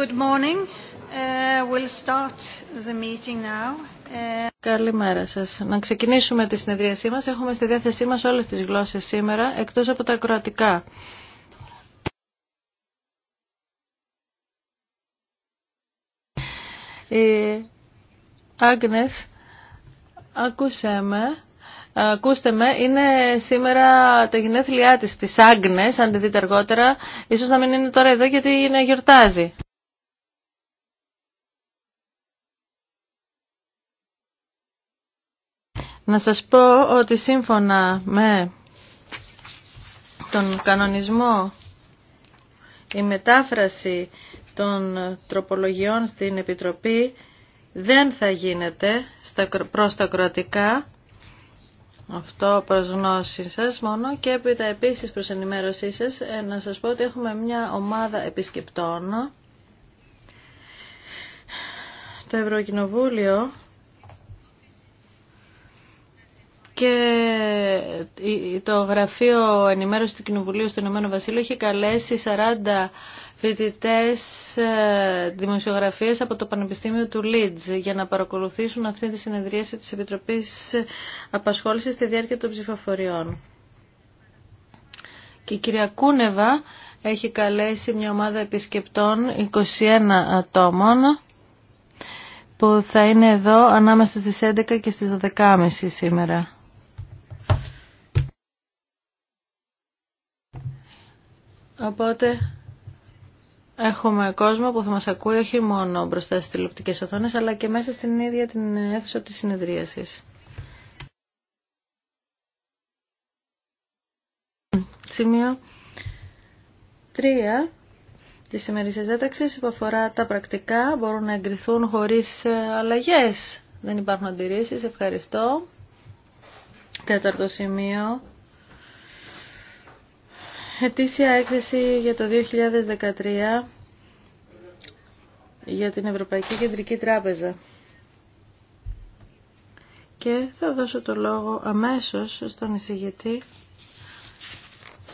Good morning. Uh, we'll start the meeting now. Uh, Καλημέρα σας. Να ξεκινήσουμε τη συνεδρίασή μας. Έχουμε στη διάθεσή μας όλες τις γλώσσες σήμερα, εκτός από τα κροατικά. Η Άγνες, με. Ακούστε με, είναι σήμερα τα γενέθλιά της, της Άγνες, αν τη δείτε αργότερα. Ίσως να μην είναι τώρα εδώ γιατί είναι γιορτάζει. Να σας πω ότι σύμφωνα με τον κανονισμό η μετάφραση των τροπολογιών στην Επιτροπή δεν θα γίνεται στα, προς τα κροατικά, αυτό προς γνώση σας μόνο και έπειτα επίσης προς ενημέρωσή σας ε, να σας πω ότι έχουμε μια ομάδα επισκεπτών. Το Ευρωκοινοβούλιο και το γραφείο ενημέρωση του Κοινοβουλίου στο Ηνωμένο Βασίλειο έχει καλέσει 40 φοιτητέ ε, δημοσιογραφίες από το Πανεπιστήμιο του Λίτζ για να παρακολουθήσουν αυτή τη συνεδρίαση της Επιτροπής Απασχόλησης στη διάρκεια των ψηφοφοριών. Και η κυρία Κούνεβα έχει καλέσει μια ομάδα επισκεπτών 21 ατόμων που θα είναι εδώ ανάμεσα στις 11 και στις 12.30 σήμερα. Οπότε έχουμε κόσμο που θα μας ακούει όχι μόνο μπροστά στις τηλεοπτικές οθόνες, αλλά και μέσα στην ίδια την αίθουσα της συνεδρίασης. Σημείο 3 της ημερήσιας έταξης που αφορά τα πρακτικά μπορούν να εγκριθούν χωρίς αλλαγές. Δεν υπάρχουν αντιρρήσεις. Ευχαριστώ. Τέταρτο σημείο ετήσια έκθεση για το 2013 για την Ευρωπαϊκή Κεντρική Τράπεζα. Και θα δώσω το λόγο αμέσως στον εισηγητή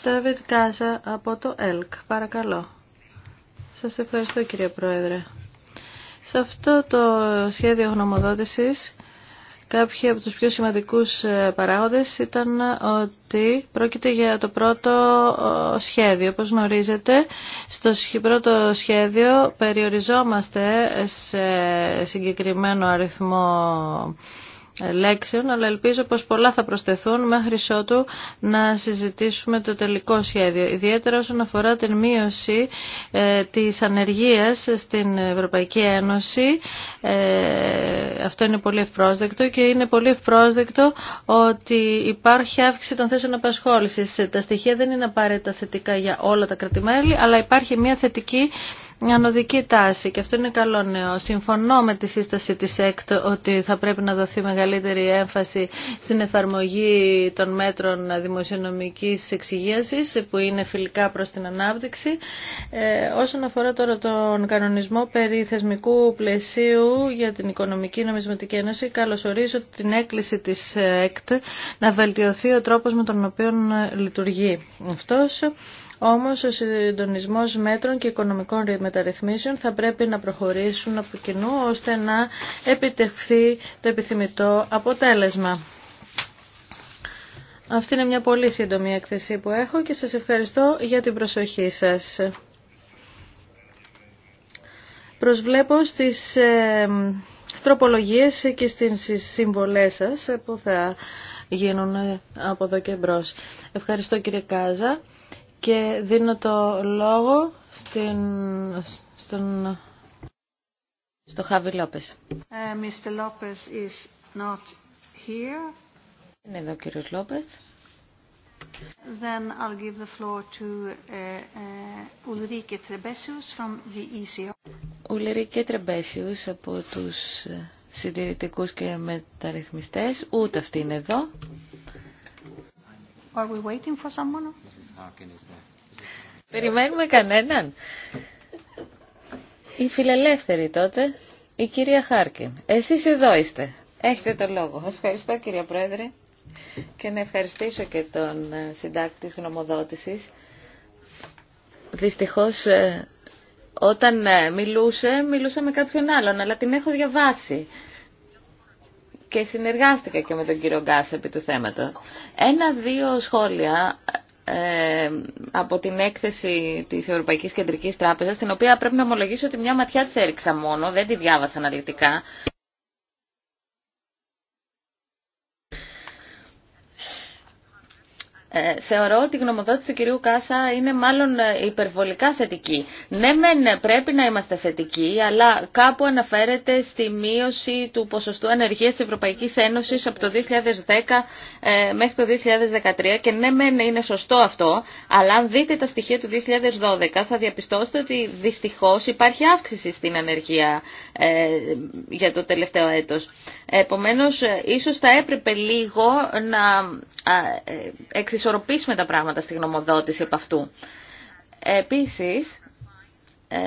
Τάβιτ Κάσα από το ΕΛΚ. Παρακαλώ. Σας ευχαριστώ κύριε Πρόεδρε. Σε αυτό το σχέδιο γνωμοδότησης Κάποιοι από τους πιο σημαντικούς ε, παράγοντες ήταν ε, ότι πρόκειται για το πρώτο ε, σχέδιο. Όπως γνωρίζετε, στο πρώτο σχέδιο περιοριζόμαστε σε συγκεκριμένο αριθμό λέξεων, αλλά ελπίζω πως πολλά θα προσθεθούν μέχρι ότου να συζητήσουμε το τελικό σχέδιο. Ιδιαίτερα όσον αφορά την μείωση ε, της ανεργίας στην Ευρωπαϊκή Ένωση, ε, αυτό είναι πολύ ευπρόσδεκτο και είναι πολύ ευπρόσδεκτο ότι υπάρχει αύξηση των θέσεων απασχόλησης. Τα στοιχεία δεν είναι απαραίτητα θετικά για όλα τα κρατημέλη, αλλά υπάρχει μια θετική Ανοδική τάση και αυτό είναι καλό νέο. Συμφωνώ με τη σύσταση της ΕΚΤ ότι θα πρέπει να δοθεί μεγαλύτερη έμφαση στην εφαρμογή των μέτρων δημοσιονομικής εξυγίασης που είναι φιλικά προς την ανάπτυξη. Ε, όσον αφορά τώρα τον κανονισμό περί θεσμικού πλαισίου για την Οικονομική Νομισματική Ένωση, καλωσορίζω την έκκληση της ΕΚΤ να βελτιωθεί ο τρόπος με τον οποίο λειτουργεί αυτός. Όμως ο συντονισμός μέτρων και οικονομικών μεταρρυθμίσεων θα πρέπει να προχωρήσουν από κοινού ώστε να επιτευχθεί το επιθυμητό αποτέλεσμα. Αυτή είναι μια πολύ σύντομη έκθεση που έχω και σας ευχαριστώ για την προσοχή σας. Προσβλέπω στις ε, τροπολογίες και στις συμβολές σας που θα γίνουν από εδώ και μπρος. Ευχαριστώ κύριε Κάζα και δίνω το λόγο στην, στον... στο Χάβι Λόπες. Uh, ε, Mr. Lopez is not here. Είναι εδώ ο κύριος Λόπες. Then I'll give the floor to uh, uh, Ulrike Trebesius from the ECO. Ulrike Trebesius από τους συντηρητικούς και μεταρρυθμιστές. Ούτε αυτή είναι εδώ. Περιμένουμε κανέναν. Η φιλελεύθερη τότε, η κυρία Χάρκιν. Εσείς εδώ είστε. Έχετε το λόγο. Ευχαριστώ κυρία Πρόεδρε και να ευχαριστήσω και τον ε, συντάκτη της γνωμοδότησης. Δυστυχώς ε, όταν ε, μιλούσε, μιλούσα με κάποιον άλλον, αλλά την έχω διαβάσει και συνεργάστηκα και με τον κύριο Γκάς επί του θέματος. Ένα-δύο σχόλια ε, από την έκθεση της Ευρωπαϊκής Κεντρικής Τράπεζας, την οποία πρέπει να ομολογήσω ότι μια ματιά της έριξα μόνο, δεν τη διάβασα αναλυτικά, Ε, θεωρώ ότι η γνωμοδότηση του κυρίου Κάσα είναι μάλλον ε, υπερβολικά θετική. Ναι, μεν ε, πρέπει να είμαστε θετικοί, αλλά κάπου αναφέρεται στη μείωση του ποσοστού ανεργίας της Ευρωπαϊκής Ένωσης από το 2010 μέχρι το 2013 και ναι, μεν είναι σωστό αυτό, αλλά αν δείτε τα στοιχεία του 2012 θα διαπιστώσετε ότι δυστυχώς υπάρχει αύξηση στην ανεργία για το τελευταίο έτος. Επομένως, ίσως θα έπρεπε λίγο να ισορροπήσουμε τα πράγματα στη γνωμοδότηση από αυτού. Επίσης, ε,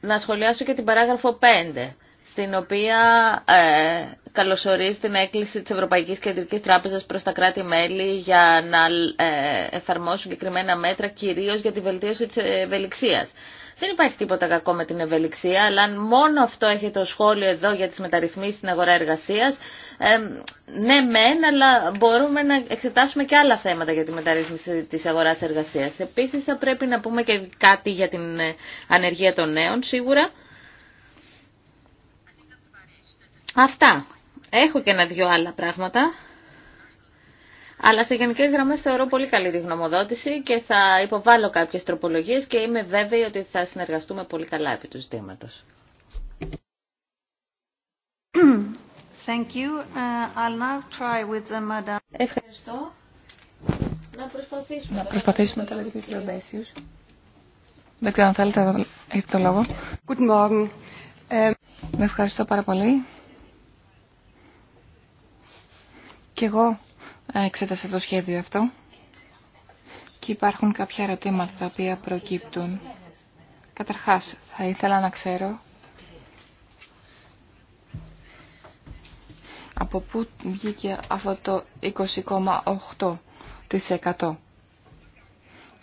να σχολιάσω και την παράγραφο 5, στην οποία ε, καλωσορίζει την έκκληση της Ευρωπαϊκής Κεντρικής Τράπεζας προς τα κράτη-μέλη για να ε, εφαρμόσουν συγκεκριμένα μέτρα, κυρίως για τη βελτίωση της ευελιξίας. Δεν υπάρχει τίποτα κακό με την ευελιξία, αλλά αν μόνο αυτό έχει το σχόλιο εδώ για τις μεταρρυθμίσεις στην αγορά εργασίας, ναι μεν, αλλά μπορούμε να εξετάσουμε και άλλα θέματα για τη μεταρρύθμιση της αγοράς εργασίας. Επίσης θα πρέπει να πούμε και κάτι για την ε, ανεργία των νέων σίγουρα. Αυτά. Έχω και ένα-δυο άλλα πράγματα. Αλλά σε γενικέ γραμμέ θεωρώ πολύ καλή τη γνωμοδότηση και θα υποβάλω κάποιε τροπολογίε και είμαι βέβαιη ότι θα συνεργαστούμε πολύ καλά επί του ζητήματο. Thank you. Uh, I'll now try with the uh, madam. Ευχαριστώ. Να προσπαθήσουμε. Να προσπαθήσουμε τώρα με Δεν ξέρω αν θέλετε, έχετε το λόγο. Ε, με ευχαριστώ πάρα πολύ. Και εγώ ε, εξέτασα το σχέδιο αυτό και υπάρχουν κάποια ερωτήματα τα οποία προκύπτουν. Καταρχάς, θα ήθελα να ξέρω Από πού βγήκε αυτό το 20,8%.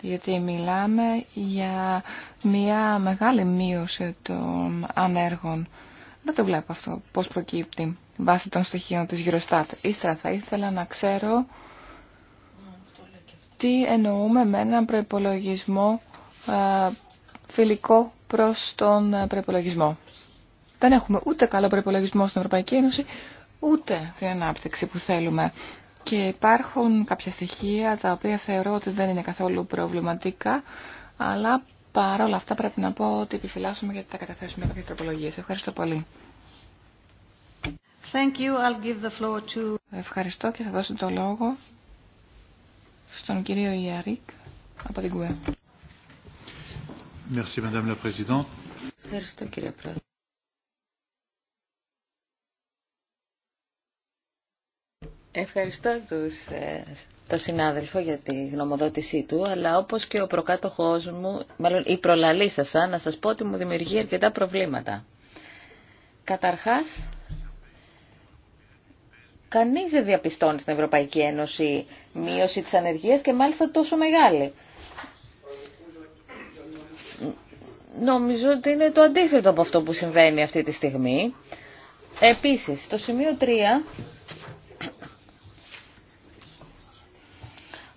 Γιατί μιλάμε για μια μεγάλη μείωση των ανέργων. Δεν το βλέπω αυτό πώς προκύπτει βάσει των στοιχείων της Eurostat. Ύστερα θα ήθελα να ξέρω τι εννοούμε με έναν προϋπολογισμό ε, φιλικό προς τον προϋπολογισμό. Δεν έχουμε ούτε καλό προϋπολογισμό στην Ευρωπαϊκή Ένωση, ούτε την ανάπτυξη που θέλουμε. Και υπάρχουν κάποια στοιχεία τα οποία θεωρώ ότι δεν είναι καθόλου προβληματικά, αλλά παρόλα αυτά πρέπει να πω ότι επιφυλάσσουμε γιατί θα καταθέσουμε κάποιες τροπολογίες. Ευχαριστώ πολύ. Thank you. I'll give the floor to... Ευχαριστώ και θα δώσω το λόγο στον κύριο Ιαρίκ από την ΚΟΕ. Ευχαριστώ κύριε Πρόεδρε. Ευχαριστώ τους, ε, το συνάδελφο για τη γνωμοδότησή του, αλλά όπως και ο προκάτοχός μου, μάλλον η προλαλήσασα, να σας πω ότι μου δημιουργεί αρκετά προβλήματα. Καταρχάς, κανείς δεν διαπιστώνει στην Ευρωπαϊκή Ένωση μείωση της ανεργίας και μάλιστα τόσο μεγάλη. Νομίζω ότι είναι το αντίθετο από αυτό που συμβαίνει αυτή τη στιγμή. Επίσης, το σημείο 3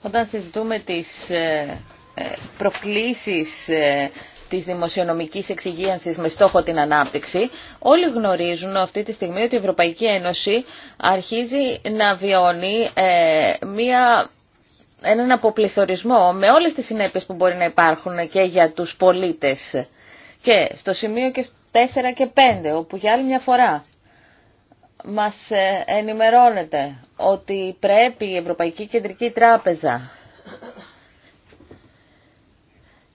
όταν συζητούμε τις ε, ε, προκλήσεις ε, της δημοσιονομικής εξυγίανσης με στόχο την ανάπτυξη, όλοι γνωρίζουν αυτή τη στιγμή ότι η Ευρωπαϊκή Ένωση αρχίζει να βιώνει μία έναν αποπληθωρισμό με όλες τις συνέπειες που μπορεί να υπάρχουν και για τους πολίτες. Και στο σημείο και 4 και 5, όπου για άλλη μια φορά μας ε, ενημερώνεται ότι πρέπει η Ευρωπαϊκή Κεντρική Τράπεζα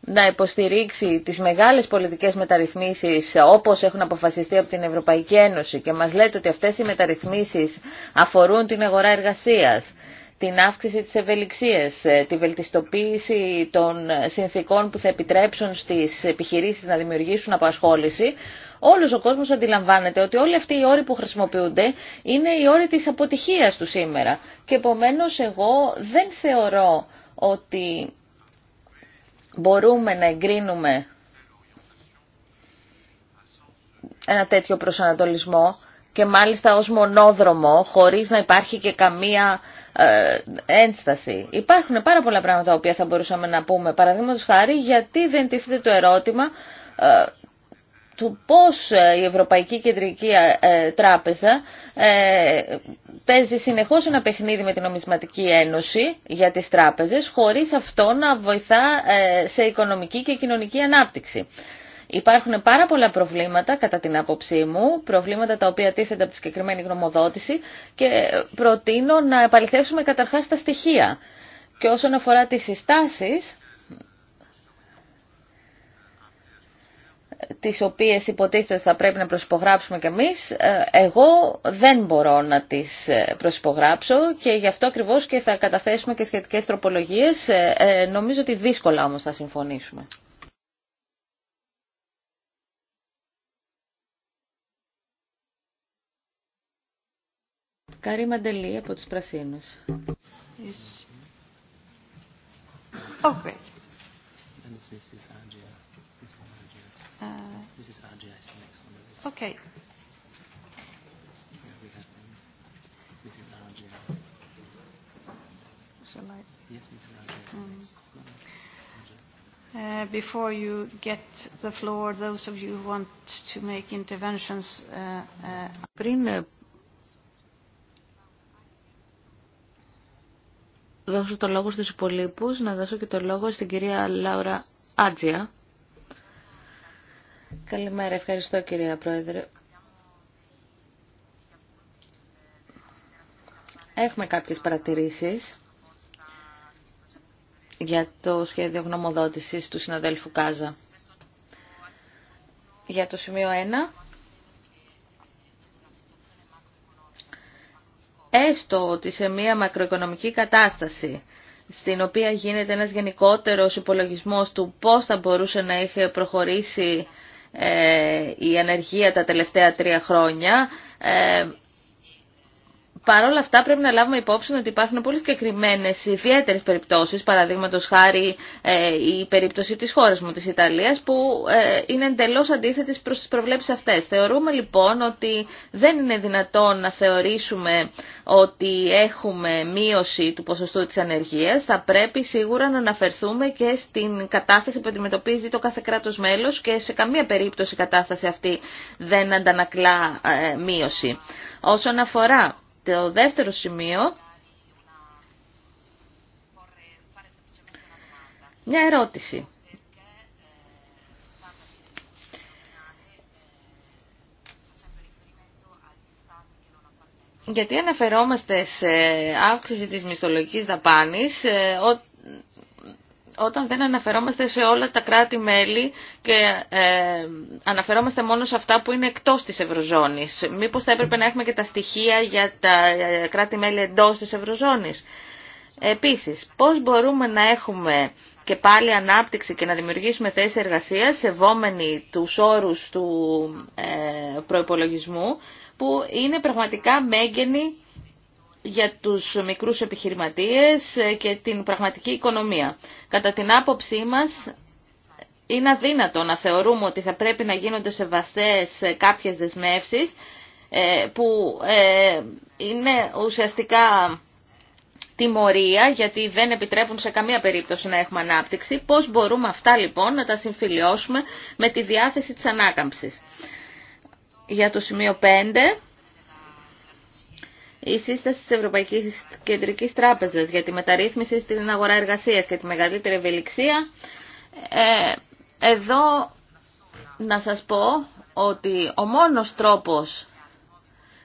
να υποστηρίξει τις μεγάλες πολιτικές μεταρρυθμίσεις όπως έχουν αποφασιστεί από την Ευρωπαϊκή Ένωση και μας λέτε ότι αυτές οι μεταρρυθμίσεις αφορούν την αγορά εργασίας, την αύξηση της ευελιξίας, ε, τη βελτιστοποίηση των συνθήκων που θα επιτρέψουν στις επιχειρήσεις να δημιουργήσουν απασχόληση, όλος ο κόσμος αντιλαμβάνεται ότι όλοι αυτοί οι όροι που χρησιμοποιούνται είναι οι όροι της αποτυχίας του σήμερα. Και επομένω, εγώ δεν θεωρώ ότι μπορούμε να εγκρίνουμε ένα τέτοιο προσανατολισμό και μάλιστα ως μονόδρομο χωρίς να υπάρχει και καμία ε, ένσταση. Υπάρχουν πάρα πολλά πράγματα τα οποία θα μπορούσαμε να πούμε. Παραδείγματο χάρη γιατί δεν τίθεται το ερώτημα ε, του πώς ε, η Ευρωπαϊκή Κεντρική ε, ε, Τράπεζα παίζει συνεχώς ένα παιχνίδι με την Ομισματική Ένωση για τις τράπεζες χωρίς αυτό να βοηθά σε οικονομική και κοινωνική ανάπτυξη. Υπάρχουν πάρα πολλά προβλήματα, κατά την άποψή μου, προβλήματα τα οποία τίθενται από τη συγκεκριμένη γνωμοδότηση και προτείνω να επαληθεύσουμε καταρχάς τα στοιχεία. Και όσον αφορά τις συστάσεις, τις οποίες υποτίθεται ότι θα πρέπει να προσυπογράψουμε κι εμείς, ε, εγώ δεν μπορώ να τις ε, προσυπογράψω και γι' αυτό ακριβώς και θα καταθέσουμε και σχετικές τροπολογίες. Ε, νομίζω ότι δύσκολα όμως θα συμφωνήσουμε. Καρή Μαντελή από τους Πρασίνους. Oh, πριν δώσω το λόγο στου υπολείπου, να δώσω και το λόγο στην κυρία Λάουρα Άτζια. Καλημέρα, ευχαριστώ κυρία Πρόεδρε. Έχουμε κάποιες παρατηρήσεις για το σχέδιο γνωμοδότησης του συναδέλφου Κάζα. Για το σημείο 1, έστω ότι σε μία μακροοικονομική κατάσταση στην οποία γίνεται ένας γενικότερος υπολογισμός του πώς θα μπορούσε να είχε προχωρήσει ε, η ανεργία τα τελευταία τρία χρόνια ε, Παρ' όλα αυτά πρέπει να λάβουμε υπόψη ότι υπάρχουν πολύ συγκεκριμένε ιδιαίτερε περιπτώσει, παραδείγματο χάρη ε, η περίπτωση τη χώρα μου, τη Ιταλία, που ε, είναι εντελώ αντίθετη προ τι προβλέψει αυτέ. Θεωρούμε λοιπόν ότι δεν είναι δυνατόν να θεωρήσουμε ότι έχουμε μείωση του ποσοστού τη ανεργία. Θα πρέπει σίγουρα να αναφερθούμε και στην κατάσταση που αντιμετωπίζει το κάθε κράτο μέλο και σε καμία περίπτωση η κατάσταση αυτή δεν αντανακλά ε, μείωση. Όσον αφορά το δεύτερο σημείο, μια ερώτηση. Γιατί αναφερόμαστε σε αύξηση της μισθολογικής δαπάνης ε, όταν δεν αναφερόμαστε σε όλα τα κράτη-μέλη και ε, αναφερόμαστε μόνο σε αυτά που είναι εκτός της Ευρωζώνης. Μήπως θα έπρεπε να έχουμε και τα στοιχεία για τα ε, κράτη-μέλη εντός της Ευρωζώνης. Επίσης, πώς μπορούμε να έχουμε και πάλι ανάπτυξη και να δημιουργήσουμε θέσεις εργασίας σεβόμενοι τους όρους του ε, προϋπολογισμού που είναι πραγματικά μέγενοι για τους μικρούς επιχειρηματίες και την πραγματική οικονομία. Κατά την άποψή μας είναι αδύνατο να θεωρούμε ότι θα πρέπει να γίνονται σεβαστές κάποιες δεσμεύσεις ε, που ε, είναι ουσιαστικά τιμωρία γιατί δεν επιτρέπουν σε καμία περίπτωση να έχουμε ανάπτυξη. Πώς μπορούμε αυτά λοιπόν να τα συμφιλιώσουμε με τη διάθεση της ανάκαμψης. Για το σημείο 5 η σύσταση της Ευρωπαϊκής Κεντρικής Τράπεζας για τη μεταρρύθμιση στην αγορά εργασίας και τη μεγαλύτερη ευελιξία. Ε, εδώ να σας πω ότι ο μόνος τρόπος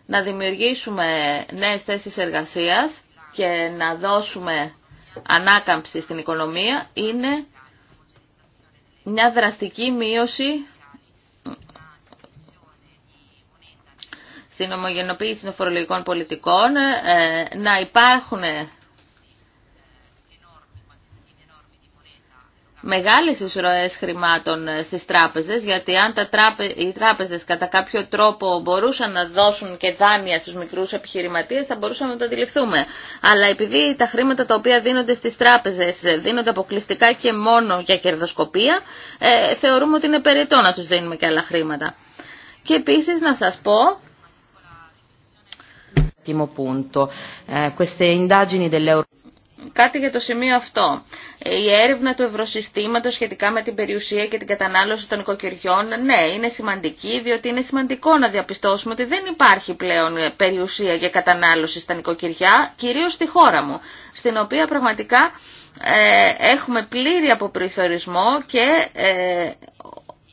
να δημιουργήσουμε νέες θέσεις εργασίας και να δώσουμε ανάκαμψη στην οικονομία είναι μια δραστική μείωση στην ομογενοποίηση των φορολογικών πολιτικών, ε, να υπάρχουν μεγάλες εισρωές χρημάτων ε, στις τράπεζες, γιατί αν τα τράπε... οι τράπεζες κατά κάποιο τρόπο μπορούσαν να δώσουν και δάνεια στους μικρούς επιχειρηματίες, θα μπορούσαμε να το αντιληφθούμε. Αλλά επειδή τα χρήματα τα οποία δίνονται στις τράπεζες ε, δίνονται αποκλειστικά και μόνο για κερδοσκοπία, ε, θεωρούμε ότι είναι περιττό να τους δίνουμε και άλλα χρήματα. Και επίσης να σας πω Eh, Κάτι για το σημείο αυτό. Η έρευνα του ευρωσυστήματος σχετικά με την περιουσία και την κατανάλωση των οικοκυριών, ναι, είναι σημαντική, διότι είναι σημαντικό να διαπιστώσουμε ότι δεν υπάρχει πλέον περιουσία για κατανάλωση στα νοικοκυριά, κυρίως στη χώρα μου, στην οποία πραγματικά ε, έχουμε πλήρη αποπληθωρισμό και ε,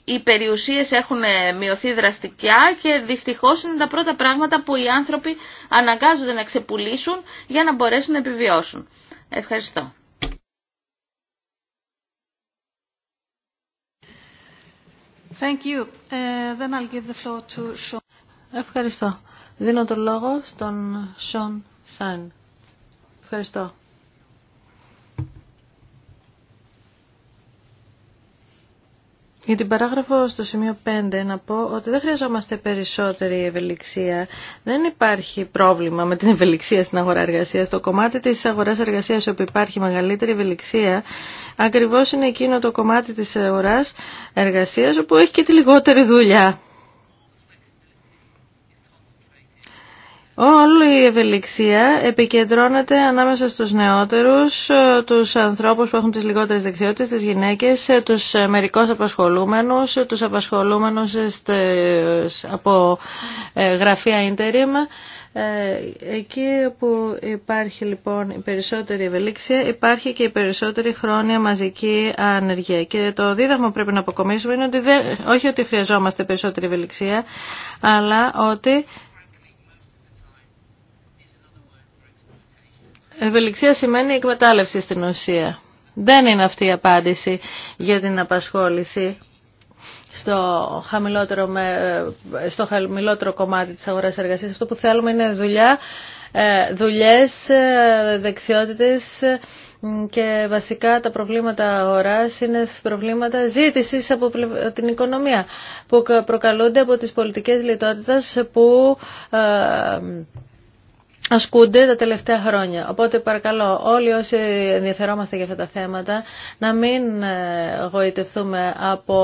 οι περιουσίες έχουν ε, μειωθεί δραστικά και δυστυχώς είναι τα πρώτα πράγματα που οι άνθρωποι αναγκάζονται να ξεπουλήσουν για να μπορέσουν να επιβιώσουν. Ευχαριστώ. Thank you. Ε, then I'll Ευχαριστώ. Δίνω το λόγο στον Σον Σαν. Ευχαριστώ. Για την παράγραφο στο σημείο 5 να πω ότι δεν χρειαζόμαστε περισσότερη ευελιξία. Δεν υπάρχει πρόβλημα με την ευελιξία στην αγορά εργασία. Το κομμάτι τη αγορά εργασία όπου υπάρχει μεγαλύτερη ευελιξία ακριβώ είναι εκείνο το κομμάτι τη αγορά εργασία όπου έχει και τη λιγότερη δουλειά. Όλη η ευελιξία επικεντρώνεται ανάμεσα στους νεότερους, ε, τους ανθρώπους που έχουν τις λιγότερες δεξιότητες, τις γυναίκες, ε, τους ε, μερικώς απασχολούμενους, τους απασχολούμενους από γραφεία interim. Εκεί που υπάρχει λοιπόν η περισσότερη ευελίξια υπάρχει και η περισσότερη χρόνια μαζική ανεργία. Και το δίδαγμα που πρέπει να αποκομίσουμε είναι ότι δεν, όχι ότι χρειαζόμαστε περισσότερη ευελιξία, αλλά ότι Ευελιξία σημαίνει εκμετάλλευση στην ουσία. Δεν είναι αυτή η απάντηση για την απασχόληση στο χαμηλότερο, ε, στο χαμηλότερο κομμάτι της αγοράς εργασίας. Αυτό που θέλουμε είναι δουλειά, ε, δουλειές, ε, δεξιότητες και βασικά τα προβλήματα αγοράς είναι προβλήματα ζήτησης από την οικονομία που προκαλούνται από τις πολιτικές λιτότητας που ασκούνται τα τελευταία χρόνια. Οπότε παρακαλώ όλοι όσοι ενδιαφερόμαστε για αυτά τα θέματα να μην ε, γοητευτούμε από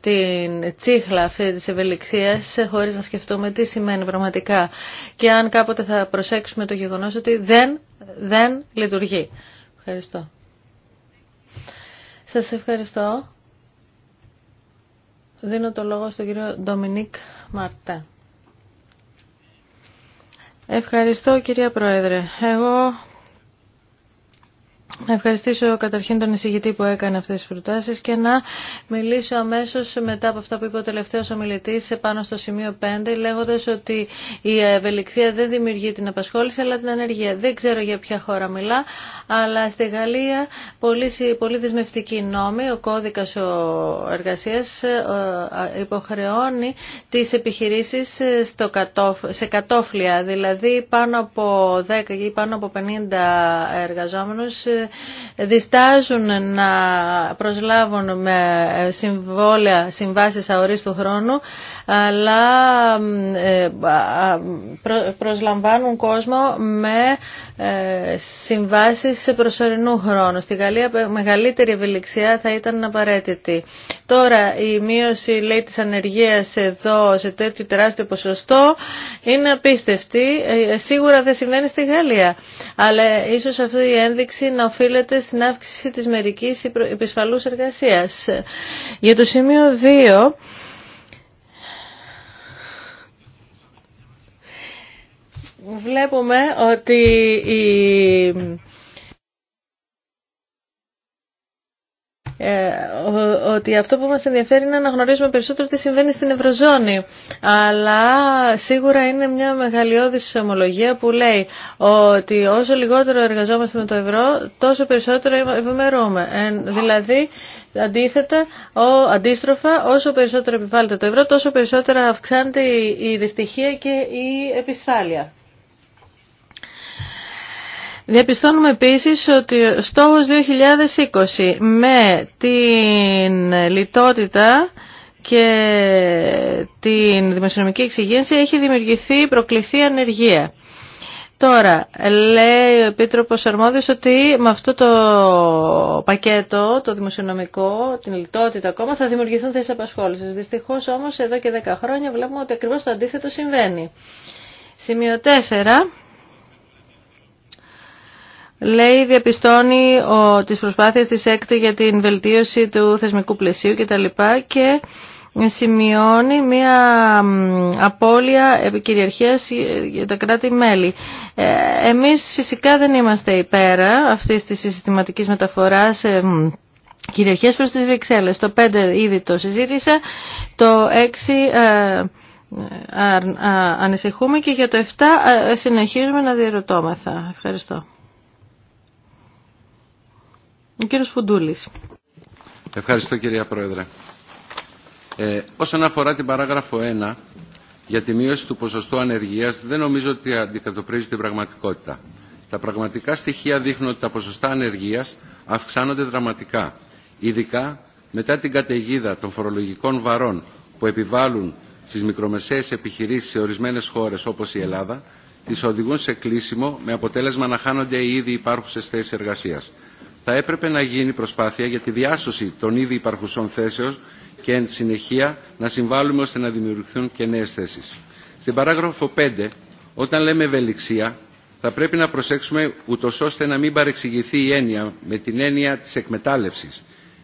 την τσίχλα αυτή της ευελιξίας ε, χωρίς να σκεφτούμε τι σημαίνει πραγματικά και αν κάποτε θα προσέξουμε το γεγονός ότι δεν, δεν λειτουργεί. Ευχαριστώ. Σας ευχαριστώ. Δίνω το λόγο στον κύριο Ντομινίκ Μαρτά. Ευχαριστώ κυρία Πρόεδρε. Εγώ να ευχαριστήσω καταρχήν τον εισηγητή που έκανε αυτές τις προτάσεις και να μιλήσω αμέσως μετά από αυτό που είπε ο τελευταίος ομιλητής πάνω στο σημείο 5 λέγοντας ότι η ευελιξία δεν δημιουργεί την απασχόληση αλλά την ανεργία. Δεν ξέρω για ποια χώρα μιλά αλλά στη Γαλλία πολύ, πολύ δεσμευτική νόμη, ο κώδικας ο εργασίας ε, ε, υποχρεώνει τις επιχειρήσεις στο κατόφ, σε κατόφλια δηλαδή πάνω από 10 ή πάνω από 50 εργαζόμενους ε, διστάζουν να προσλάβουν με συμβόλαια συμβάσεις αορίστου χρόνου αλλά ε, προσλαμβάνουν κόσμο με ε, συμβάσεις σε προσωρινού χρόνου. Στη Γαλλία μεγαλύτερη ευελιξία θα ήταν απαραίτητη. Τώρα η μείωση λέει της ανεργίας εδώ σε τέτοιο τεράστιο ποσοστό είναι απίστευτη. Ε, σίγουρα δεν συμβαίνει στη Γαλλία. Αλλά ίσως αυτή η ένδειξη να οφείλεται στην αύξηση της μερικής επισφαλούς εργασίας. Για το σημείο 2 βλέπουμε ότι η... Ε, ότι αυτό που μας ενδιαφέρει είναι να γνωρίζουμε περισσότερο τι συμβαίνει στην Ευρωζώνη. Αλλά σίγουρα είναι μια μεγαλειώδη ομολογία που λέει ότι όσο λιγότερο εργαζόμαστε με το ευρώ, τόσο περισσότερο ευημερούμε. Ε, δηλαδή, Αντίθετα, ο, αντίστροφα, όσο περισσότερο επιβάλλεται το ευρώ, τόσο περισσότερο αυξάνεται η δυστυχία και η επισφάλεια. Διαπιστώνουμε επίσης ότι ο στόχος 2020 με την λιτότητα και την δημοσιονομική εξυγένση έχει δημιουργηθεί προκληθή ανεργία. Τώρα, λέει ο Επίτροπος ότι με αυτό το πακέτο, το δημοσιονομικό, την λιτότητα ακόμα, θα δημιουργηθούν θέσεις απασχόλησης. Δυστυχώς όμως εδώ και 10 χρόνια βλέπουμε ότι ακριβώς το αντίθετο συμβαίνει. Σημείο 4 λέει διαπιστώνει ο, τις προσπάθειες της ΕΚΤ για την βελτίωση του θεσμικού πλαισίου κτλ. και σημειώνει μια απώλεια επικυριαρχίας για τα κράτη-μέλη. Ε, εμείς φυσικά δεν είμαστε υπέρα αυτής της συστηματικής μεταφοράς ε, κυριαρχίας προς τις Βρυξέλλες. Το 5 ήδη το συζήτησα, το 6 ε, ανησυχούμε και για το 7 συνεχίζουμε να διερωτώμεθα. Ευχαριστώ. Ο κύριος Φουντούλης. Ευχαριστώ κυρία Πρόεδρε. Ε, όσον αφορά την παράγραφο 1 για τη μείωση του ποσοστού ανεργίας δεν νομίζω ότι αντικατοπρίζει την πραγματικότητα. Τα πραγματικά στοιχεία δείχνουν ότι τα ποσοστά ανεργίας αυξάνονται δραματικά. Ειδικά μετά την καταιγίδα των φορολογικών βαρών που επιβάλλουν στις μικρομεσαίες επιχειρήσεις σε ορισμένες χώρες όπως η Ελλάδα, τις οδηγούν σε κλείσιμο με αποτέλεσμα να χάνονται οι ήδη υπάρχουσες θέσεις εργασίας θα έπρεπε να γίνει προσπάθεια για τη διάσωση των ήδη υπαρχουσών θέσεων και εν συνεχεία να συμβάλλουμε ώστε να δημιουργηθούν και νέε θέσει. Στην παράγραφο 5, όταν λέμε ευελιξία, θα πρέπει να προσέξουμε ούτω ώστε να μην παρεξηγηθεί η έννοια με την έννοια τη εκμετάλλευση,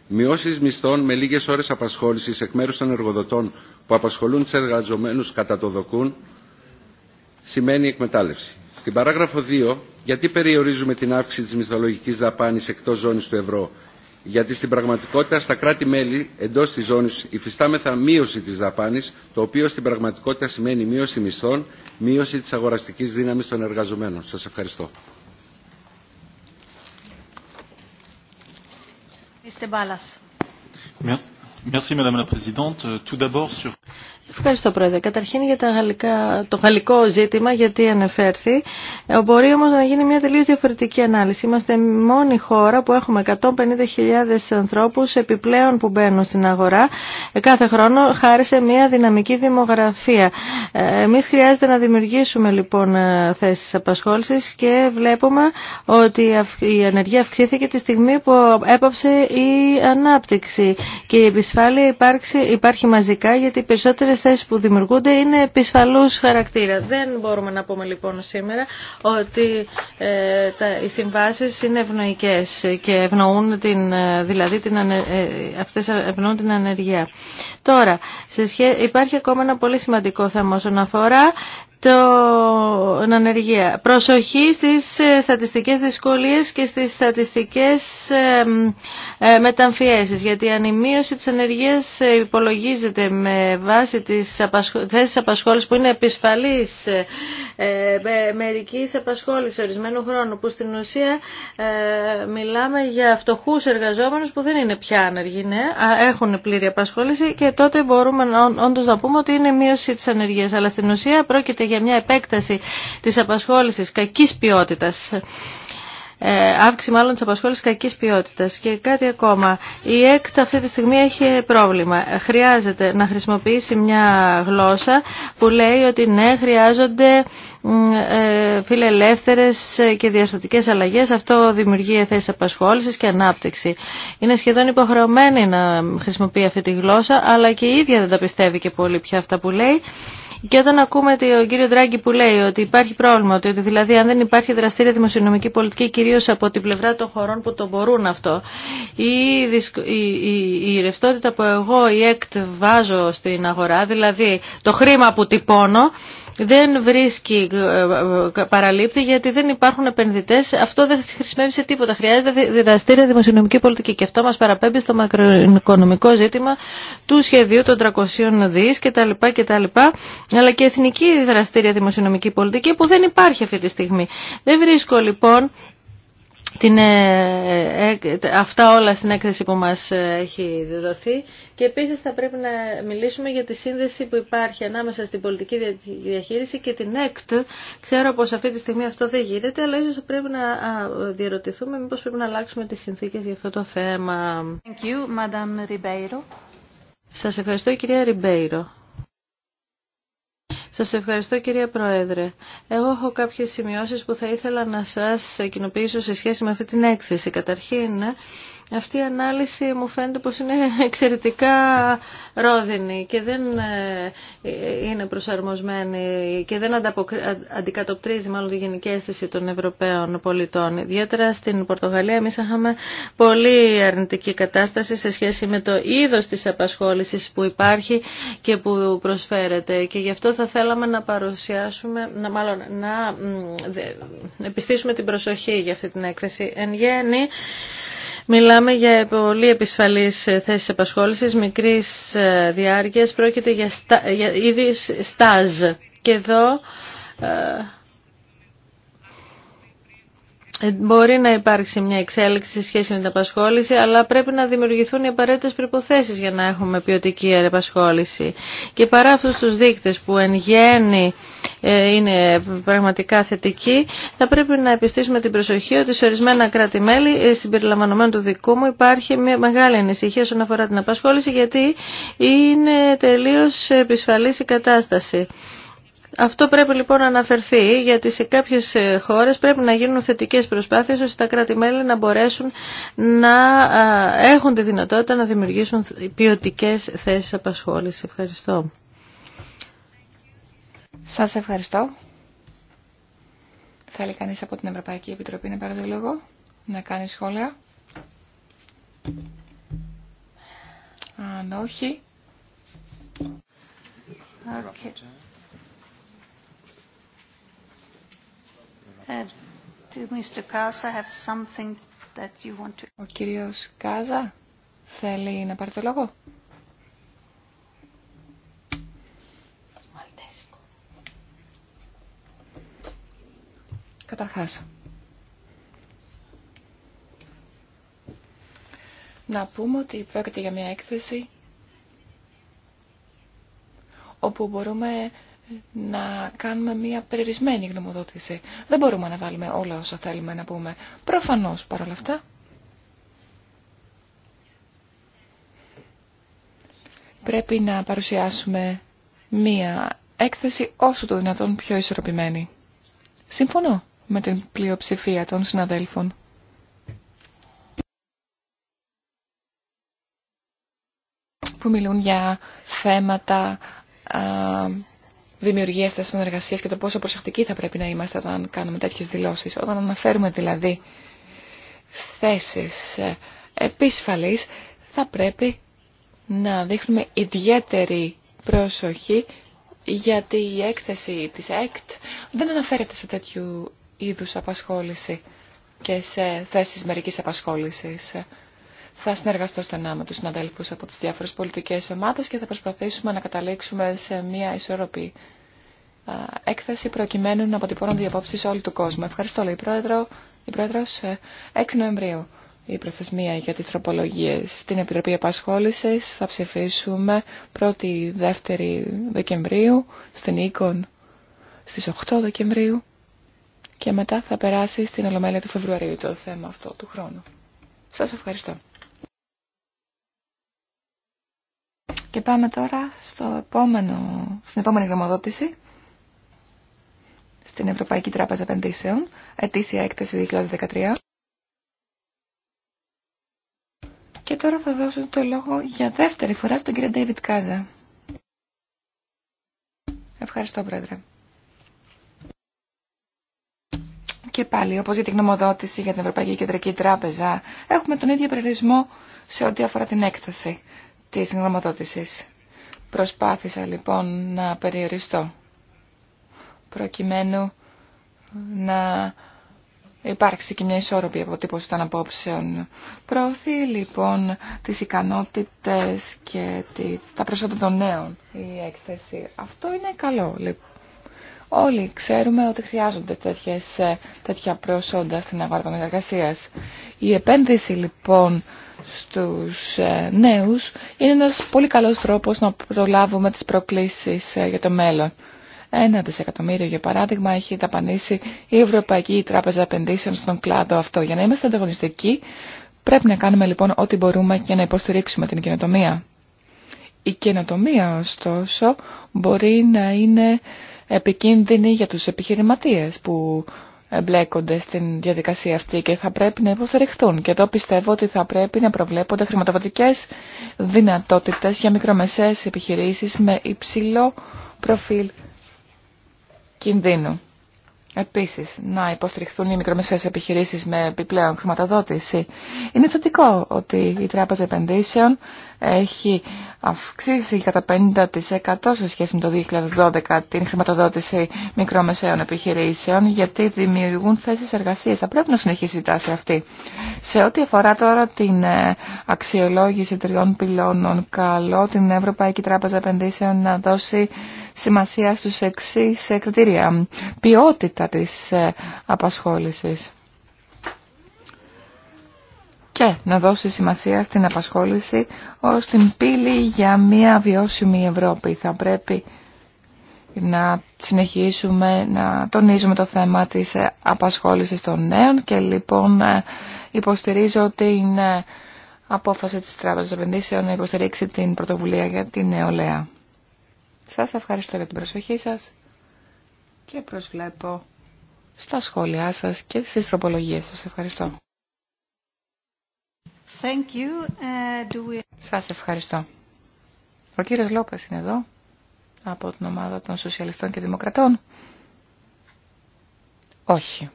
μειώσει μισθών με λίγε ώρε απασχόληση εκ μέρου των εργοδοτών που απασχολούν του εργαζομένου κατά το δοκούν σημαίνει εκμετάλλευση. Στην παράγραφο 2, γιατί περιορίζουμε την αύξηση της μισθολογικής δαπάνης εκτός ζώνης του ευρώ. Γιατί στην πραγματικότητα στα κράτη-μέλη εντός της ζώνης υφιστάμεθα μείωση της δαπάνης, το οποίο στην πραγματικότητα σημαίνει μείωση μισθών, μείωση της αγοραστικής δύναμης των εργαζομένων. Σας ευχαριστώ. Euh, Ευχαριστώ Πρόεδρε. Καταρχήν για τα γαλλικά, το γαλλικό ζήτημα γιατί ανεφέρθη. Μπορεί όμως να γίνει μια τελείως διαφορετική ανάλυση. Είμαστε μόνη χώρα που έχουμε 150.000 ανθρώπους επιπλέον που μπαίνουν στην αγορά ε, κάθε χρόνο χάρη σε μια δυναμική δημογραφία. Ε, εμείς χρειάζεται να δημιουργήσουμε λοιπόν ε, θέσεις απασχόλησης και βλέπουμε ότι η ανεργία αυξήθηκε τη στιγμή που έπαψε η ανάπτυξη και η ασφάλεια υπάρξει, υπάρχει μαζικά γιατί οι περισσότερες θέσει που δημιουργούνται είναι επισφαλού χαρακτήρα. Δεν μπορούμε να πούμε λοιπόν σήμερα ότι ε, τα, οι συμβάσει είναι ευνοικέ και ευνοούν την, ε, δηλαδή την, ε, αυτές ευνοούν την ανεργία. Τώρα, σε υπάρχει ακόμα ένα πολύ σημαντικό θέμα όσον αφορά το ανεργία. Προσοχή στις ε, στατιστικές δυσκολίες και στις στατιστικές ε, μεταμφιέσεις, γιατί η μείωση της ανεργίας ε, υπολογίζεται με βάση τις θέσεις απασχόλησης που είναι επισφαλής μερικής απασχόλησης ορισμένου χρόνου, που στην ουσία μιλάμε για φτωχούς εργαζόμενους που δεν είναι πια άνεργοι, ναι, έχουν πλήρη απασχόληση και τότε μπορούμε όντω να πούμε ότι είναι μείωση της ανεργίας, αλλά στην ουσία πρόκειται για μια επέκταση της απασχόλησης κακής ποιότητας ε, αύξηση μάλλον της απασχόλησης κακής ποιότητας. Και κάτι ακόμα, η ΕΚΤ αυτή τη στιγμή έχει πρόβλημα. Χρειάζεται να χρησιμοποιήσει μια γλώσσα που λέει ότι ναι, χρειάζονται ε, φιλελεύθερες και διαστατικές αλλαγές. Αυτό δημιουργεί θέσεις απασχόλησης και ανάπτυξη. Είναι σχεδόν υποχρεωμένη να χρησιμοποιεί αυτή τη γλώσσα, αλλά και η ίδια δεν τα πιστεύει και πολύ πια αυτά που λέει. Και όταν ακούμε ο κύριο Ντράγκη που λέει ότι υπάρχει πρόβλημα, ότι δηλαδή αν δεν υπάρχει δραστήρια δημοσιονομική πολιτική, κυρίω από την πλευρά των χωρών που το μπορούν αυτό, η, η, η, η ρευστότητα που εγώ η ΕΚΤ βάζω στην αγορά, δηλαδή το χρήμα που τυπώνω, δεν βρίσκει ε, ε, παραλήπτη γιατί δεν υπάρχουν επενδυτέ. Αυτό δεν χρησιμεύει σε τίποτα. Χρειάζεται διδαστήρια δημοσιονομική πολιτική και αυτό μας παραπέμπει στο μακροοικονομικό ζήτημα του σχεδίου των 300 δι κτλ. κτλ αλλά και εθνική δραστήρια δημοσιονομική πολιτική που δεν υπάρχει αυτή τη στιγμή. Δεν βρίσκω λοιπόν την, ε, αυτά όλα στην έκθεση που μας ε, έχει δοθεί και επίσης θα πρέπει να μιλήσουμε για τη σύνδεση που υπάρχει ανάμεσα στην πολιτική διαχείριση και την ΕΚΤ. Ξέρω πως αυτή τη στιγμή αυτό δεν γίνεται, αλλά ίσως πρέπει να διαρωτηθούμε μήπως πρέπει να αλλάξουμε τις συνθήκες για αυτό το θέμα. Thank you, Madame Ribeiro. Σας ευχαριστώ κυρία Ριμπέιρο. Σας ευχαριστώ κυρία Πρόεδρε. Εγώ έχω κάποιες σημειώσεις που θα ήθελα να σας κοινοποιήσω σε σχέση με αυτή την έκθεση. Καταρχήν, αυτή η ανάλυση μου φαίνεται πως είναι εξαιρετικά ρόδινη και δεν ε, είναι προσαρμοσμένη και δεν αντικατοπτρίζει μάλλον τη γενική αίσθηση των Ευρωπαίων πολιτών. Ιδιαίτερα στην Πορτογαλία εμείς είχαμε πολύ αρνητική κατάσταση σε σχέση με το είδος της απασχόλησης που υπάρχει και που προσφέρεται και γι' αυτό θα θέλαμε να παρουσιάσουμε, να, μάλλον να επιστήσουμε την προσοχή για αυτή την έκθεση. Εν γέννη, Μιλάμε για πολύ επισφαλείς θέσεις επασχόλησης, μικρής ε, διάρκειας, πρόκειται για, στά, για είδη στάζ. Και εδώ ε, ε, μπορεί να υπάρξει μια εξέλιξη σε σχέση με την απασχόληση, αλλά πρέπει να δημιουργηθούν οι απαραίτητε προποθέσει για να έχουμε ποιοτική απασχόληση. Και παρά αυτού του δείκτε που εν γέννη ε, είναι πραγματικά θετικοί, θα πρέπει να επιστήσουμε την προσοχή ότι σε ορισμένα κράτη-μέλη, ε, συμπεριλαμβανομένου του δικού μου, υπάρχει μια μεγάλη ανησυχία όσον αφορά την απασχόληση, γιατί είναι τελείω επισφαλή η κατάσταση. Αυτό πρέπει λοιπόν να αναφερθεί γιατί σε κάποιες ε, χώρες πρέπει να γίνουν θετικές προσπάθειες ώστε τα κράτη-μέλη να μπορέσουν να έχουν τη δυνατότητα να δημιουργήσουν ποιοτικέ θέσεις απασχόλησης. Ευχαριστώ. Σας ευχαριστώ. Θέλει κανείς από την Ευρωπαϊκή Επιτροπή να πάρει λόγο, να κάνει σχόλια. Αν όχι... Ο κύριος Κάζα θέλει να πάρει το λόγο. Καταρχάς, να πούμε ότι πρόκειται για μια έκθεση όπου μπορούμε να κάνουμε μια περιορισμένη γνωμοδότηση. Δεν μπορούμε να βάλουμε όλα όσα θέλουμε να πούμε. Προφανώς παρόλα αυτά. Πρέπει να παρουσιάσουμε μία έκθεση όσο το δυνατόν πιο ισορροπημένη. Συμφωνώ με την πλειοψηφία των συναδέλφων. Που μιλούν για θέματα δημιουργία τη συνεργασίε και το πόσο προσεκτικοί θα πρέπει να είμαστε όταν κάνουμε τέτοιε δηλώσει. Όταν αναφέρουμε δηλαδή θέσει ε, επισφαλή, θα πρέπει να δείχνουμε ιδιαίτερη προσοχή γιατί η έκθεση της ΕΚΤ δεν αναφέρεται σε τέτοιου είδους απασχόληση και σε θέσεις μερικής απασχόλησης. Θα συνεργαστώ στενά με τους συναδέλφους από τις διάφορες πολιτικές ομάδες και θα προσπαθήσουμε να καταλήξουμε σε μια ισορροπή έκθεση προκειμένου να αποτυπώνονται οι σε όλου του κόσμου. Ευχαριστώ, λέει η, Πρόεδρο, η Πρόεδρος. 6 ε, Νοεμβρίου η προθεσμία για τις τροπολογίες στην Επιτροπή Επασχόλησης. Θα ψηφίσουμε 1η 2η Δεκεμβρίου στην Ίκον στις 8 Δεκεμβρίου και μετά θα περάσει στην Ολομέλεια του Φεβρουαρίου το θέμα αυτό του χρόνου. Σας ευχαριστώ. Και πάμε τώρα στο επόμενο, στην επόμενη γνωμοδότηση, στην Ευρωπαϊκή Τράπεζα Επενδύσεων, ετήσια έκθεση 2013. Και τώρα θα δώσω το λόγο για δεύτερη φορά στον κύριο Ντέιβιτ Κάζα. Ευχαριστώ, Πρόεδρε. Και πάλι, όπως για την γνωμοδότηση για την Ευρωπαϊκή Κεντρική Τράπεζα, έχουμε τον ίδιο περιορισμό σε ό,τι αφορά την έκθεση της γνωματότησης. Προσπάθησα λοιπόν να περιοριστώ προκειμένου να υπάρξει και μια ισόρροπη αποτύπωση των απόψεων. Προωθεί λοιπόν τις ικανότητες και τα προσόντα των νέων η έκθεση. Αυτό είναι καλό. Λοιπόν. Όλοι ξέρουμε ότι χρειάζονται τέτοιες, ε, τέτοια προσόντα στην αγορά των εργασίας. Η επένδυση λοιπόν στους ε, νέους είναι ένας πολύ καλός τρόπος να προλάβουμε τις προκλήσεις ε, για το μέλλον. Ένα δισεκατομμύριο, για παράδειγμα, έχει δαπανίσει η Ευρωπαϊκή Τράπεζα Επενδύσεων στον κλάδο αυτό. Για να είμαστε ανταγωνιστικοί, πρέπει να κάνουμε λοιπόν ό,τι μπορούμε και να υποστηρίξουμε την καινοτομία. Η καινοτομία, ωστόσο, μπορεί να είναι επικίνδυνη για τους επιχειρηματίες που εμπλέκονται στην διαδικασία αυτή και θα πρέπει να υποστηριχθούν. Και εδώ πιστεύω ότι θα πρέπει να προβλέπονται χρηματοδοτικές δυνατότητες για μικρομεσαίες επιχειρήσεις με υψηλό προφίλ κινδύνου. Επίσης, να υποστηριχθούν οι μικρομεσαίες επιχειρήσεις με επιπλέον χρηματοδότηση. Είναι θετικό ότι η Τράπεζα Επενδύσεων έχει αυξήσει κατά 50% σε σχέση με το 2012 την χρηματοδότηση μικρομεσαίων επιχειρήσεων γιατί δημιουργούν θέσεις εργασίας. Θα πρέπει να συνεχίσει η τάση αυτή. Σε ό,τι αφορά τώρα την ε, αξιολόγηση τριών πυλώνων, καλό την Ευρωπαϊκή Τράπεζα Επενδύσεων να δώσει σημασία στους εξής ε, κριτήρια. Ποιότητα της ε, απασχόλησης και να δώσει σημασία στην απασχόληση ως την πύλη για μια βιώσιμη Ευρώπη. Θα πρέπει να συνεχίσουμε να τονίζουμε το θέμα της ε, απασχόλησης των νέων και λοιπόν υποστηρίζω την απόφαση της Τράπεζας Επενδύσεων να υποστηρίξει την πρωτοβουλία για την νεολαία. Σας ευχαριστώ για την προσοχή σας και προσβλέπω στα σχόλιά σας και στις τροπολογίες σας. Ευχαριστώ. Thank you. Uh, σας ευχαριστώ. Ο κύριος Λόπες είναι εδώ από την ομάδα των Σοσιαλιστών και Δημοκρατών. Όχι.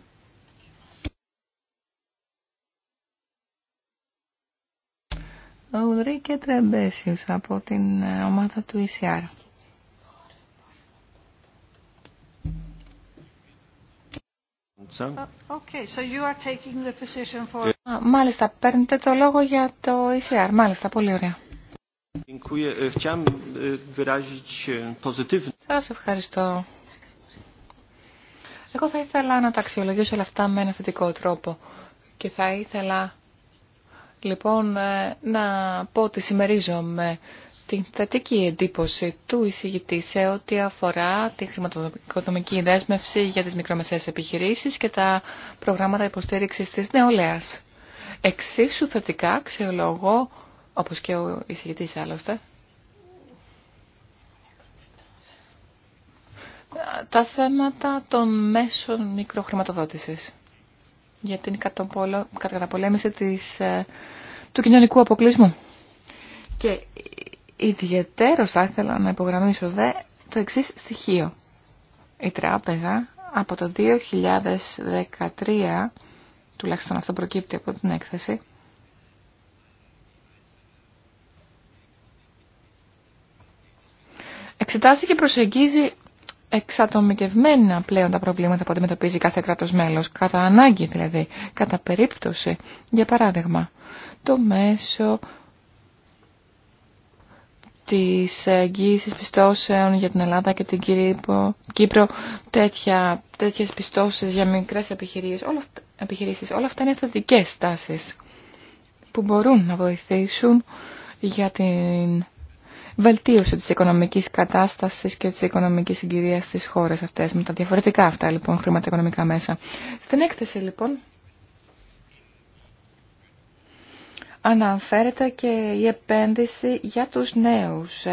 Ο Ρίκε Τρεμπέσιος από την ε, ομάδα του ECR. μάλιστα, παίρνετε το λόγο για το ECR. Μάλιστα, πολύ ωραία. Ε, ε, ε, Σα ευχαριστώ. Εγώ θα ήθελα να τα αξιολογήσω όλα αυτά με ένα θετικό τρόπο και θα ήθελα λοιπόν να πω ότι συμμερίζομαι την θετική εντύπωση του εισηγητή σε ό,τι αφορά τη χρηματοδομική δέσμευση για τις μικρομεσαίες επιχειρήσεις και τα προγράμματα υποστήριξης της νεολαίας. Εξίσου θετικά ξεολόγω, όπως και ο εισηγητής άλλωστε, τα θέματα των μέσων μικροχρηματοδότησης για την καταπολέμηση της, ε, του κοινωνικού αποκλεισμού. Και Ιδιαίτερο θα ήθελα να υπογραμμίσω δε το εξή στοιχείο. Η τράπεζα από το 2013, τουλάχιστον αυτό προκύπτει από την έκθεση, εξετάζει και προσεγγίζει εξατομικευμένα πλέον τα προβλήματα που αντιμετωπίζει κάθε κράτος μέλος, κατά ανάγκη δηλαδή, κατά περίπτωση. Για παράδειγμα, το μέσο της εγγύησης πιστώσεων για την Ελλάδα και την Κύπρο, Κύπρο, τέτοια, τέτοιες πιστώσεις για μικρές επιχειρήσεις όλα, αυτά, επιχειρήσεις, όλα αυτά είναι θετικές στάσεις που μπορούν να βοηθήσουν για την βελτίωση της οικονομικής κατάστασης και της οικονομικής συγκυρίας στις χώρες αυτές, με τα διαφορετικά αυτά λοιπόν χρηματοοικονομικά μέσα. Στην έκθεση λοιπόν αναφέρεται και η επένδυση για τους νέους,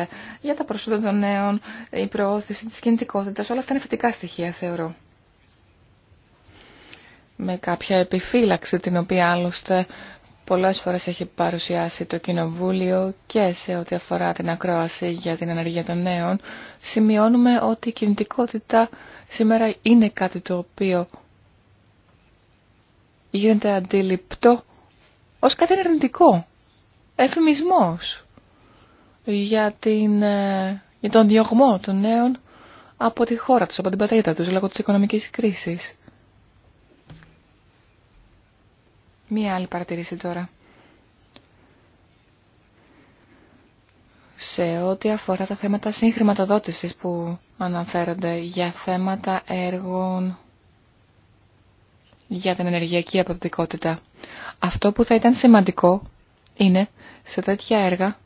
για τα προσόντα των νέων, η προώθηση της κινητικότητας. Όλα αυτά είναι θετικά στοιχεία, θεωρώ. Με κάποια επιφύλαξη, την οποία άλλωστε πολλές φορές έχει παρουσιάσει το Κοινοβούλιο και σε ό,τι αφορά την ακρόαση για την ενεργεία των νέων, σημειώνουμε ότι η κινητικότητα σήμερα είναι κάτι το οποίο γίνεται αντιληπτό ως κάτι αρνητικό. Εφημισμός για, την, ε, για τον διωγμό των νέων από τη χώρα τους, από την πατρίδα τους, λόγω της οικονομικής κρίσης. Μία άλλη παρατηρήση τώρα. Σε ό,τι αφορά τα θέματα συγχρηματοδότησης που αναφέρονται για θέματα έργων για την ενεργειακή αποδοτικότητα. Αυτό που θα ήταν σημαντικό είναι σε τέτοια έργα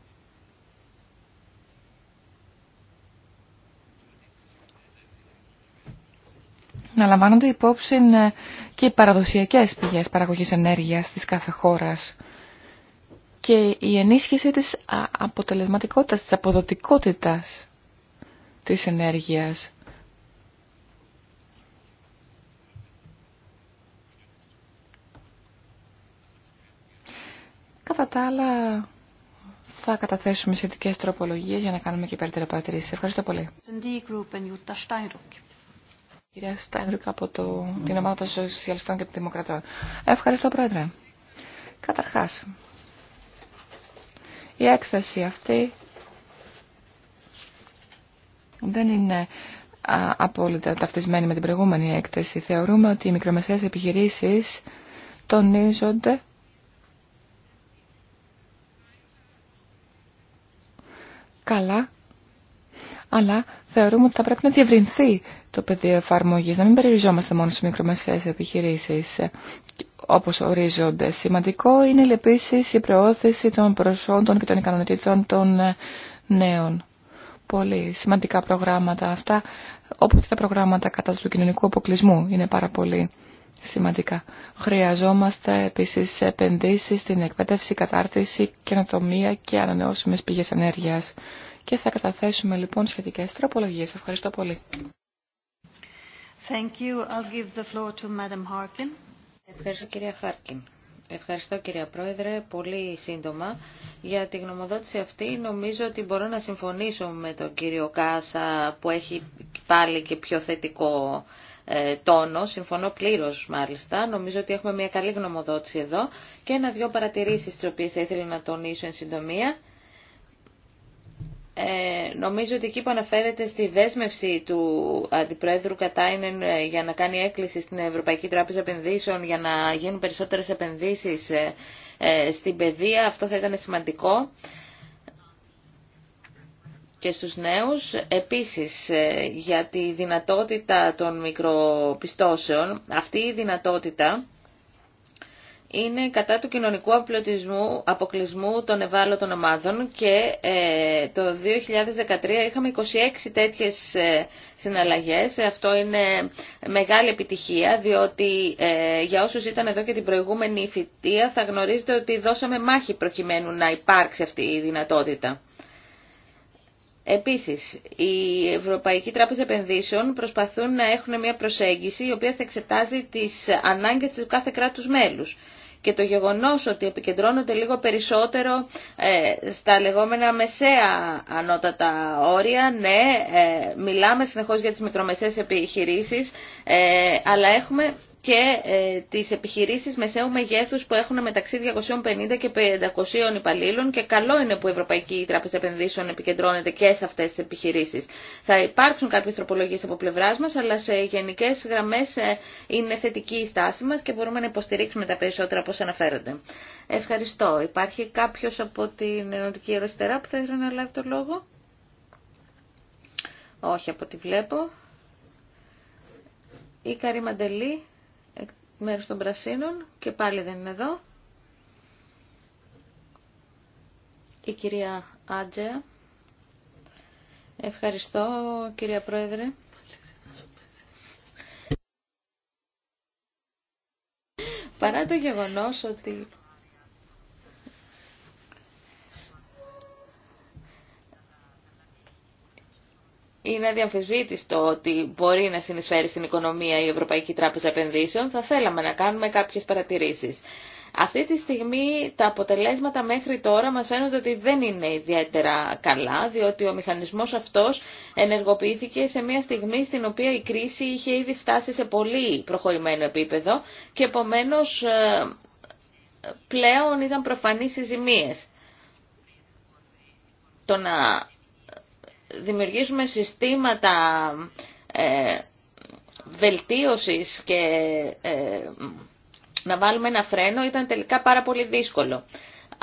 να λαμβάνονται υπόψη ε, και οι παραδοσιακές πηγές παραγωγής ενέργειας της κάθε χώρας και η ενίσχυση της αποτελεσματικότητας, της αποδοτικότητας της ενέργειας. Κατά τα άλλα, θα καταθέσουμε σχετικέ τροπολογίε για να κάνουμε και περαιτέρω παρατηρήσει. Ευχαριστώ πολύ. Κυρία Στάινρουκ από το, την ομάδα των Σοσιαλιστών και των Δημοκρατών. Ευχαριστώ, Πρόεδρε. Καταρχά, η έκθεση αυτή δεν είναι απόλυτα ταυτισμένη με την προηγούμενη έκθεση. Θεωρούμε ότι οι μικρομεσαίες επιχειρήσεις τονίζονται καλά, αλλά θεωρούμε ότι θα πρέπει να διευρυνθεί το πεδίο εφαρμογή, να μην περιοριζόμαστε μόνο σε μικρομεσαίε επιχειρήσει όπω ορίζονται. Σημαντικό είναι επίση η προώθηση των προσόντων και των ικανοτήτων των ε, νέων. Πολύ σημαντικά προγράμματα αυτά, όπως και τα προγράμματα κατά του κοινωνικού αποκλεισμού είναι πάρα πολύ σημαντικά. Χρειαζόμαστε επίσης επενδύσεις στην εκπαίδευση, κατάρτιση, καινοτομία και ανανεώσιμες πηγές ενέργειας. Και θα καταθέσουμε λοιπόν σχετικές τροπολογίες. Ευχαριστώ πολύ. Thank you. I'll give the floor to Madam Harkin. Ευχαριστώ κυρία Χάρκιν. Ευχαριστώ κυρία Πρόεδρε, πολύ σύντομα. Για τη γνωμοδότηση αυτή νομίζω ότι μπορώ να συμφωνήσω με τον κύριο Κάσα που έχει πάλι και πιο θετικό ε, τόνο, συμφωνώ πλήρω μάλιστα, νομίζω ότι έχουμε μια καλή γνωμοδότηση εδώ και ένα-δυο παρατηρήσεις τι οποίε θα ήθελα να τονίσω εν συντομία. Ε, νομίζω ότι εκεί που αναφέρεται στη δέσμευση του Αντιπρόεδρου Κατάινεν ε, για να κάνει έκκληση στην Ευρωπαϊκή Τράπεζα Επενδύσεων για να γίνουν περισσότερες επενδύσεις ε, στην παιδεία, αυτό θα ήταν σημαντικό και στους νέους. Επίσης, ε, για τη δυνατότητα των μικροπιστώσεων, αυτή η δυνατότητα είναι κατά του κοινωνικού αποκλεισμού των ευάλωτων ομάδων και ε, το 2013 είχαμε 26 τέτοιες ε, συναλλαγές. Αυτό είναι μεγάλη επιτυχία διότι ε, για όσους ήταν εδώ και την προηγούμενη φοιτεία θα γνωρίζετε ότι δώσαμε μάχη προκειμένου να υπάρξει αυτή η δυνατότητα. Επίσης, η Ευρωπαϊκή Τράπεζα Επενδύσεων προσπαθούν να έχουν μια προσέγγιση η οποία θα εξετάζει τις ανάγκες της κάθε κράτους μέλους. Και το γεγονός ότι επικεντρώνονται λίγο περισσότερο ε, στα λεγόμενα μεσαία ανώτατα όρια, ναι, ε, μιλάμε συνεχώς για τις μικρομεσαίες επιχειρήσεις, ε, αλλά έχουμε και ε, τις επιχειρήσεις μεσαίου μεγέθους που έχουν μεταξύ 250 και 500 υπαλλήλων και καλό είναι που η Ευρωπαϊκή Τράπεζα Επενδύσεων επικεντρώνεται και σε αυτές τις επιχειρήσεις. Θα υπάρξουν κάποιες τροπολογίες από πλευρά μας, αλλά σε γενικές γραμμές ε, είναι θετική η στάση μας και μπορούμε να υποστηρίξουμε τα περισσότερα όπως αναφέρονται. Ευχαριστώ. Υπάρχει κάποιος από την Ενωτική Ιεροστερά που θα ήθελε να λάβει το λόγο. Όχι από ό,τι βλέπω. Η Καρή Μαντελή μέρος των Πρασίνων και πάλι δεν είναι εδώ. Η κυρία Άντζεα Ευχαριστώ κυρία Πρόεδρε. Παρά το γεγονός ότι είναι το ότι μπορεί να συνεισφέρει στην οικονομία η Ευρωπαϊκή Τράπεζα Επενδύσεων, θα θέλαμε να κάνουμε κάποιες παρατηρήσεις. Αυτή τη στιγμή τα αποτελέσματα μέχρι τώρα μας φαίνονται ότι δεν είναι ιδιαίτερα καλά, διότι ο μηχανισμός αυτός ενεργοποιήθηκε σε μια στιγμή στην οποία η κρίση είχε ήδη φτάσει σε πολύ προχωρημένο επίπεδο και επομένως ε, πλέον ήταν προφανείς οι ζημίες. Το να δημιουργήσουμε συστήματα ε, βελτίωσης και ε, να βάλουμε ένα φρένο ήταν τελικά πάρα πολύ δύσκολο.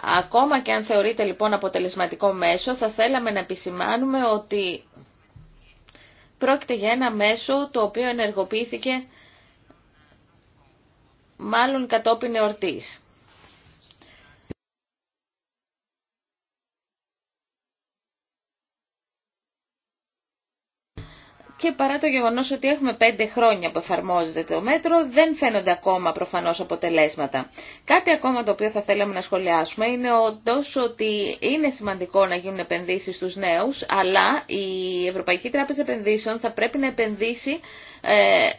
Ακόμα και αν θεωρείται λοιπόν αποτελεσματικό μέσο, θα θέλαμε να επισημάνουμε ότι πρόκειται για ένα μέσο το οποίο ενεργοποιήθηκε μάλλον κατόπιν εορτής. και παρά το γεγονός ότι έχουμε πέντε χρόνια που εφαρμόζεται το μέτρο, δεν φαίνονται ακόμα προφανώς αποτελέσματα. Κάτι ακόμα το οποίο θα θέλαμε να σχολιάσουμε είναι όντω ότι είναι σημαντικό να γίνουν επενδύσεις στους νέους, αλλά η Ευρωπαϊκή Τράπεζα Επενδύσεων θα πρέπει να επενδύσει ε,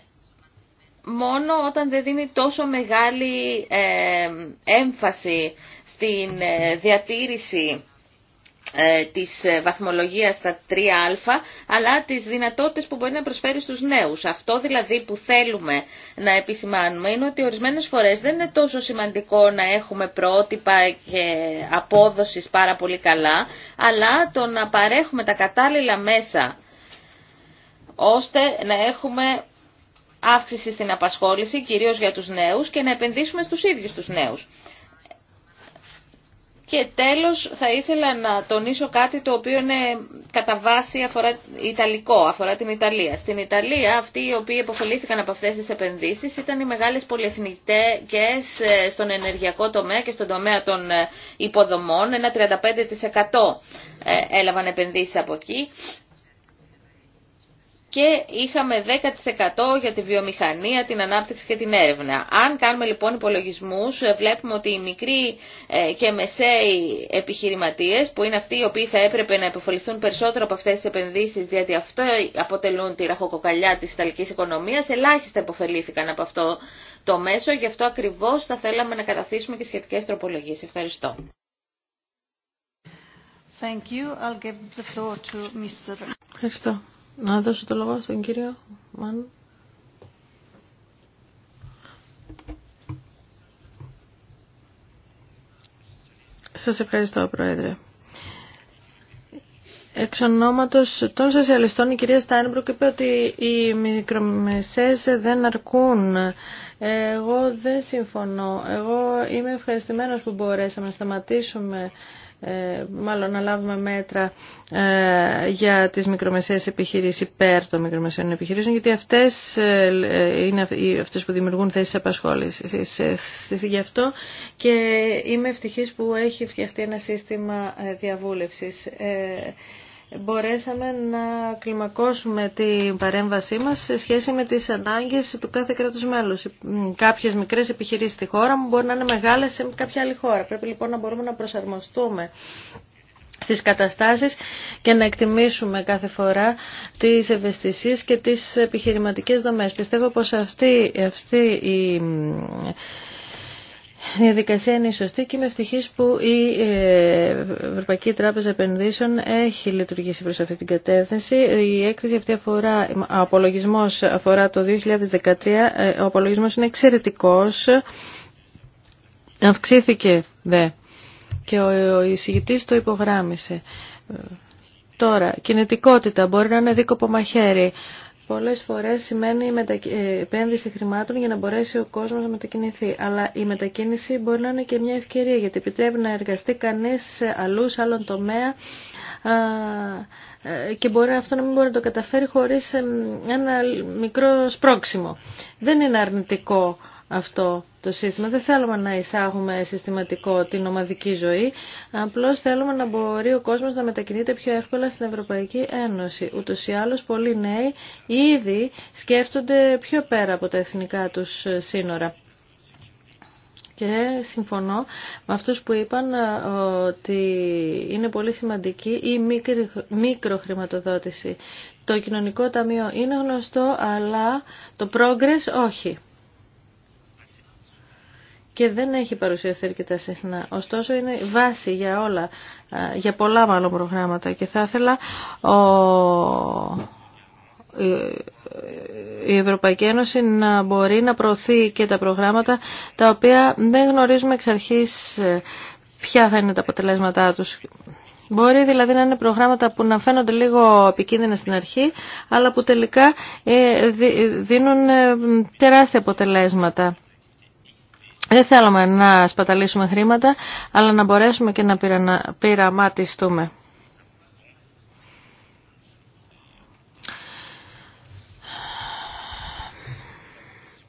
μόνο όταν δεν δίνει τόσο μεγάλη ε, έμφαση στην ε, διατήρηση ε, της ε, βαθμολογίας στα 3α, αλλά τις δυνατότητες που μπορεί να προσφέρει στους νέους. Αυτό δηλαδή που θέλουμε να επισημάνουμε είναι ότι ορισμένες φορές δεν είναι τόσο σημαντικό να έχουμε πρότυπα και απόδοσης πάρα πολύ καλά, αλλά το να παρέχουμε τα κατάλληλα μέσα ώστε να έχουμε αύξηση στην απασχόληση, κυρίως για τους νέους, και να επενδύσουμε στους ίδιους τους νέους. Και τέλος θα ήθελα να τονίσω κάτι το οποίο είναι κατά βάση αφορά Ιταλικό, αφορά την Ιταλία. Στην Ιταλία αυτοί οι οποίοι υποφελήθηκαν από αυτές τις επενδύσεις ήταν οι μεγάλες πολυεθνικές ε, στον ενεργειακό τομέα και στον τομέα των ε, υποδομών, ένα 35% ε, έλαβαν επενδύσεις από εκεί και είχαμε 10% για τη βιομηχανία, την ανάπτυξη και την έρευνα. Αν κάνουμε λοιπόν υπολογισμούς, ε, βλέπουμε ότι οι μικροί ε, και μεσαίοι επιχειρηματίες, που είναι αυτοί οι οποίοι θα έπρεπε να υποφοληθούν περισσότερο από αυτές τις επενδύσεις, διότι αυτό αποτελούν τη ραχοκοκαλιά της Ιταλικής οικονομίας, ελάχιστα υποφελήθηκαν από αυτό το μέσο, γι' αυτό ακριβώς θα θέλαμε να καταθήσουμε και σχετικές τροπολογίες. Ευχαριστώ. Thank you. I'll give the floor to Mr. Ευχαριστώ. Να δώσω το λόγο στον κύριο Μαν. Σας ευχαριστώ, Πρόεδρε. Εξ ονόματος των σοσιαλιστών η κυρία Στάινμπρουκ είπε ότι οι μικρομεσές δεν αρκούν. Εγώ δεν συμφωνώ. Εγώ είμαι ευχαριστημένος που μπορέσαμε να σταματήσουμε ε, μάλλον να λάβουμε μέτρα ε, για τις μικρομεσαίες επιχειρήσεις υπέρ των μικρομεσαίων επιχειρήσεων γιατί αυτές ε, είναι αυτές που δημιουργούν θέσεις απασχόλησης. Γι' αυτό και είμαι ευτυχής που έχει φτιαχτεί ένα σύστημα διαβούλευσης μπορέσαμε να κλιμακώσουμε την παρέμβασή μας σε σχέση με τις ανάγκες του κάθε κράτους μέλους. Κάποιες μικρές επιχειρήσεις στη χώρα μου μπορεί να είναι μεγάλες σε κάποια άλλη χώρα. Πρέπει λοιπόν να μπορούμε να προσαρμοστούμε στις καταστάσεις και να εκτιμήσουμε κάθε φορά τις ευαισθησίες και τις επιχειρηματικές δομές. Πιστεύω πως αυτή, αυτή η η διαδικασία είναι σωστή και είμαι ευτυχή που η ε, Ευρωπαϊκή Τράπεζα Επενδύσεων έχει λειτουργήσει προς αυτή την κατεύθυνση. Η έκθεση αυτή αφορά, ο απολογισμό αφορά το 2013, ε, ο απολογισμό είναι εξαιρετικός, αυξήθηκε δε και ο εισηγητή το υπογράμμισε. Ε, τώρα, κινητικότητα μπορεί να είναι δίκοπο μαχαίρι πολλές φορές σημαίνει η ε, επένδυση χρημάτων για να μπορέσει ο κόσμος να μετακινηθεί. Αλλά η μετακίνηση μπορεί να είναι και μια ευκαιρία γιατί επιτρέπει να εργαστεί κανείς αλλού, σε άλλον τομέα ε, και μπορεί αυτό να μην μπορεί να το καταφέρει χωρίς ένα μικρό σπρόξιμο. Δεν είναι αρνητικό αυτό το σύστημα. Δεν θέλουμε να εισάγουμε συστηματικό την ομαδική ζωή, απλώς θέλουμε να μπορεί ο κόσμος να μετακινείται πιο εύκολα στην Ευρωπαϊκή Ένωση. Ούτως ή άλλως πολλοί νέοι ήδη σκέφτονται πιο πέρα από τα εθνικά τους σύνορα. Και συμφωνώ με αυτούς που είπαν ε, ότι είναι πολύ σημαντική η μικροχρηματοδότηση. Το κοινωνικό ταμείο είναι γνωστό, αλλά το progress όχι και δεν έχει παρουσιαστεί αρκετά συχνά. Ωστόσο είναι βάση για όλα, για πολλά μάλλον προγράμματα και θα ήθελα η Ευρωπαϊκή Ένωση να μπορεί να προωθεί και τα προγράμματα τα οποία δεν γνωρίζουμε εξ αρχής ε, ποια θα είναι τα αποτελέσματά τους. Μπορεί δηλαδή να είναι προγράμματα που να φαίνονται λίγο επικίνδυνα στην αρχή, αλλά που τελικά ε, δίνουν ε, τεράστια αποτελέσματα. Δεν θέλουμε να σπαταλήσουμε χρήματα, αλλά να μπορέσουμε και να πειραματιστούμε.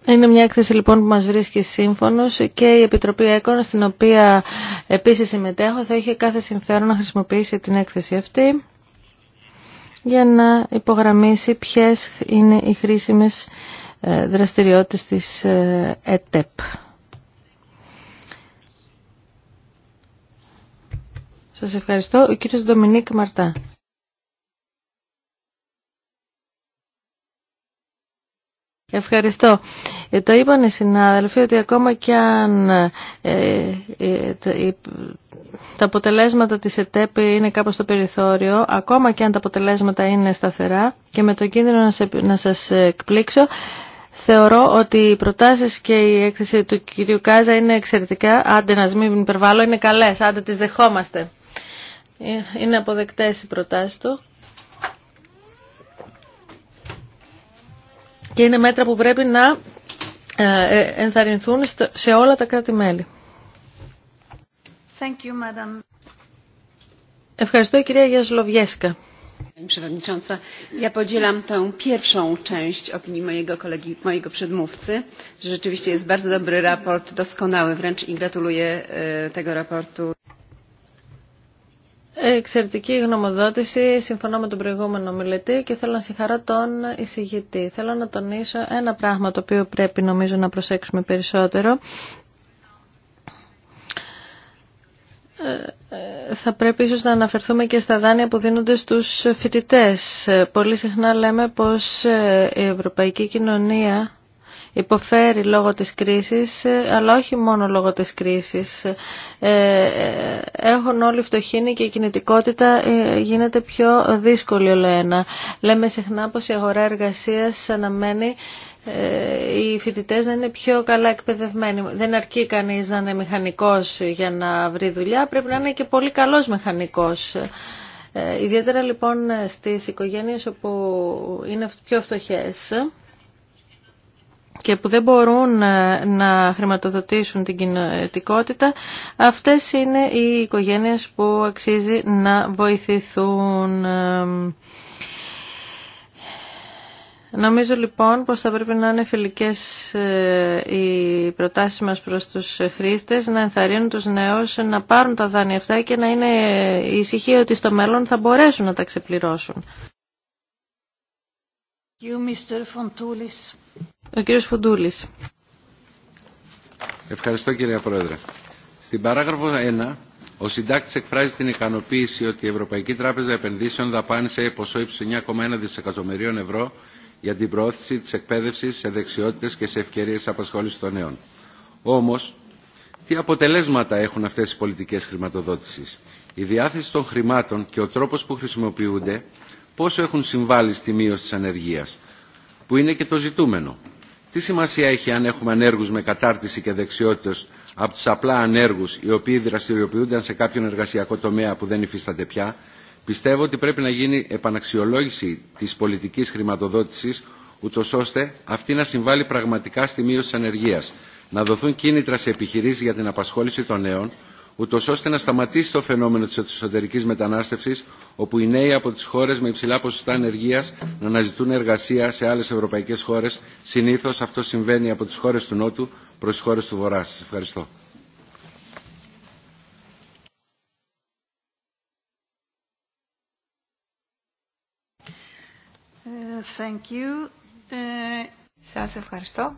Είναι μια έκθεση λοιπόν που μας βρίσκει σύμφωνος και η Επιτροπή Έκων, στην οποία επίσης συμμετέχω, θα είχε κάθε συμφέρον να χρησιμοποιήσει την έκθεση αυτή για να υπογραμμίσει ποιες είναι οι χρήσιμες ε, δραστηριότητες της ε, ΕΤΕΠ. Σας ευχαριστώ. Ο κύριος Δομινίκ Μαρτά. Ευχαριστώ. Ε, το είπαν οι συνάδελφοι ότι ακόμα και αν ε, ε, ε, τα, αποτελέσματα της ΕΤΕΠ είναι κάπως στο περιθώριο, ακόμα και αν τα αποτελέσματα είναι σταθερά και με το κίνδυνο να, σε, να σας εκπλήξω, Θεωρώ ότι οι προτάσεις και η έκθεση του κυρίου Κάζα είναι εξαιρετικά, άντε να μην υπερβάλλω, είναι καλές, άντε τις δεχόμαστε. Είναι αποδεκτές οι προτάσεις του. Και είναι μέτρα που πρέπει να ενθαρρυνθούν σε όλα τα κράτη-μέλη. Ευχαριστώ, κυρία Γιασλοβιέσκα. Pani Przewodnicząca, ja podzielam tę pierwszą część opinii mojego, kolegi, mojego przedmówcy, że rzeczywiście jest bardzo dobry raport, doskonały wręcz i gratuluję tego raportu. Εξαιρετική γνωμοδότηση. Συμφωνώ με τον προηγούμενο μιλητή και θέλω να συγχαρώ τον εισηγητή. Θέλω να τονίσω ένα πράγμα το οποίο πρέπει νομίζω να προσέξουμε περισσότερο. Ε, θα πρέπει ίσως να αναφερθούμε και στα δάνεια που δίνονται στους φοιτητές. Πολύ συχνά λέμε πως ε, η ευρωπαϊκή κοινωνία υποφέρει λόγω της κρίσης, αλλά όχι μόνο λόγω της κρίσης. Ε, έχουν όλοι φτωχήνη και η κινητικότητα ε, γίνεται πιο δύσκολη όλο ένα. Λέμε συχνά πως η αγορά εργασίας αναμένει ε, οι φοιτητέ να είναι πιο καλά εκπαιδευμένοι. Δεν αρκεί κανείς να είναι μηχανικός για να βρει δουλειά, πρέπει να είναι και πολύ καλός μηχανικός. Ιδιαίτερα λοιπόν στις οικογένειες όπου είναι πιο φτωχές και που δεν μπορούν ε, να χρηματοδοτήσουν την κοινωτικότητα, αυτές είναι οι οικογένειες που αξίζει να βοηθηθούν. Νομίζω λοιπόν πως θα πρέπει να είναι φιλικές ε, οι προτάσεις μας προς τους χρήστες, να ενθαρρύνουν τους νέους να πάρουν τα δάνεια αυτά και να είναι ησυχία ότι στο μέλλον θα μπορέσουν να τα ξεπληρώσουν. Ο Ευχαριστώ κύριε Πρόεδρε. Στην παράγραφο 1, ο συντάκτη εκφράζει την ικανοποίηση ότι η Ευρωπαϊκή Τράπεζα Επενδύσεων δαπάνησε ποσό ύψου 9,1 δισεκατομμυρίων ευρώ για την προώθηση τη εκπαίδευση σε δεξιότητε και σε ευκαιρίε απασχόληση των νέων. Όμω, τι αποτελέσματα έχουν αυτέ οι πολιτικέ χρηματοδότηση. Η διάθεση των χρημάτων και ο τρόπο που χρησιμοποιούνται πόσο έχουν συμβάλει στη μείωση τη ανεργία που είναι και το ζητούμενο. Τι σημασία έχει αν έχουμε ανέργους με κατάρτιση και δεξιότητες από τους απλά ανέργους οι οποίοι δραστηριοποιούνταν σε κάποιον εργασιακό τομέα που δεν υφίστανται πια, πιστεύω ότι πρέπει να γίνει επαναξιολόγηση της πολιτικής χρηματοδότησης ούτω ώστε αυτή να συμβάλλει πραγματικά στη μείωση της ανεργίας, να δοθούν κίνητρα σε επιχειρήσεις για την απασχόληση των νέων, ούτω ώστε να σταματήσει το φαινόμενο τη εσωτερική μετανάστευση, όπου οι νέοι από τι χώρε με υψηλά ποσοστά ανεργία να αναζητούν εργασία σε άλλε ευρωπαϊκέ χώρε. Συνήθω αυτό συμβαίνει από τι χώρε του Νότου προ τι χώρε του Βορρά. Σα ευχαριστώ. Ε, thank you. Ε, Σας ευχαριστώ.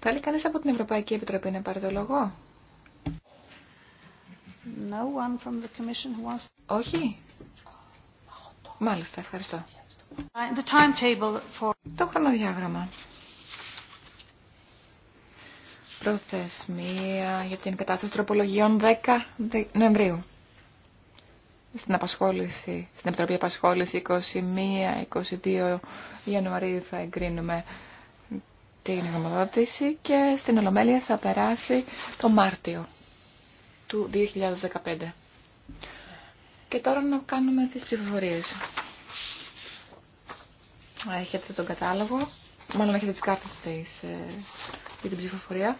Θέλει κανείς από την Ευρωπαϊκή Επιτροπή να πάρει το λόγο. Όχι. Μάλιστα, ευχαριστώ. Uh, το χρονοδιάγραμμα. Προθεσμία για την κατάθεση τροπολογιών 10 Νοεμβρίου. Στην, απασχόληση, στην Επιτροπή Απασχόληση 21-22 Ιανουαρίου θα εγκρίνουμε την γνωμοδότηση και στην Ολομέλεια θα περάσει το Μάρτιο του 2015. Και τώρα να κάνουμε τις ψηφοφορίες. Έχετε τον κατάλογο, μάλλον έχετε τις κάρτες της, ε, για την ψηφοφορία.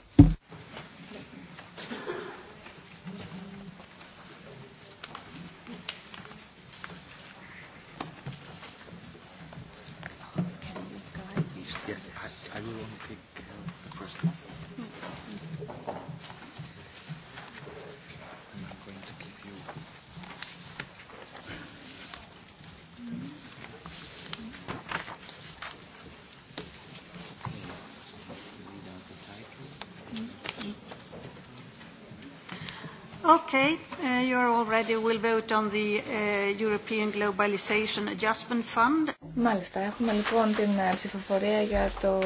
Friday will vote on the uh, European Globalization Adjustment Fund. Μάλιστα, έχουμε λοιπόν την ε, ψηφοφορία για, το...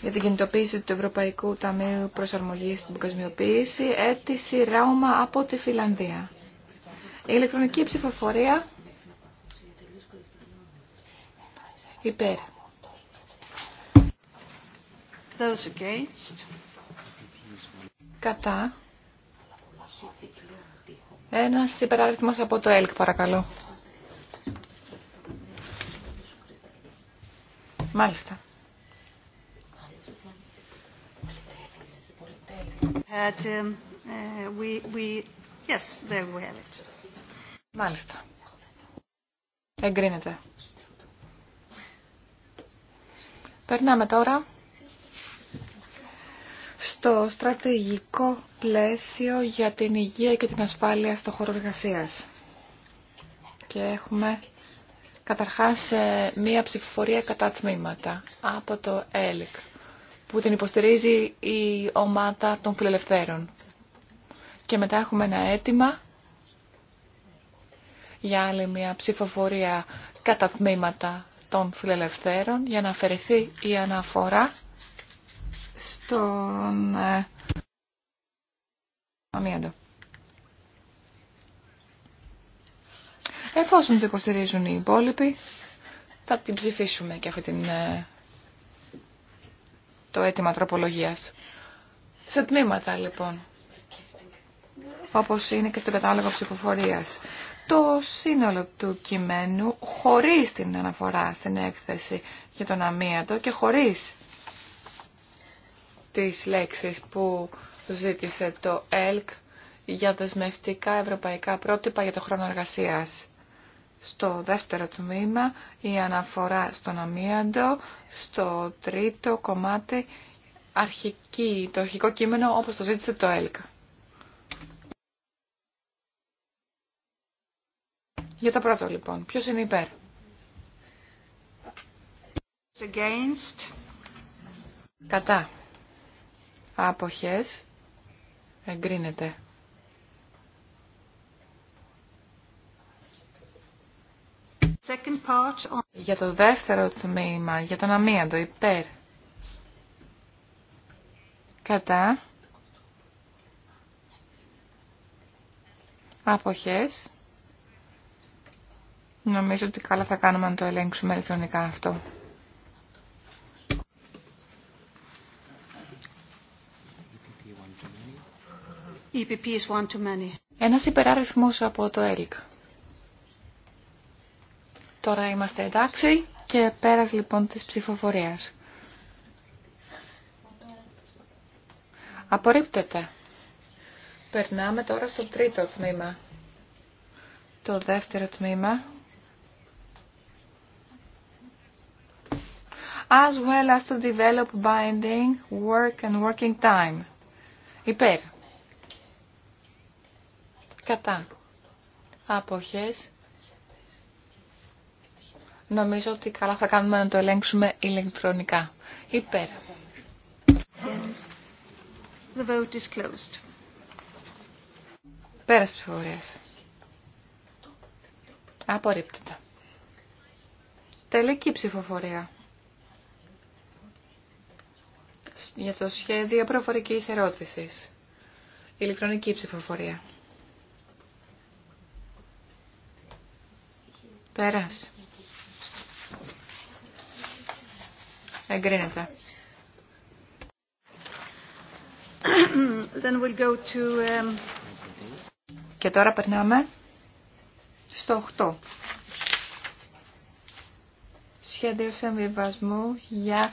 για την κινητοποίηση του Ευρωπαϊκού Ταμείου Προσαρμογής στην κοσμιοποίηση, αίτηση ράουμα από τη Φιλανδία. Η ηλεκτρονική ψηφοφορία υπέρ. Those against. Κατά. Ένας υπεραριθμός από το ΕΛΚ, παρακαλώ. Μάλιστα. Μάλιστα. Εγκρίνεται. Περνάμε τώρα στο στρατηγικό πλαίσιο για την υγεία και την ασφάλεια στο χώρο εργασία. Και έχουμε καταρχάς ε, μία ψηφοφορία κατά τμήματα από το ΕΛΚ που την υποστηρίζει η ομάδα των φιλελευθέρων. Και μετά έχουμε ένα αίτημα για άλλη μια ψηφοφορία κατά τμήματα των φιλελευθέρων για να αφαιρεθεί η αναφορά στον ε, Αμίαντο. Εφόσον το υποστηρίζουν οι υπόλοιποι, θα την ψηφίσουμε και αυτή την, ε, το αίτημα τροπολογίας. Σε τμήματα λοιπόν, όπως είναι και στο κατάλογο ψηφοφορίας. Το σύνολο του κειμένου χωρίς την αναφορά στην έκθεση για τον αμύατο και χωρίς τις λέξεις που ζήτησε το ΕΛΚ για δεσμευτικά ευρωπαϊκά πρότυπα για το χρόνο εργασίας. Στο δεύτερο τμήμα η αναφορά στον αμίαντο, στο τρίτο κομμάτι αρχική, το αρχικό κείμενο όπως το ζήτησε το ΕΛΚ. Για το πρώτο λοιπόν, ποιος είναι υπέρ. Κατά. Αποχές. Εγκρίνεται. Για το δεύτερο τμήμα, για τον αμύαντο, υπέρ. Κατά. Αποχές. Νομίζω ότι καλά θα κάνουμε να το ελέγξουμε ηλεκτρονικά αυτό. Ένα e Ένας υπεράριθμος από το ΕΛΚ. Τώρα είμαστε εντάξει και πέρας λοιπόν της ψηφοφορίας. Απορρίπτεται. Περνάμε τώρα στο τρίτο τμήμα. Το δεύτερο τμήμα. As well as to develop binding work and working time. Υπέρ. Κατά. Αποχές. Νομίζω ότι καλά θα κάνουμε να το ελέγξουμε ηλεκτρονικά. Υπέρ. The vote is closed. Πέρας ψηφοφορίας. Απορρίπτεται. Τελική ψηφοφορία. Για το σχέδιο προφορικής ερώτησης. Ηλεκτρονική ψηφοφορία. Πέρας. Εγκρίνεται. Then we'll go to, um, Και τώρα περνάμε στο 8. Σχέδιο συμβιβασμού για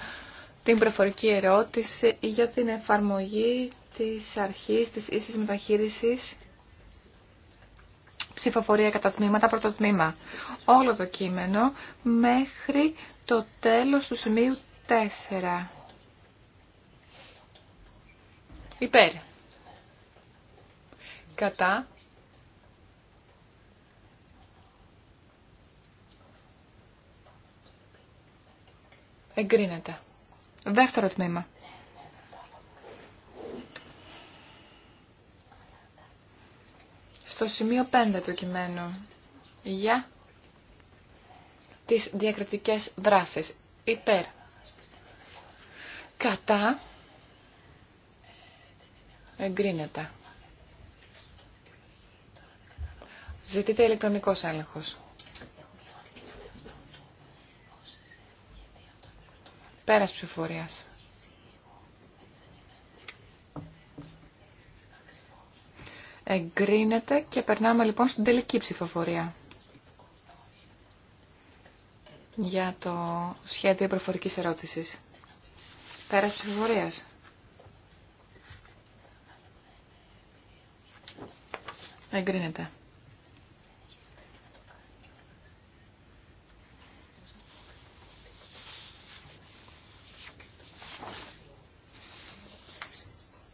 την προφορική ερώτηση για την εφαρμογή της αρχής της ίσης μεταχείρισης ψηφοφορία κατά τμήματα, πρώτο τμήμα. Όλο το κείμενο μέχρι το τέλος του σημείου 4. Υπέρ. Κατά. Εγκρίνεται. Δεύτερο τμήμα. στο σημείο 5 του κειμένου για τις διακριτικές δράσεις. Υπέρ. Κατά. Εγκρίνεται. Ζητείται ηλεκτρονικός έλεγχος. Πέρας ψηφορίας. Εγκρίνεται και περνάμε λοιπόν στην τελική ψηφοφορία. Για το σχέδιο προφορικής ερώτησης. της ψηφοφορίας. Εγκρίνεται.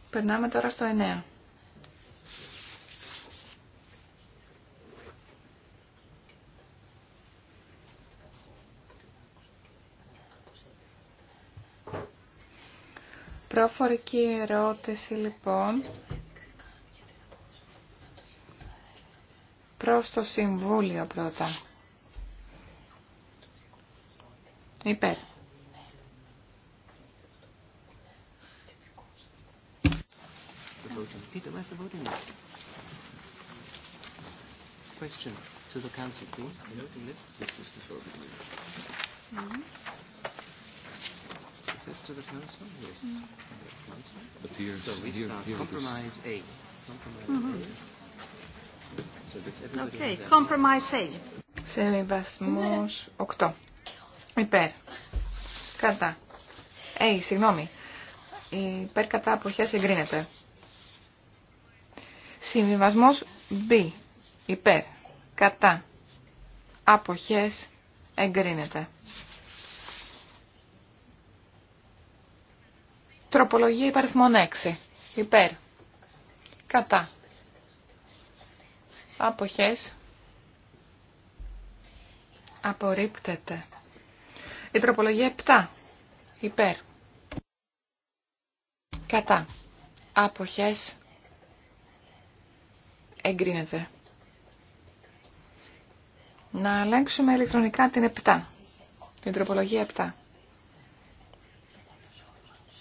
Περνάμε τώρα στο 9. Προφορική ερώτηση λοιπόν προς το Συμβούλιο πρώτα. Υπέρ. Question to the council, access to the council? Yes. council. But here, so we here, start compromise A. Compromise A. So that's everybody okay, compromise A. Σεβασμός 8. Υπέρ. Κατά. Ε, συγγνώμη. Υπέρ κατά αποχές εγκρίνεται. Συμβιβασμός B. Υπέρ. Κατά. Αποχές εγκρίνεται. Τροπολογία υπαριθμών 6. Υπέρ. Κατά. Αποχές. Απορρίπτεται. Η τροπολογία 7. Υπέρ. Κατά. Αποχές. Εγκρίνεται. Να αλλάξουμε ηλεκτρονικά την 7. Την τροπολογία 7.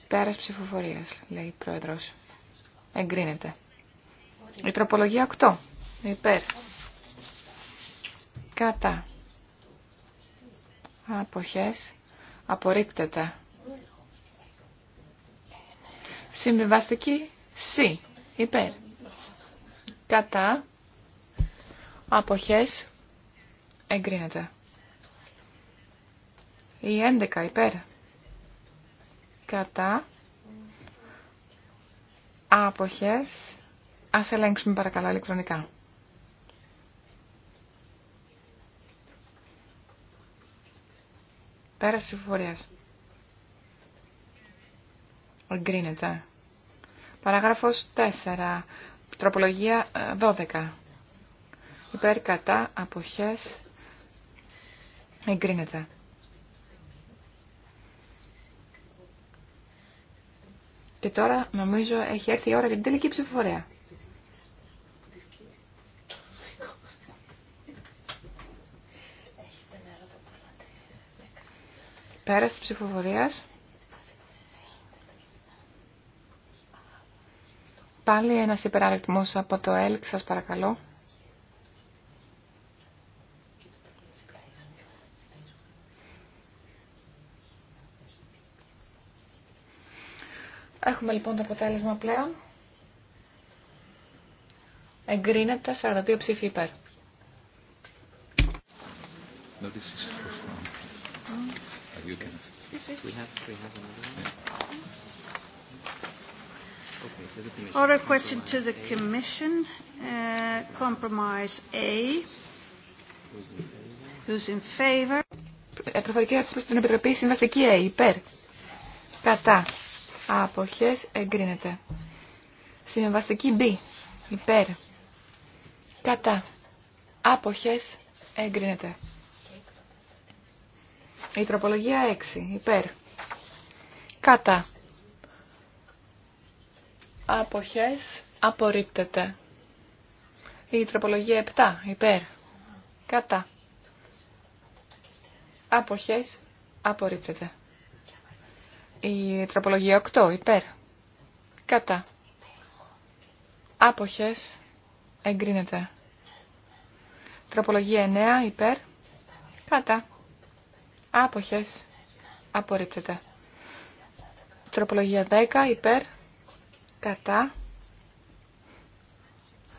Πέρας ψηφοφορίας, λέει η Πρόεδρος. Εγκρίνεται. Η τροπολογία 8. Υπέρ. Κατά. Αποχές. Απορρίπτεται. Συμβιβαστική Συ. Υπέρ. Κατά. Αποχές. Εγκρίνεται. Η 11. Υπέρ κατά, άποχες, ας ελέγξουμε παρακαλώ ηλεκτρονικά. Πέρας ψηφοφορίας. Εγκρίνεται. Παράγραφος 4. Τροπολογία 12. Ε, Υπέρ κατά αποχές εγκρίνεται. Και τώρα νομίζω έχει έρθει η ώρα για την τελική ψηφοφορία. Πέρας της ψηφοφορίας. Πάλι ένας υπεραριθμός από το ΕΛΚ, σας παρακαλώ. Έχουμε λοιπόν το αποτέλεσμα πλέον. Εγκρίνεται 42 ψήφοι υπέρ. Or a question to the commission. Uh, compromise A. Who's in favour? Who's in ε, Προφορική ερώτηση προς την Επιτροπή Συμβαστική A. Υπέρ. Κατά. Αποχές εγκρίνεται. Συμβαστική B. Υπέρ. Κατά. Αποχές εγκρίνεται. Η τροπολογία 6. Υπέρ. Κατά. Αποχές απορρίπτεται. Η τροπολογία 7. Υπέρ. Κατά. Αποχές απορρίπτεται. Η τροπολογία 8 υπέρ. Κατά. Άποχες εγκρίνεται. Τροπολογία 9 υπέρ. Κατά. Άποχες απορρίπτεται. Τροπολογία 10 υπέρ. Κατά.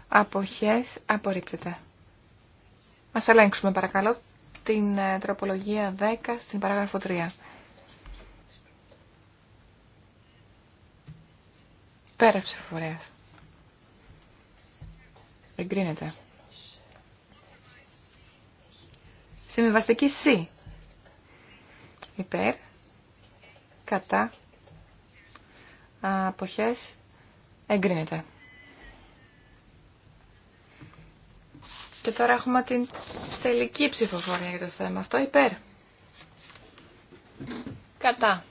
Αποχές απορρίπτεται. Ας ελέγξουμε παρακαλώ την ε, τροπολογία 10 στην παράγραφο 3. Πέρα ψηφοφορίας. Εγκρίνεται. Συμβιβαστική C. Υπέρ. Κατά. Αποχές. Εγκρίνεται. Και τώρα έχουμε την τελική ψηφοφορία για το θέμα αυτό. Υπέρ. Κατά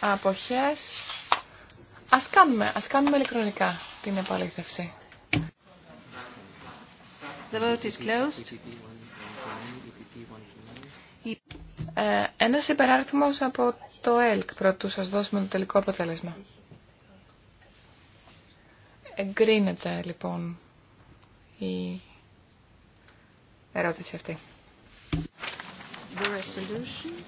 αποχές. Ας κάνουμε, ας κάνουμε ηλεκτρονικά την επαλήθευση. The vote is closed. Ε, ένας υπεράριθμος από το ΕΛΚ πρωτού σας δώσουμε το τελικό αποτέλεσμα. Εγκρίνεται λοιπόν η ερώτηση αυτή. The resolution.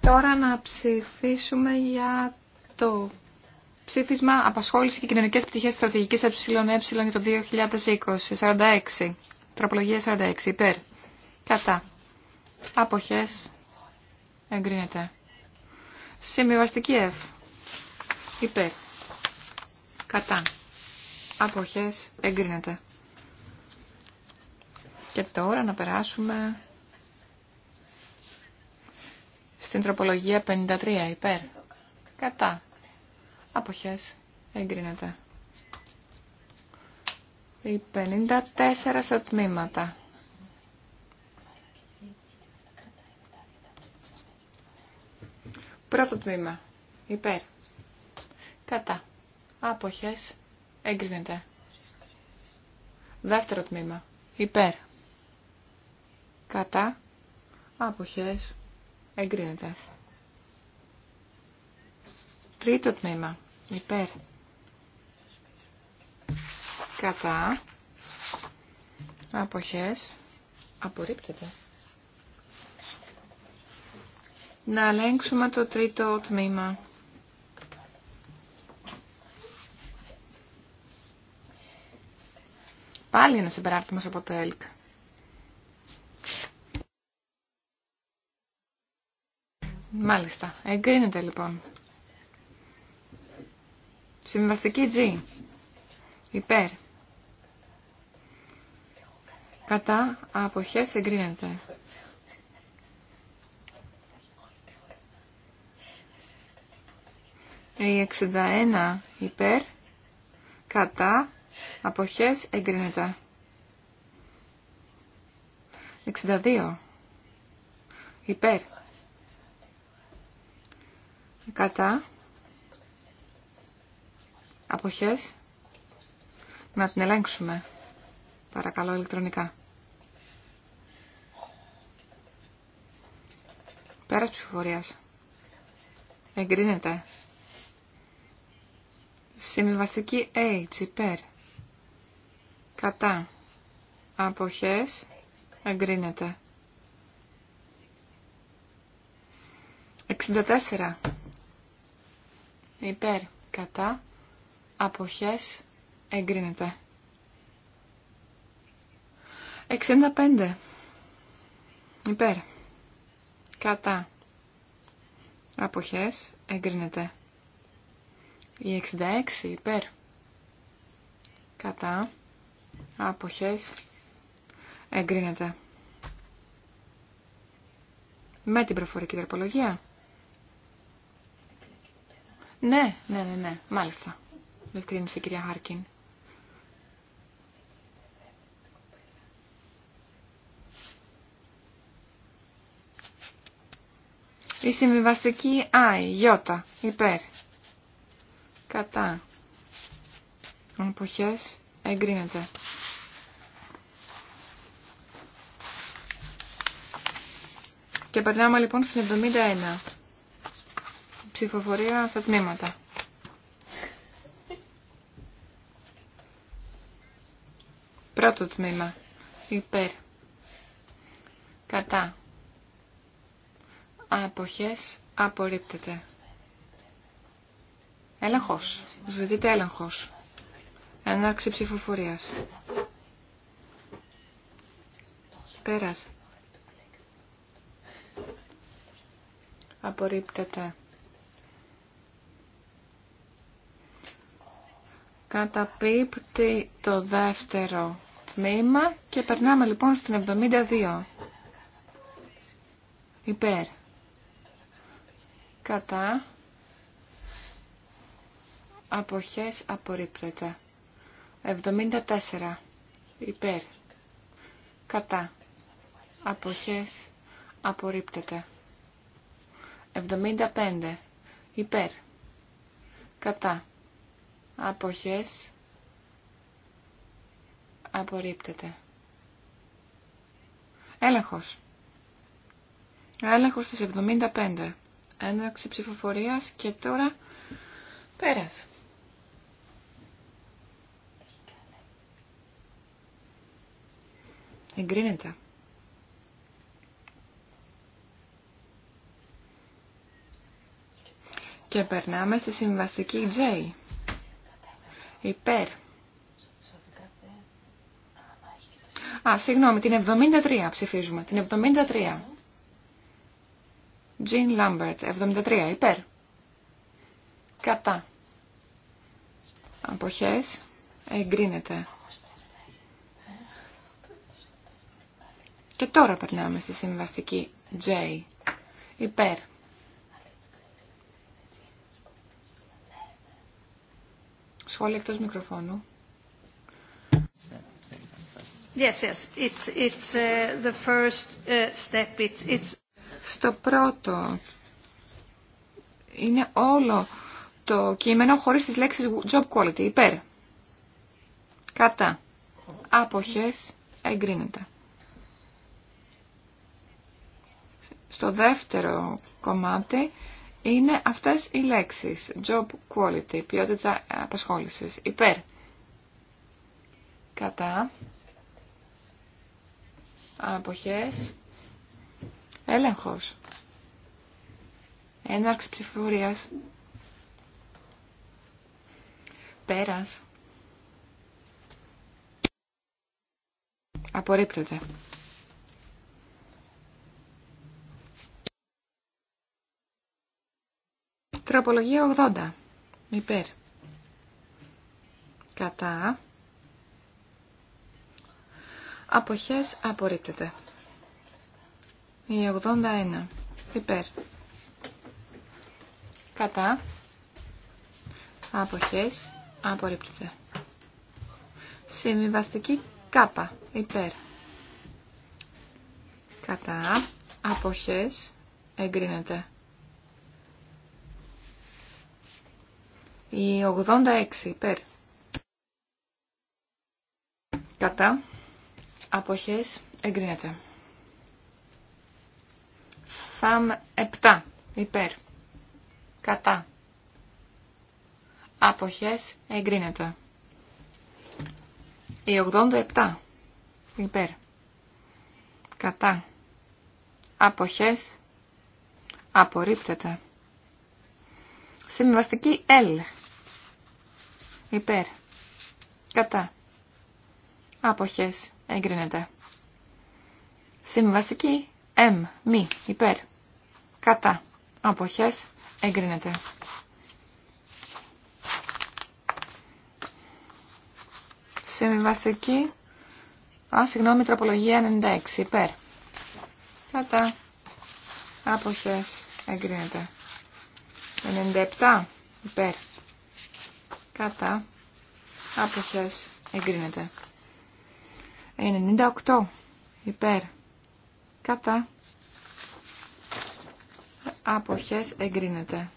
Τώρα να ψηφίσουμε για το ψήφισμα απασχόληση και κοινωνικέ πτυχέ Στρατηγική ΕΕ για το 2020. 46. Τροπολογία 46. Υπέρ. Κατά. Αποχές. Εγκρίνεται. Συμβιβαστική F. Υπέρ. Κατά. Αποχές εγκρίνεται. Και τώρα να περάσουμε στην τροπολογία 53. Υπέρ. Κατά. Αποχές εγκρίνεται. Η 54 σε τμήματα. Πρώτο τμήμα. Υπέρ. Κατά. Άποχες. Έγκρινεται. Δεύτερο τμήμα. Υπέρ. Κατά. Άποχες. Εγκρίνεται. Τρίτο τμήμα. Υπέρ. Κατά. Αποχές. Απορρίπτεται να ελέγξουμε το τρίτο τμήμα. Πάλι ένα συμπεράρτημα από το ΕΛΚ. Μάλιστα. Εγκρίνεται λοιπόν. Συμβαστική G. Υπέρ. Κατά αποχές εγκρίνεται. Η 61 υπέρ, κατά, αποχές εγκρίνεται. 62 υπέρ, κατά, αποχές, να την ελέγξουμε, παρακαλώ ηλεκτρονικά. Πέρας ψηφοφορίας. Εγκρίνεται. Συμβιβαστική H υπέρ. Κατά. Αποχές εγκρίνεται. 64. Υπέρ. Κατά. Αποχές εγκρίνεται. 65. Υπέρ. Κατά. Αποχές εγκρίνεται. Η 66 υπέρ. Κατά. Άποχες. Εγκρίνεται. Με την προφορική τροπολογία. Ναι, ναι, ναι, ναι. Μάλιστα. Δευκρίνησε η κυρία Χάρκιν. Η συμβιβαστική I, Ι, υπέρ, κατά εποχές εγκρίνεται. Και περνάμε λοιπόν στην 71. Ψηφοφορία στα τμήματα. Πρώτο τμήμα. Υπέρ. Κατά. Αποχές απορρίπτεται. Έλεγχος. Ζητείτε έλεγχος. Ένάξη ψηφοφορίας. Πέρασε. Απορρίπτεται. Καταπίπτει το δεύτερο τμήμα και περνάμε λοιπόν στην 72. Υπέρ. Κατά αποχές απορρίπτεται. 74 υπέρ κατά αποχές απορρίπτεται. 75 υπέρ κατά αποχές απορρίπτεται. Έλεγχος. Έλεγχος στις 75. Έναξη ψηφοφορίας και τώρα πέρασε. Εγκρίνεται. Και περνάμε στη συμβαστική J. Υπέρ. Α, συγγνώμη, την 73 ψηφίζουμε. Την 73. Jean Lambert, 73, υπέρ. Κατά. Αποχές, εγκρίνεται. Και τώρα περνάμε στη συμβαστική J. Υπέρ. Σχόλια εκτός μικροφώνου. Yes, yes. It's, it's uh, the first uh, step. It's, it's... Στο πρώτο είναι όλο το κείμενο χωρίς τις λέξεις job quality. Υπέρ. Κατά. Άποχες εγκρίνεται. Στο δεύτερο κομμάτι είναι αυτές οι λέξεις. Job quality, ποιότητα απασχόλησης, υπέρ. Κατά. Αποχές. Έλεγχος. Έναρξη ψηφοφορίας. Πέρας. Απορρίπτεται. Τροπολογία 80. Υπέρ. Κατά. Αποχές απορρίπτεται. Η 81. Υπέρ. Κατά. Αποχές απορρίπτεται. Συμβιβαστική κάπα. Υπέρ. Κατά. Αποχές εγκρίνεται. Η 86 υπέρ. Κατά. Αποχές εγκρίνεται. Φαμ 7 υπέρ. Κατά. Αποχές εγκρίνεται. Η 87 υπέρ. Κατά. Αποχές απορρίπτεται. Συμβαστική L Υπέρ. Κατά. Αποχές. Εγκρίνεται. Συμβαστική. εμ, Μη. Υπέρ. Κατά. Αποχές. Εγκρίνεται. Συμβαστική. Α, συγγνώμη, τροπολογία 96. Υπέρ. Κατά. Αποχές. Εγκρίνεται. 97. Υπέρ κατά αποχές εγκρίνεται. 98 υπέρ κατά αποχές εγκρίνεται.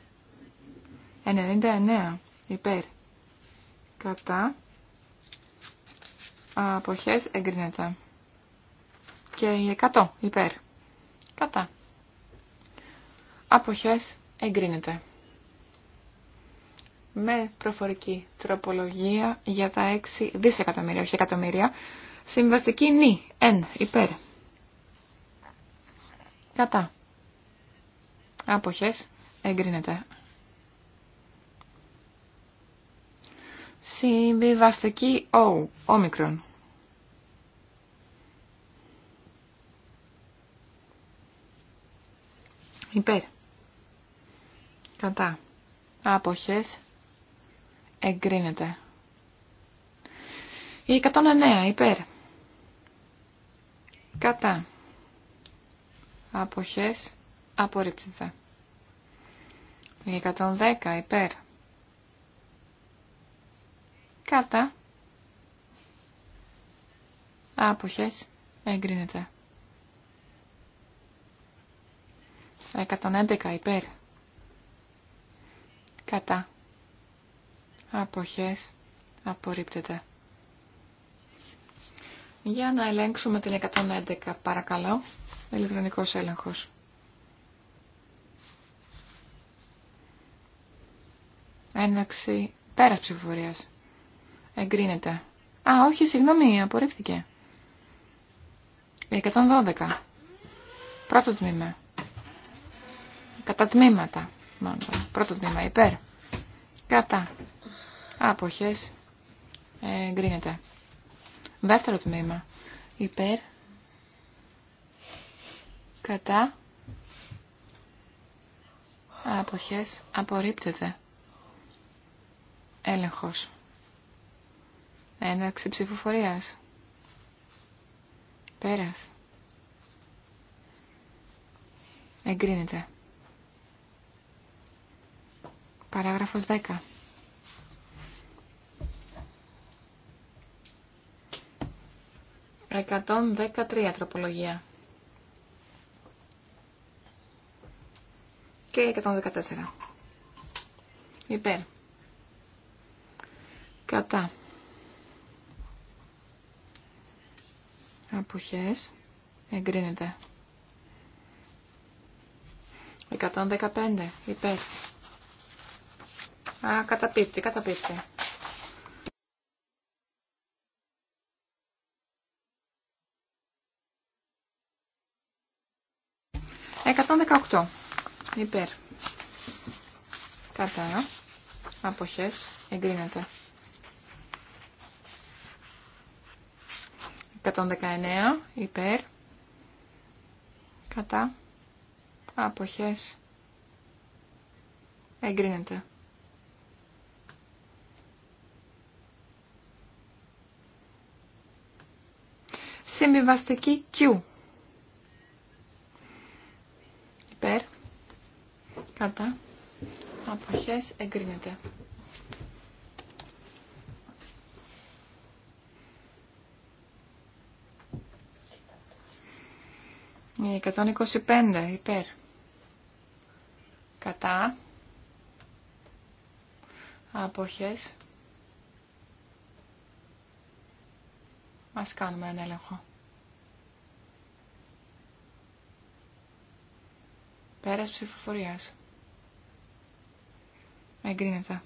99 υπέρ κατά αποχές εγκρίνεται. Και 100 υπέρ κατά αποχές εγκρίνεται με προφορική τροπολογία για τα 6 δισεκατομμύρια, όχι εκατομμύρια. Συμβαστική νη, εν, υπέρ. Κατά. Άποχες, εγκρίνεται. Συμβιβαστική ο, όμικρον. Υπέρ. Κατά. Άποχες, εγκρίνεται. Η 109 υπέρ. Κατά. Αποχές απορρίπτεται. Η 110 υπέρ. Κατά. Άποχες εγκρίνεται. 111 υπέρ. Κατά αποχές απορρίπτεται. Για να ελέγξουμε την 111 παρακαλώ, ηλεκτρονικός έλεγχος. Έναξη πέρα ψηφοφορία. Εγκρίνεται. Α, όχι, συγγνώμη, απορρίφθηκε. 112. Πρώτο τμήμα. Κατά τμήματα, Πρώτο τμήμα, υπέρ. Κατά. Αποχές. Εγκρίνεται. Δεύτερο τμήμα. Υπέρ. Κατά. Αποχές. Απορρίπτεται. Έλεγχος. Έναρξη ψηφοφορίας. Πέρας. Εγκρίνεται. Παράγραφος 10. 113 τροπολογία. Και 114. Υπέρ. Κατά. Αποχές. Εγκρίνεται. 115. Υπέρ. Α, καταπίπτει, καταπίπτει. αυτό. υπέρ κατά ε. αποχές εγκρίνεται 119 υπέρ κατά αποχές εγκρίνεται συμβιβαστική Q Κατά. Αποχές εγκρίνεται. Η ε, 125 υπέρ. Κατά. Αποχές. Ας κάνουμε ένα έλεγχο. Πέρας ψηφοφορίας εγκρίνεται.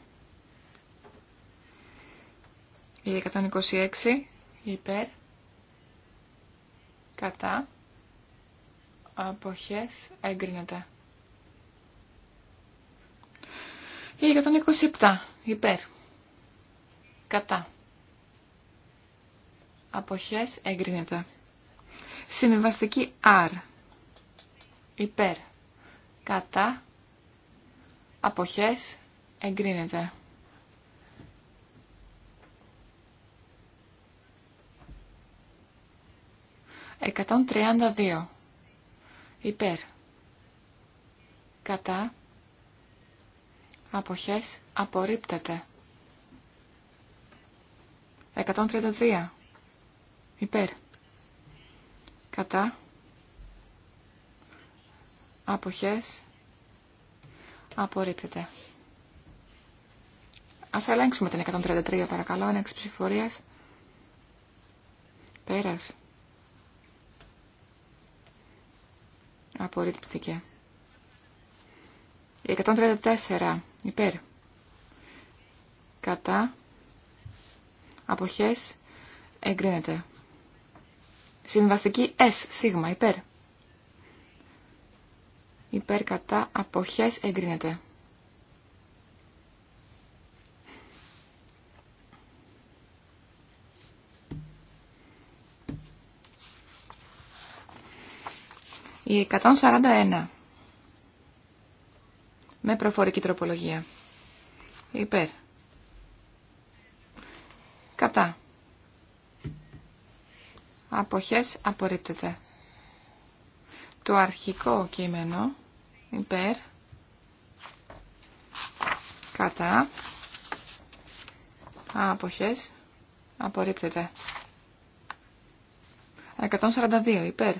Η 126 υπέρ κατά αποχές εγκρίνεται. Η 127 υπέρ κατά αποχές εγκρίνεται. Συμβιβαστική R υπέρ κατά αποχές Εγκρίνεται. Εκατόν τριάντα δύο. Υπέρ. Κατά. Αποχές. Απορρίπτεται. τριά. Υπέρ. Κατά. Αποχές. Απορρίπτεται. Ας ελέγξουμε την 133 παρακαλώ, ένα ψηφορίας. Πέρας. Απορρίπτηκε. Η 134 υπέρ. Κατά. Αποχές. Εγκρίνεται. Συμβαστική S σίγμα υπέρ. Υπέρ κατά αποχές εγκρίνεται. Η 141. Με προφορική τροπολογία. Υπέρ. Κατά. Αποχές απορρίπτεται. Το αρχικό κείμενο. Υπέρ. Κατά. Αποχές απορρίπτεται. 142. Υπέρ.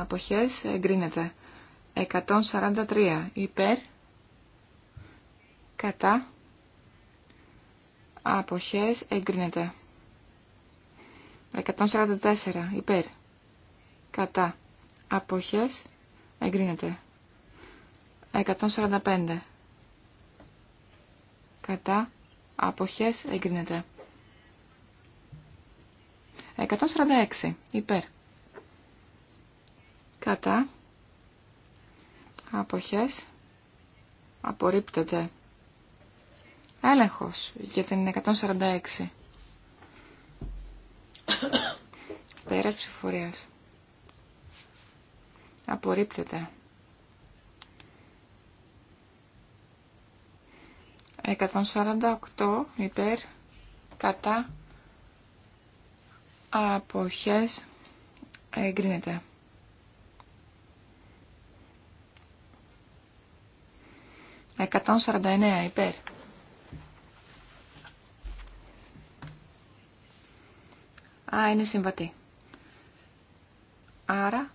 αποχές εγκρίνεται. 143 υπέρ, κατά, αποχές εγκρίνεται. 144 υπέρ, κατά, αποχές εγκρίνεται. 145 κατά, αποχές εγκρίνεται. 146 υπέρ, κατά αποχές απορρίπτεται έλεγχος για την 146 πέρας ψηφορίας απορρίπτεται 148 υπέρ κατά αποχές εγκρίνεται 149 υπέρ. Α, είναι συμβατή. Άρα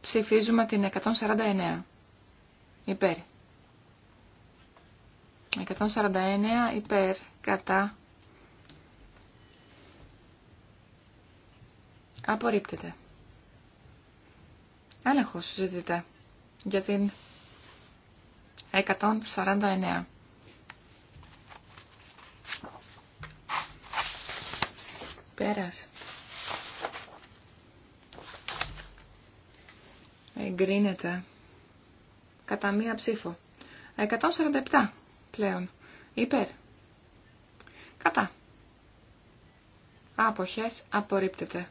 ψηφίζουμε την 149 υπέρ. 149 υπέρ κατά απορρίπτεται. Έλεγχος ζητείται για την 149. Πέρας. Εγκρίνεται. Κατά μία ψήφο. 147 πλέον. Υπέρ. Κατά. Άποχες απορρίπτεται.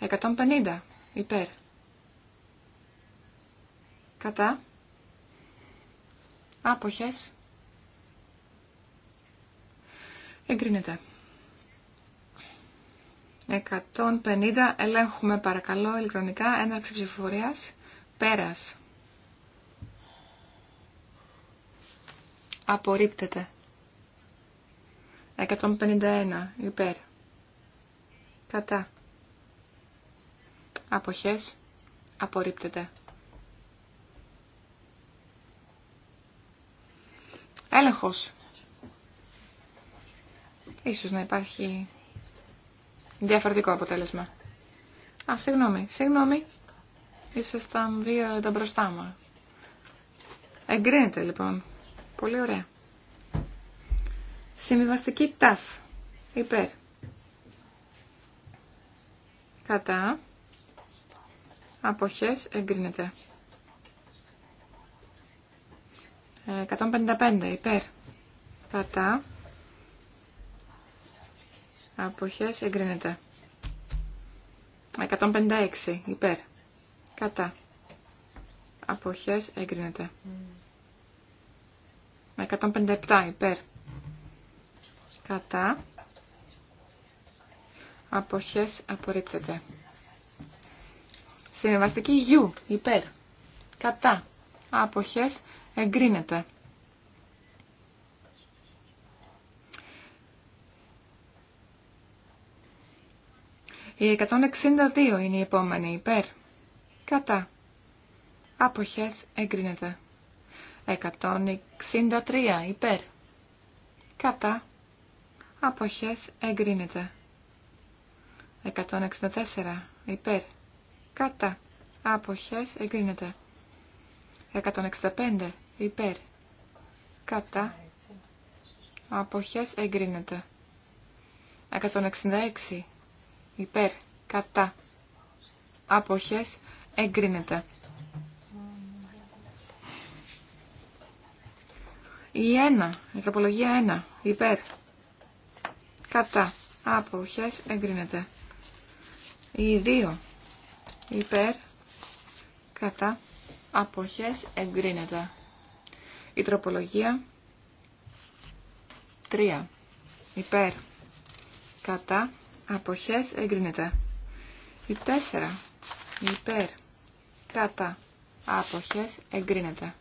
150 υπέρ. Κατά. Άποχες. Εγκρίνεται. 150. Ελέγχουμε παρακαλώ ηλεκτρονικά έναρξη ψηφοφορίας. Πέρας. Απορρίπτεται. 151. Υπέρ. Κατά. Αποχές. Απορρίπτεται. έλεγχος. Ίσως να υπάρχει διαφορετικό αποτέλεσμα. Α, συγγνώμη, συγγνώμη. Ήσασταν δύο τα μπροστά μου. Εγκρίνεται λοιπόν. Πολύ ωραία. Συμβιβαστική ταφ. Υπέρ. Κατά. Αποχές εγκρίνεται. 155 υπέρ. Κατά. Αποχές εγκρίνεται. 156 υπέρ. Κατά. Αποχές εγκρίνεται. 157 υπέρ. Κατά. Αποχές απορρίπτεται. Συμβαστική γιου υπέρ. Κατά. Αποχές εγκρίνεται. Η 162 είναι η επόμενη υπέρ. Κατά. Άποχες εγκρίνεται. 163 υπέρ. Κατά. Άποχες εγκρίνεται. 164 υπέρ. Κατά. Άποχες εγκρίνεται. 165 υπέρ, κατά, αποχές εγκρίνεται. 166 υπέρ, κατά, αποχές εγκρίνεται. Η 1, η τροπολογία 1, υπέρ, κατά, αποχές εγκρίνεται. Η 2, υπέρ, κατά, αποχές εγκρίνεται. Η τροπολογία 3. Υπέρ. Κατά. Αποχές εγκρίνεται. Η 4. Υπέρ. Κατά. Αποχές εγκρίνεται.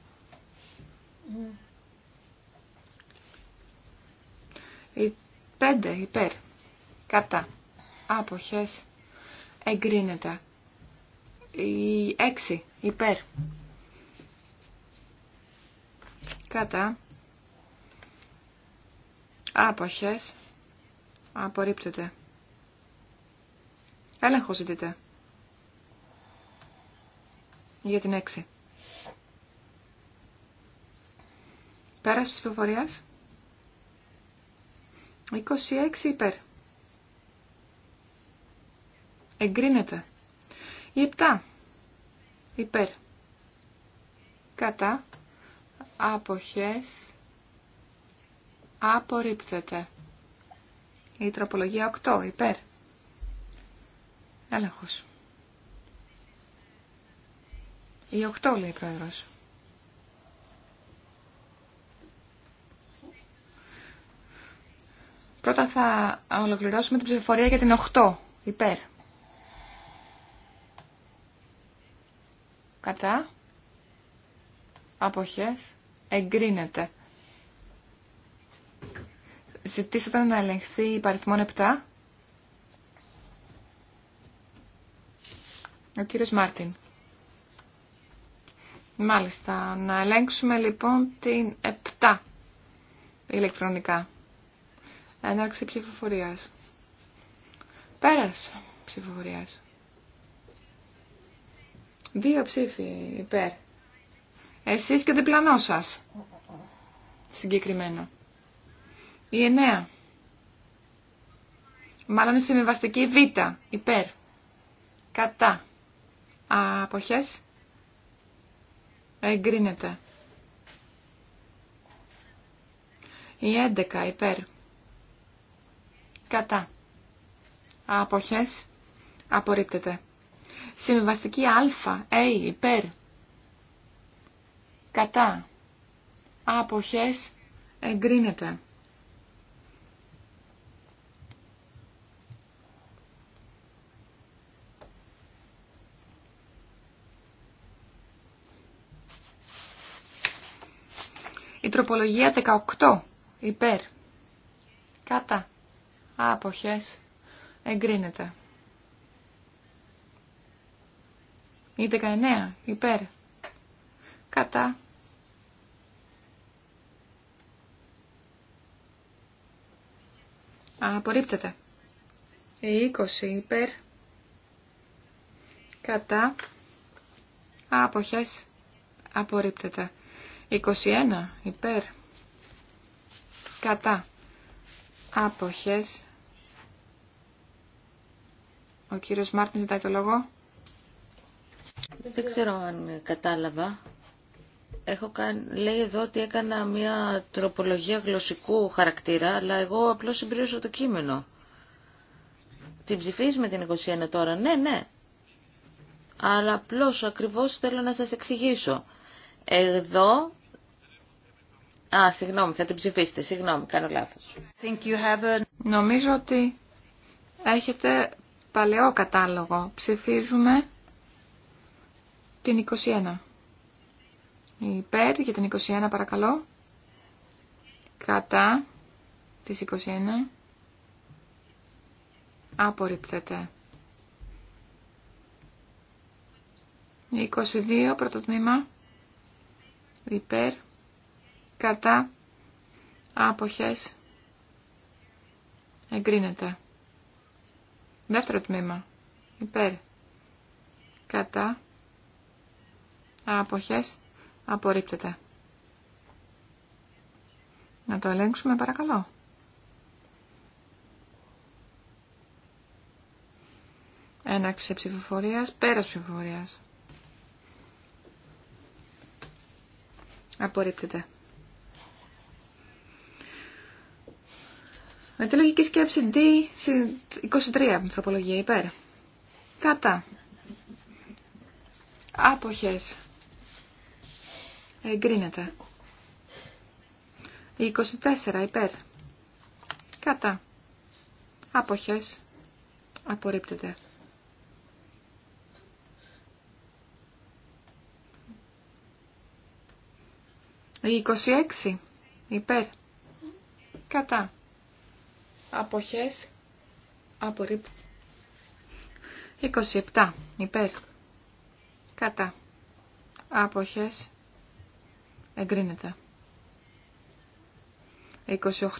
Η 5. Υπέρ. Κατά. Αποχές εγκρίνεται. Η 6. Υπέρ κατά άποχες απορρίπτεται. Έλεγχο ζητείτε. Για την 6. Πέρας της 26 υπέρ. Εγκρίνεται. Η 7. Υπέρ. Κατά. Άποχες. Απορρίπτεται. Η τροπολογία 8. Υπέρ. Έλεγχος. Η 8 λέει η πρόεδρος. Πρώτα θα ολοκληρώσουμε την ψηφοφορία για την 8. Υπέρ. Κατά. Αποχές εγκρίνεται. Ζητήσατε να ελεγχθεί η παριθμόν 7. Ο κύριος Μάρτιν. Μάλιστα, να ελέγξουμε λοιπόν την 7 ηλεκτρονικά. Έναρξη ψηφοφορίας. Πέρασε ψηφοφορίας. Δύο ψήφοι υπέρ. Εσείς και διπλανό σας. συγκεκριμένα. Η εννέα. Μάλλον η συμβιβαστική Β. Υπέρ. Κατά. Αποχές. Εγκρίνεται. Η έντεκα. υπέρ. Κατά. Αποχές. Απορρίπτεται. Συμβιβαστική α, Εί. υπέρ κατά αποχές εγκρίνεται. Η τροπολογία 18 υπέρ κατά αποχές εγκρίνεται. Η 19 υπέρ κατά Απορρίπτεται. 20 υπέρ. Κατά. Αποχές. Απορρίπτεται. 21 υπέρ. Κατά. Αποχές. Ο κύριος Μάρτιν ζητάει το λόγο. Δεν ξέρω αν κατάλαβα. Έχω κάνει, λέει εδώ ότι έκανα μια τροπολογία γλωσσικού χαρακτήρα, αλλά εγώ απλώς συμπληρώσω το κείμενο. Την με την 21 τώρα, ναι, ναι. Αλλά απλώς ακριβώς θέλω να σας εξηγήσω. Εδώ... Α, συγγνώμη, θα την ψηφίσετε, συγγνώμη, κάνω λάθος. you have a... Νομίζω ότι έχετε παλαιό κατάλογο. Ψηφίζουμε την 21. Υπέρ για την 21 παρακαλώ. Κατά της 21. Απορρίπτεται. 22 πρώτο τμήμα. Υπέρ. Κατά. Άποχες. Εγκρίνεται. Δεύτερο τμήμα. Υπέρ. Κατά. Άποχες. Απορρίπτεται. Να το ελέγξουμε παρακαλώ. Έναξη ψηφοφορίας, πέρας ψηφοφορίας. Απορρίπτεται. Με τη λογική σκέψη D, 23 Μητροπολογία υπέρ. Κατά. Άποχες. Εγκρίνεται. 24 υπέρ. Κατά. Αποχές. Απορρίπτεται. Η 26 υπέρ. Κατά. Αποχές. Απορρίπτεται. 27 υπέρ. Κατά. Άποχες Εγκρίνεται.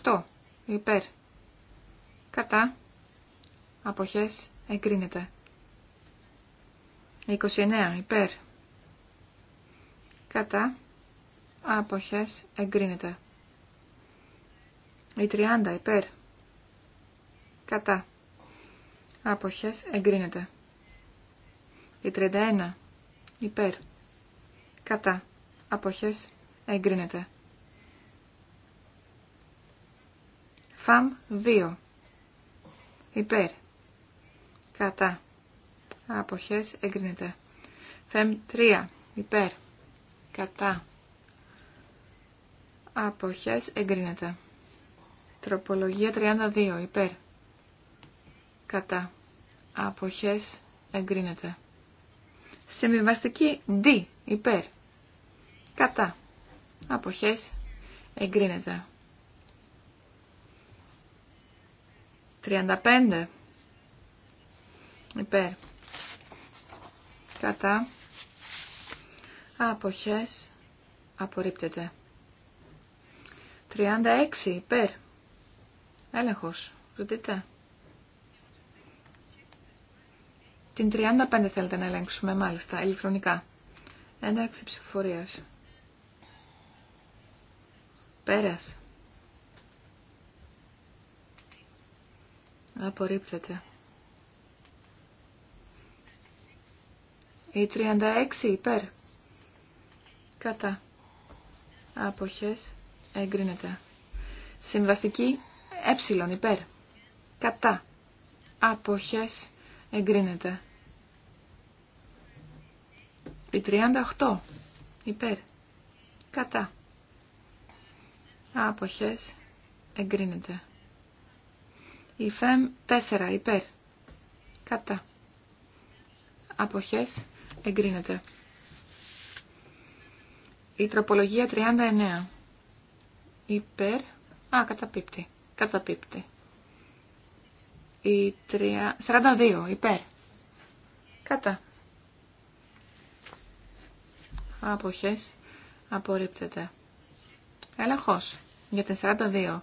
28. Υπέρ. Κατά. Αποχές. Εγκρίνεται. 29. Υπέρ. Κατά. Αποχές. Εγκρίνεται. Η 30. Υπέρ. Κατά. Αποχές. Εγκρίνεται. Η 31. Υπέρ. Κατά. Αποχές. Εγκρίνεται. Φαμ 2. Υπέρ. Κατά. Αποχές εγκρίνεται. Φεμ 3. Υπέρ. Κατά. Αποχές εγκρίνεται. Τροπολογία 32. Υπέρ. Κατά. Αποχές εγκρίνεται. Συμβιβαστική D. Υπέρ. Κατά. Αποχές. Εγκρίνεται. 35. Υπέρ. Κατά. Αποχές. Απορρίπτεται. 36. Υπέρ. Έλεγχος. Ρωτήτε. Την 35 θέλετε να ελέγξουμε, μάλιστα, ηλεκτρονικά. Ένταξη ψηφοφορίας. Πέρας. Απορρίπτεται. Η 36 υπέρ. Κατά. Αποχές εγκρίνεται. Συμβαστική ε υπέρ. Κατά. Αποχές εγκρίνεται. Η 38 υπέρ. Κατά. Αποχές. Εγκρίνεται. Η ΦΕΜ 4 υπέρ. Κατά. Αποχές. Εγκρίνεται. Η τροπολογία 39. Υπέρ. Α, καταπίπτει. Καταπίπτει. Η 3... 42. Υπέρ. Κατά. Αποχές. Απορρίπτεται. Έλεγχος. Για την 42.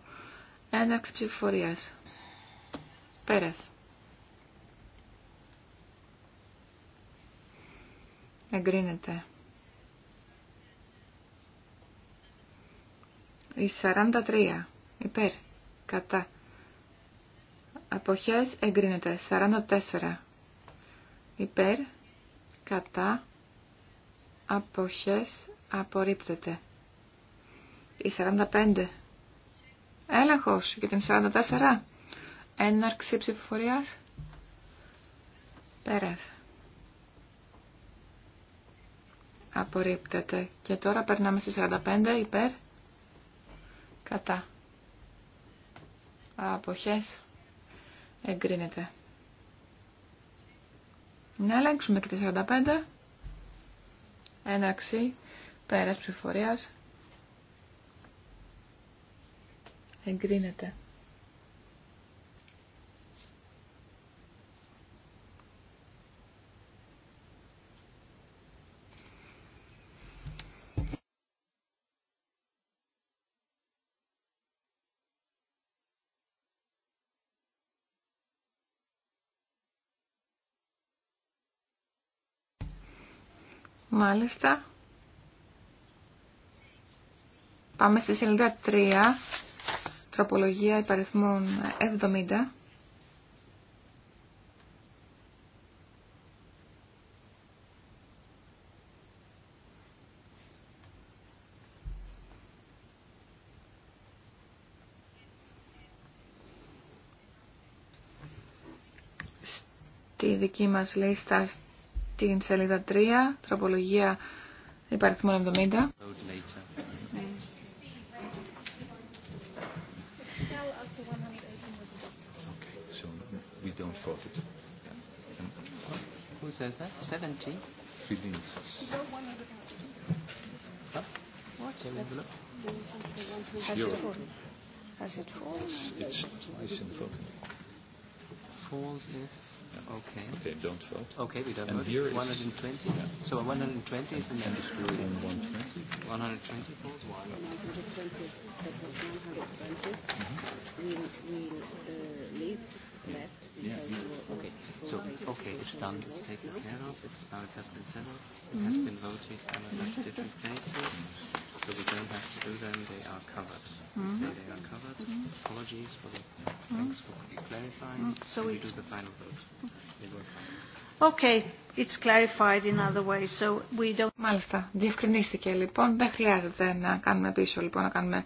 Έναρξη ψηφοφορία. Πέρας. Εγκρίνεται. Η 43. Υπέρ. Κατά. Αποχές εγκρίνεται. 44. Υπέρ. Κατά. Αποχές απορρίπτεται. Η 45. Έλεγχος για την 44. Έναρξη ψηφοφορίας. Πέρασε. Απορρίπτεται. Και τώρα περνάμε στη 45 υπέρ. Κατά. Αποχές. Εγκρίνεται. Να ελέγξουμε και τη 45. Έναρξη. Πέρας ψηφοφορίας. εγκρίνεται. Μάλιστα. Πάμε στη σελίδα 3 Τροπολογία υπαριθμών 70. Στη δική μας λίστα στην σελίδα 3, τροπολογία υπαριθμών 70. profit. Who says that? Seventy. What? Has it fallen? Has it fallen? It's twice in Falls if... Okay. Okay, don't vote. Okay, we don't and vote. Here 120. Yeah. So 120 is the next rule. 120. 120 falls one. 120. That was 120. we we'll uh, leave left. Yeah. Okay. So okay, it's done. It's taken care of. It's now it has been settled. It has been voted on a different places so we don't have to do them. They are covered. Mm-hmm. We say they are covered. Mm-hmm. Apologies for the Mm-hmm. thanks for clarifying. Mm-hmm. So we do the final vote. Mm-hmm. It Okay, it's clarified in other ways, so we don't... Μάλιστα, διευκρινίστηκε λοιπόν, δεν χρειάζεται να κάνουμε πίσω λοιπόν, να, κάνουμε,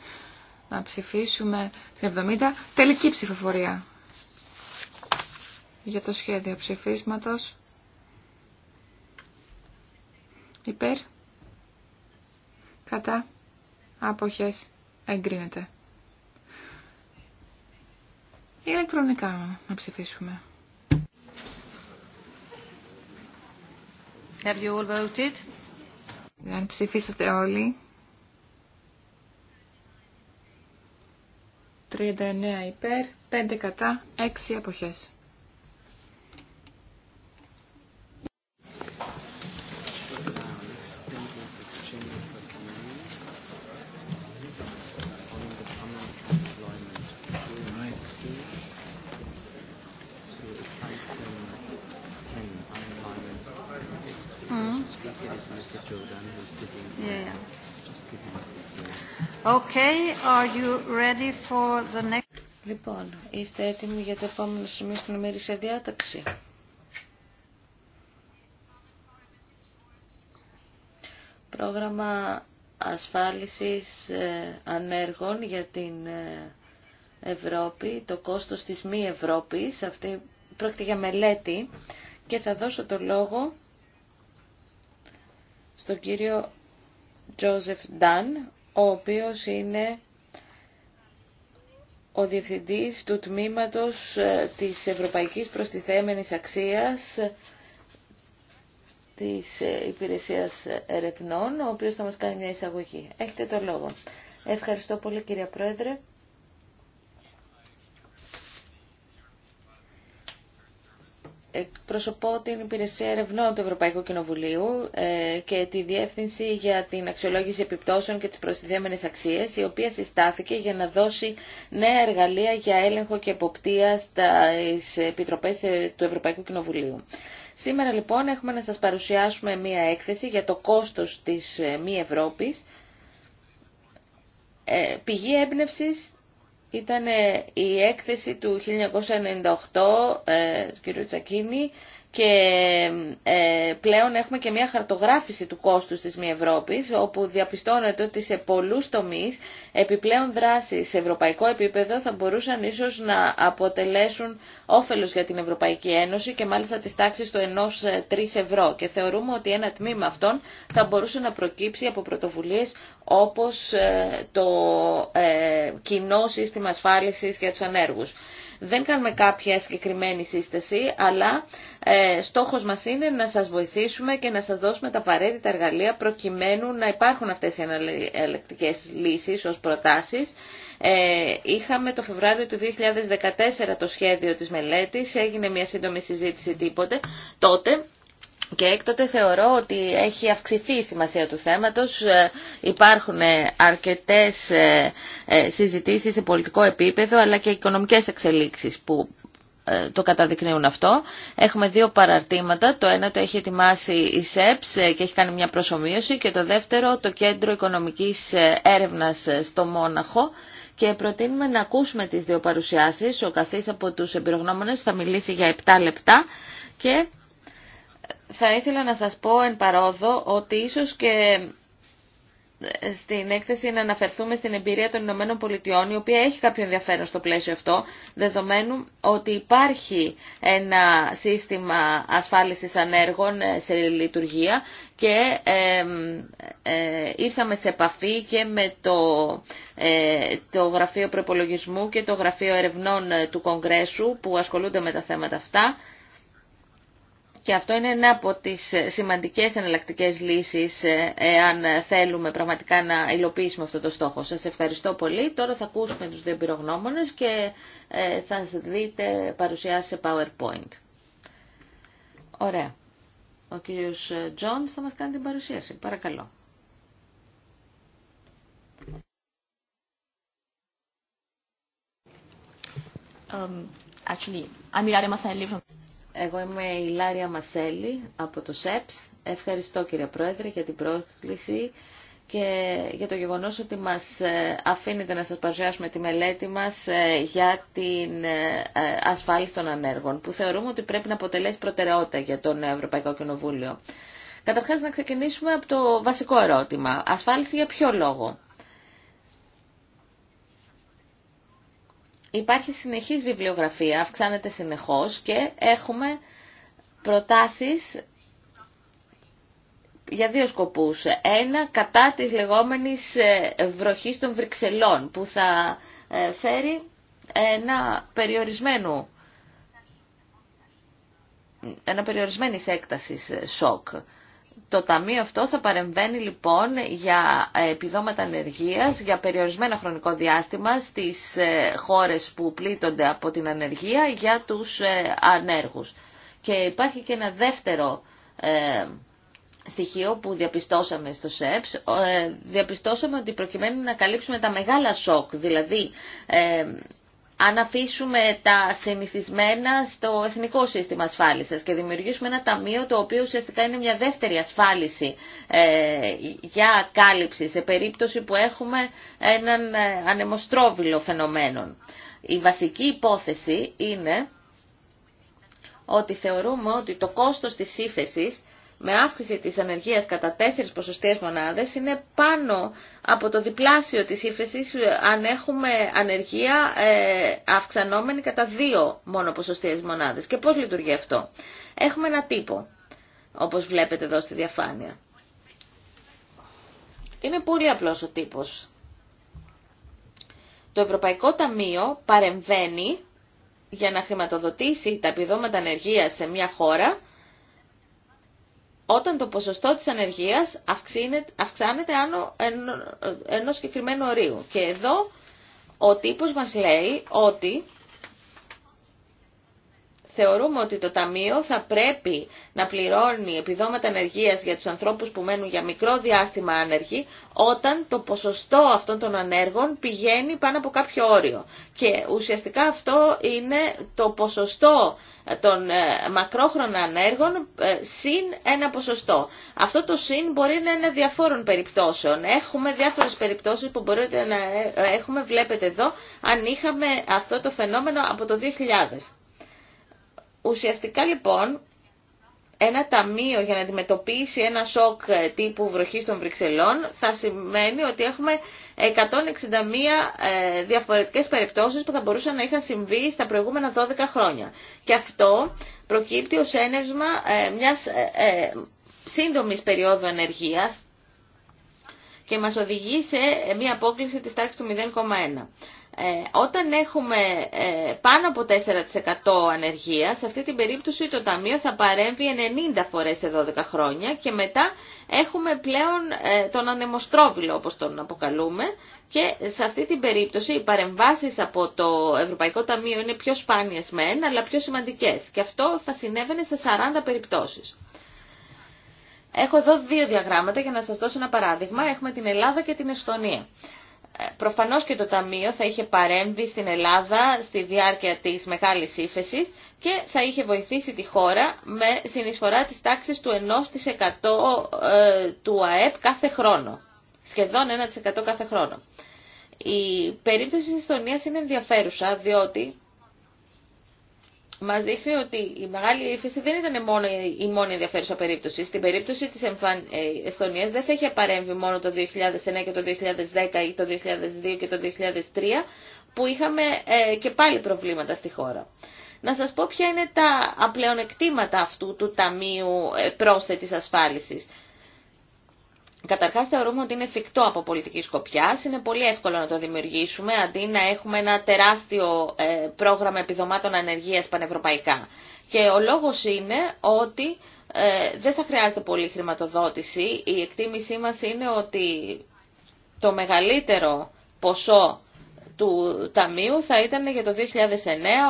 να ψηφίσουμε την 70. Τελική ψηφοφορία για το σχέδιο ψηφίσματος. Υπέρ κατά αποχές εγκρίνεται. Ηλεκτρονικά να ψηφίσουμε. Have you all voted? Αν ψηφίσατε όλοι. 39 υπέρ, 5 κατά, 6 αποχές. Okay, are you ready for the next... Λοιπόν, είστε έτοιμοι για το επόμενο σημείο στην ημερήσια διάταξη. Πρόγραμμα ασφάλισης ε, ανέργων για την ε, Ευρώπη, το κόστος της μη Ευρώπης. Αυτή πρόκειται για μελέτη και θα δώσω το λόγο στον κύριο Τζόζεφ Ντάν, ο οποίος είναι ο Διευθυντής του Τμήματος ε, της Ευρωπαϊκής Προστιθέμενης Αξίας της ε, Υπηρεσίας Ερευνών, ο οποίος θα μας κάνει μια εισαγωγή. Έχετε το λόγο. Ευχαριστώ πολύ κυρία Πρόεδρε. Εκπροσωπώ την Υπηρεσία Ερευνών του Ευρωπαϊκού Κοινοβουλίου ε, και τη Διεύθυνση για την Αξιολόγηση Επιπτώσεων και τις Προστιθέμενες Αξίες, η οποία συστάθηκε για να δώσει νέα εργαλεία για έλεγχο και εποπτεία στις Επιτροπές ε, του Ευρωπαϊκού Κοινοβουλίου. Σήμερα λοιπόν έχουμε να σας παρουσιάσουμε μία έκθεση για το κόστος της ε, μη Ευρώπης, πηγή έμπνευσης ήταν η έκθεση του 1998 ε, του κ. Τσακίνη και ε, πλέον έχουμε και μια χαρτογράφηση του κόστους της μη Ευρώπης, όπου διαπιστώνεται ότι σε πολλούς τομείς επιπλέον δράσεις σε ευρωπαϊκό επίπεδο θα μπορούσαν ίσως να αποτελέσουν όφελος για την Ευρωπαϊκή Ένωση και μάλιστα τις τάξεις του 1-3 ε, ευρώ. Και θεωρούμε ότι ένα τμήμα αυτών θα μπορούσε να προκύψει από πρωτοβουλίες όπως ε, το κοινό σύστημα ασφάλισης για τους ανέργους. Δεν κάνουμε κάποια συγκεκριμένη σύσταση, αλλά ε, στόχος μας είναι να σας βοηθήσουμε και να σας δώσουμε τα απαραίτητα εργαλεία προκειμένου να υπάρχουν αυτές οι αναλεκτικές λύσεις ως προτάσεις. Ε, είχαμε το Φεβράριο του 2014 το σχέδιο της μελέτης, έγινε μια σύντομη συζήτηση τίποτε. Τότε και έκτοτε θεωρώ ότι έχει αυξηθεί η σημασία του θέματος. Ε, υπάρχουν αρκετές ε, ε, συζητήσεις σε πολιτικό επίπεδο αλλά και οικονομικές εξελίξεις που το καταδεικνύουν αυτό. Έχουμε δύο παραρτήματα. Το ένα το έχει ετοιμάσει η ΣΕΠΣ και έχει κάνει μια προσωμείωση και το δεύτερο το Κέντρο Οικονομικής Έρευνας στο Μόναχο και προτείνουμε να ακούσουμε τις δύο παρουσιάσεις. Ο καθής από τους εμπειρογνώμονες θα μιλήσει για 7 λεπτά και θα ήθελα να σας πω εν παρόδο ότι ίσως και ε, στην έκθεση να αναφερθούμε στην εμπειρία των Ηνωμένων Πολιτειών, η οποία έχει κάποιο ενδιαφέρον στο πλαίσιο αυτό, δεδομένου ότι υπάρχει ένα σύστημα ασφάλισης ανέργων ε, σε λειτουργία και ε, ήρθαμε σε επαφή και με το, ε, το Γραφείο Προπολογισμού και το Γραφείο Ερευνών του Κογκρέσου που ασχολούνται με τα θέματα αυτά και αυτό είναι ένα από τις σημαντικές εναλλακτικέ λύσεις ε, εάν θέλουμε πραγματικά να υλοποιήσουμε αυτό το στόχο. Σας ευχαριστώ πολύ. Τώρα θα ακούσουμε τους δύο πυρογνώμονες και ε, θα δείτε παρουσιάσει σε PowerPoint. Ωραία. Ο κύριος Τζόνς θα μας κάνει την παρουσίαση. Παρακαλώ. Um, actually, I'm Ilaria Masai, I live εγώ είμαι η Λάρια Μασέλη από το ΣΕΠΣ. Ευχαριστώ κύριε Πρόεδρε για την πρόσκληση και για το γεγονός ότι μας ε, αφήνετε να σας παρουσιάσουμε τη μελέτη μας ε, για την ε, ασφάλιση των ανέργων, που θεωρούμε ότι πρέπει να αποτελέσει προτεραιότητα για τον Ευρωπαϊκό Κοινοβούλιο. Καταρχάς να ξεκινήσουμε από το βασικό ερώτημα. Ασφάλιση για ποιο λόγο. Υπάρχει συνεχής βιβλιογραφία, αυξάνεται συνεχώς και έχουμε προτάσεις για δύο σκοπούς. Ένα κατά της λεγόμενης ε, βροχής των Βρυξελών που θα ε, φέρει ένα περιορισμένο ένα περιορισμένη έκτασης ε, σοκ. Το ταμείο αυτό θα παρεμβαίνει λοιπόν για ε, επιδόματα ανεργίας για περιορισμένο χρονικό διάστημα στις ε, χώρες που πλήττονται από την ανεργία για τους ε, ανέργους. Και υπάρχει και ένα δεύτερο στοιχείο που διαπιστώσαμε στο ΣΕΠΣ, διαπιστώσαμε ότι προκειμένου να καλύψουμε τα μεγάλα σοκ, δηλαδή αν αφήσουμε τα συνηθισμένα στο εθνικό σύστημα ασφάλισης και δημιουργήσουμε ένα ταμείο το οποίο ουσιαστικά είναι μια δεύτερη ασφάλιση ε, για κάλυψη σε περίπτωση που έχουμε έναν ε, ανεμοστρόβιλο φαινομένων. Η βασική υπόθεση είναι ότι θεωρούμε ότι το κόστος της ύφεσης με αύξηση της ανεργίας κατά 4 ποσοστιαίες μονάδες είναι πάνω από το διπλάσιο της ύφεσης αν έχουμε ανεργία ε, αυξανόμενη κατά δύο μόνο ποσοστιαίες μονάδες. Και πώς λειτουργεί αυτό. Έχουμε ένα τύπο, όπως βλέπετε εδώ στη διαφάνεια. Είναι πολύ απλός ο τύπος. Το Ευρωπαϊκό Ταμείο παρεμβαίνει για να χρηματοδοτήσει τα επιδόματα ανεργίας σε μια χώρα όταν το ποσοστό της ανεργίας αυξάνεται άνω ενός συγκεκριμένου ορίου. Και εδώ ο τύπος μας λέει ότι θεωρούμε ότι το Ταμείο θα πρέπει να πληρώνει επιδόματα ανεργίας για τους ανθρώπους που μένουν για μικρό διάστημα άνεργοι όταν το ποσοστό αυτών των ανέργων πηγαίνει πάνω από κάποιο όριο. Και ουσιαστικά αυτό είναι το ποσοστό των ε, μακρόχρονων ανέργων ε, συν ένα ποσοστό. Αυτό το συν μπορεί να είναι διαφόρων περιπτώσεων. Έχουμε διάφορες περιπτώσεις που μπορείτε να ε, έχουμε, βλέπετε εδώ, αν είχαμε αυτό το φαινόμενο από το 2000. Ουσιαστικά λοιπόν ένα ταμείο για να αντιμετωπίσει ένα σοκ τύπου βροχή των Βρυξελών θα σημαίνει ότι έχουμε 161 ε, διαφορετικές περιπτώσεις που θα μπορούσαν να είχαν συμβεί στα προηγούμενα 12 χρόνια. Και αυτό προκύπτει ως ένευσμα ε, μιας ε, σύντομης περίοδου ανεργίας και μας οδηγεί σε μια απόκληση της τάξης του 0,1. Ε, όταν έχουμε ε, πάνω από 4% ανεργία, σε αυτή την περίπτωση το Ταμείο θα παρέμβει 90 φορές σε 12 χρόνια και μετά έχουμε πλέον ε, τον ανεμοστρόβιλο όπως τον αποκαλούμε και σε αυτή την περίπτωση οι παρεμβάσεις από το Ευρωπαϊκό Ταμείο είναι πιο σπάνιες μεν αλλά πιο σημαντικές και αυτό θα συνέβαινε σε 40 περιπτώσεις. Έχω εδώ δύο διαγράμματα για να σας δώσω ένα παράδειγμα. Έχουμε την Ελλάδα και την Εστονία. Ε, προφανώς και το Ταμείο θα είχε παρέμβει στην Ελλάδα στη διάρκεια της μεγάλης ύφεσης και θα είχε βοηθήσει τη χώρα με συνεισφορά της τάξης του 1% ε, του ΑΕΠ κάθε χρόνο. Σχεδόν 1% κάθε χρόνο. Η περίπτωση της Εστονίας είναι ενδιαφέρουσα διότι μα δείχνει ότι η μεγάλη ύφεση δεν ήταν μόνο η μόνη ενδιαφέρουσα περίπτωση. Στην περίπτωση της εμφαν... Ε, Εστονίας δεν θα είχε παρέμβει μόνο το 2009 και το 2010 ή το 2002 και το 2003 που είχαμε ε, και πάλι προβλήματα στη χώρα. Να σας πω ποια είναι τα απλεονεκτήματα αυτού του Ταμείου ε, Πρόσθετης Ασφάλισης. Καταρχά, θεωρούμε ότι είναι εφικτό από πολιτική σκοπιά. Είναι πολύ εύκολο να το δημιουργήσουμε αντί να έχουμε ένα τεράστιο ε, πρόγραμμα επιδομάτων ανεργία πανευρωπαϊκά. Και ο λόγο είναι ότι ε, δεν θα χρειάζεται πολύ χρηματοδότηση. Η εκτίμησή μα είναι ότι το μεγαλύτερο ποσό του Ταμείου θα ήταν για το 2009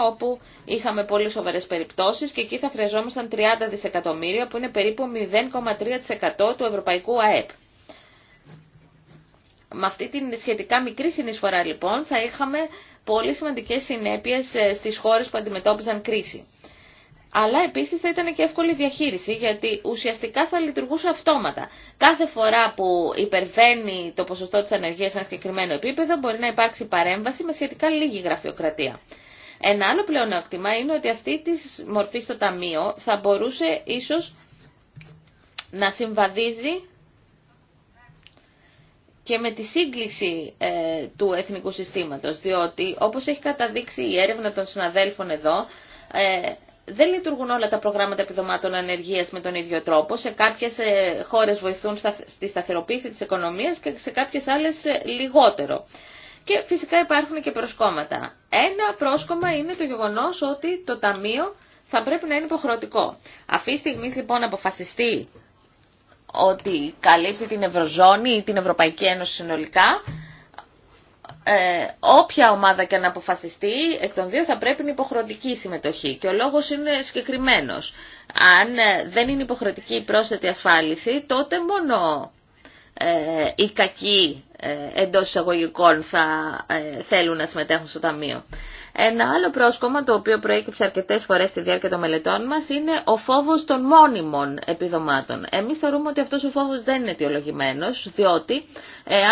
όπου είχαμε πολύ σοβαρές περιπτώσεις και εκεί θα χρειαζόμασταν 30 δισεκατομμύρια που είναι περίπου 0,3% του Ευρωπαϊκού ΑΕΠ. Με αυτή την σχετικά μικρή συνεισφορά λοιπόν θα είχαμε πολύ σημαντικές συνέπειες ε, στις χώρες που αντιμετώπιζαν κρίση. Αλλά επίσης θα ήταν και εύκολη διαχείριση γιατί ουσιαστικά θα λειτουργούσε αυτόματα. Κάθε φορά που υπερβαίνει το ποσοστό της ανεργίας σε ένα συγκεκριμένο επίπεδο μπορεί να υπάρξει παρέμβαση με σχετικά λίγη γραφειοκρατία. Ένα άλλο πλεονέκτημα είναι ότι αυτή τη μορφή στο ταμείο θα μπορούσε ίσως να συμβαδίζει και με τη σύγκληση ε, του εθνικού συστήματος, διότι όπως έχει καταδείξει η έρευνα των συναδέλφων εδώ, ε, δεν λειτουργούν όλα τα προγράμματα επιδομάτων ανεργίας με τον ίδιο τρόπο. Σε κάποιες χώρε χώρες βοηθούν στη σταθεροποίηση της οικονομίας και σε κάποιες άλλες ε, λιγότερο. Και φυσικά υπάρχουν και προσκόμματα. Ένα πρόσκομα είναι το γεγονός ότι το Ταμείο θα πρέπει να είναι υποχρεωτικό. Αυτή τη στιγμή λοιπόν αποφασιστεί ότι καλύπτει την Ευρωζώνη ή την Ευρωπαϊκή Ένωση συνολικά, ε, όποια ομάδα και να αποφασιστεί, εκ των δύο θα πρέπει να υποχρεωτική συμμετοχή. Και ο λόγος είναι συγκεκριμένος. Αν ε, δεν είναι υποχρεωτική η πρόσθετη ασφάλιση, τότε μόνο ε, οι κακοί ε, εντός εισαγωγικών θα ε, θέλουν να συμμετέχουν στο Ταμείο. Ένα άλλο πρόσκομα το οποίο προέκυψε αρκετές φορές στη διάρκεια των μελετών μας είναι ο φόβος των μόνιμων επιδομάτων. Εμείς θεωρούμε ότι αυτός ο φόβος δεν είναι αιτιολογημένος διότι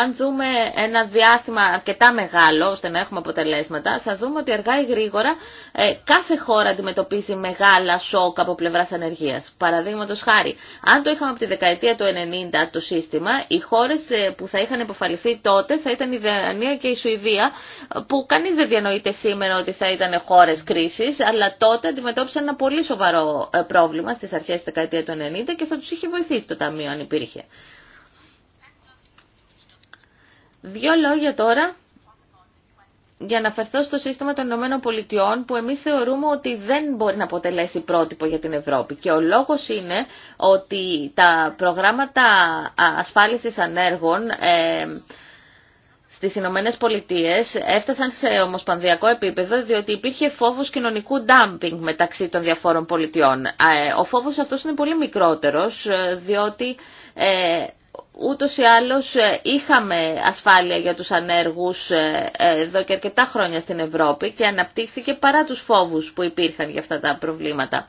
αν δούμε ένα διάστημα αρκετά μεγάλο ώστε να έχουμε αποτελέσματα, θα δούμε ότι αργά ή γρήγορα ε, κάθε χώρα αντιμετωπίζει μεγάλα σοκ από πλευρά ανεργία. Παραδείγματο χάρη, αν το είχαμε από τη δεκαετία του 90 το σύστημα, οι χώρε ε, που θα είχαν υποφαληθεί τότε θα ήταν η Δανία και η Σουηδία, που κανεί δεν διανοείται σήμερα ότι θα ήταν χώρε κρίση, αλλά τότε αντιμετώπισαν ένα πολύ σοβαρό ε, πρόβλημα στι αρχέ τη δεκαετία του 90 και θα του είχε βοηθήσει το Ταμείο αν υπήρχε. Δύο λόγια τώρα για να φερθώ στο σύστημα των Ηνωμένων Πολιτειών που εμείς θεωρούμε ότι δεν μπορεί να αποτελέσει πρότυπο για την Ευρώπη. Και ο λόγος είναι ότι τα προγράμματα ασφάλισης ανέργων ε, στις Ηνωμένε Πολιτείε έφτασαν σε ομοσπανδιακό επίπεδο διότι υπήρχε φόβος κοινωνικού ντάμπινγκ μεταξύ των διαφόρων πολιτιών. Ε, ο φόβος αυτός είναι πολύ μικρότερος ε, διότι... Ε, ούτως ή άλλως ε, είχαμε ασφάλεια για τους ανέργους ε, ε, εδώ και αρκετά χρόνια στην Ευρώπη και αναπτύχθηκε παρά τους φόβους που υπήρχαν για αυτά τα προβλήματα.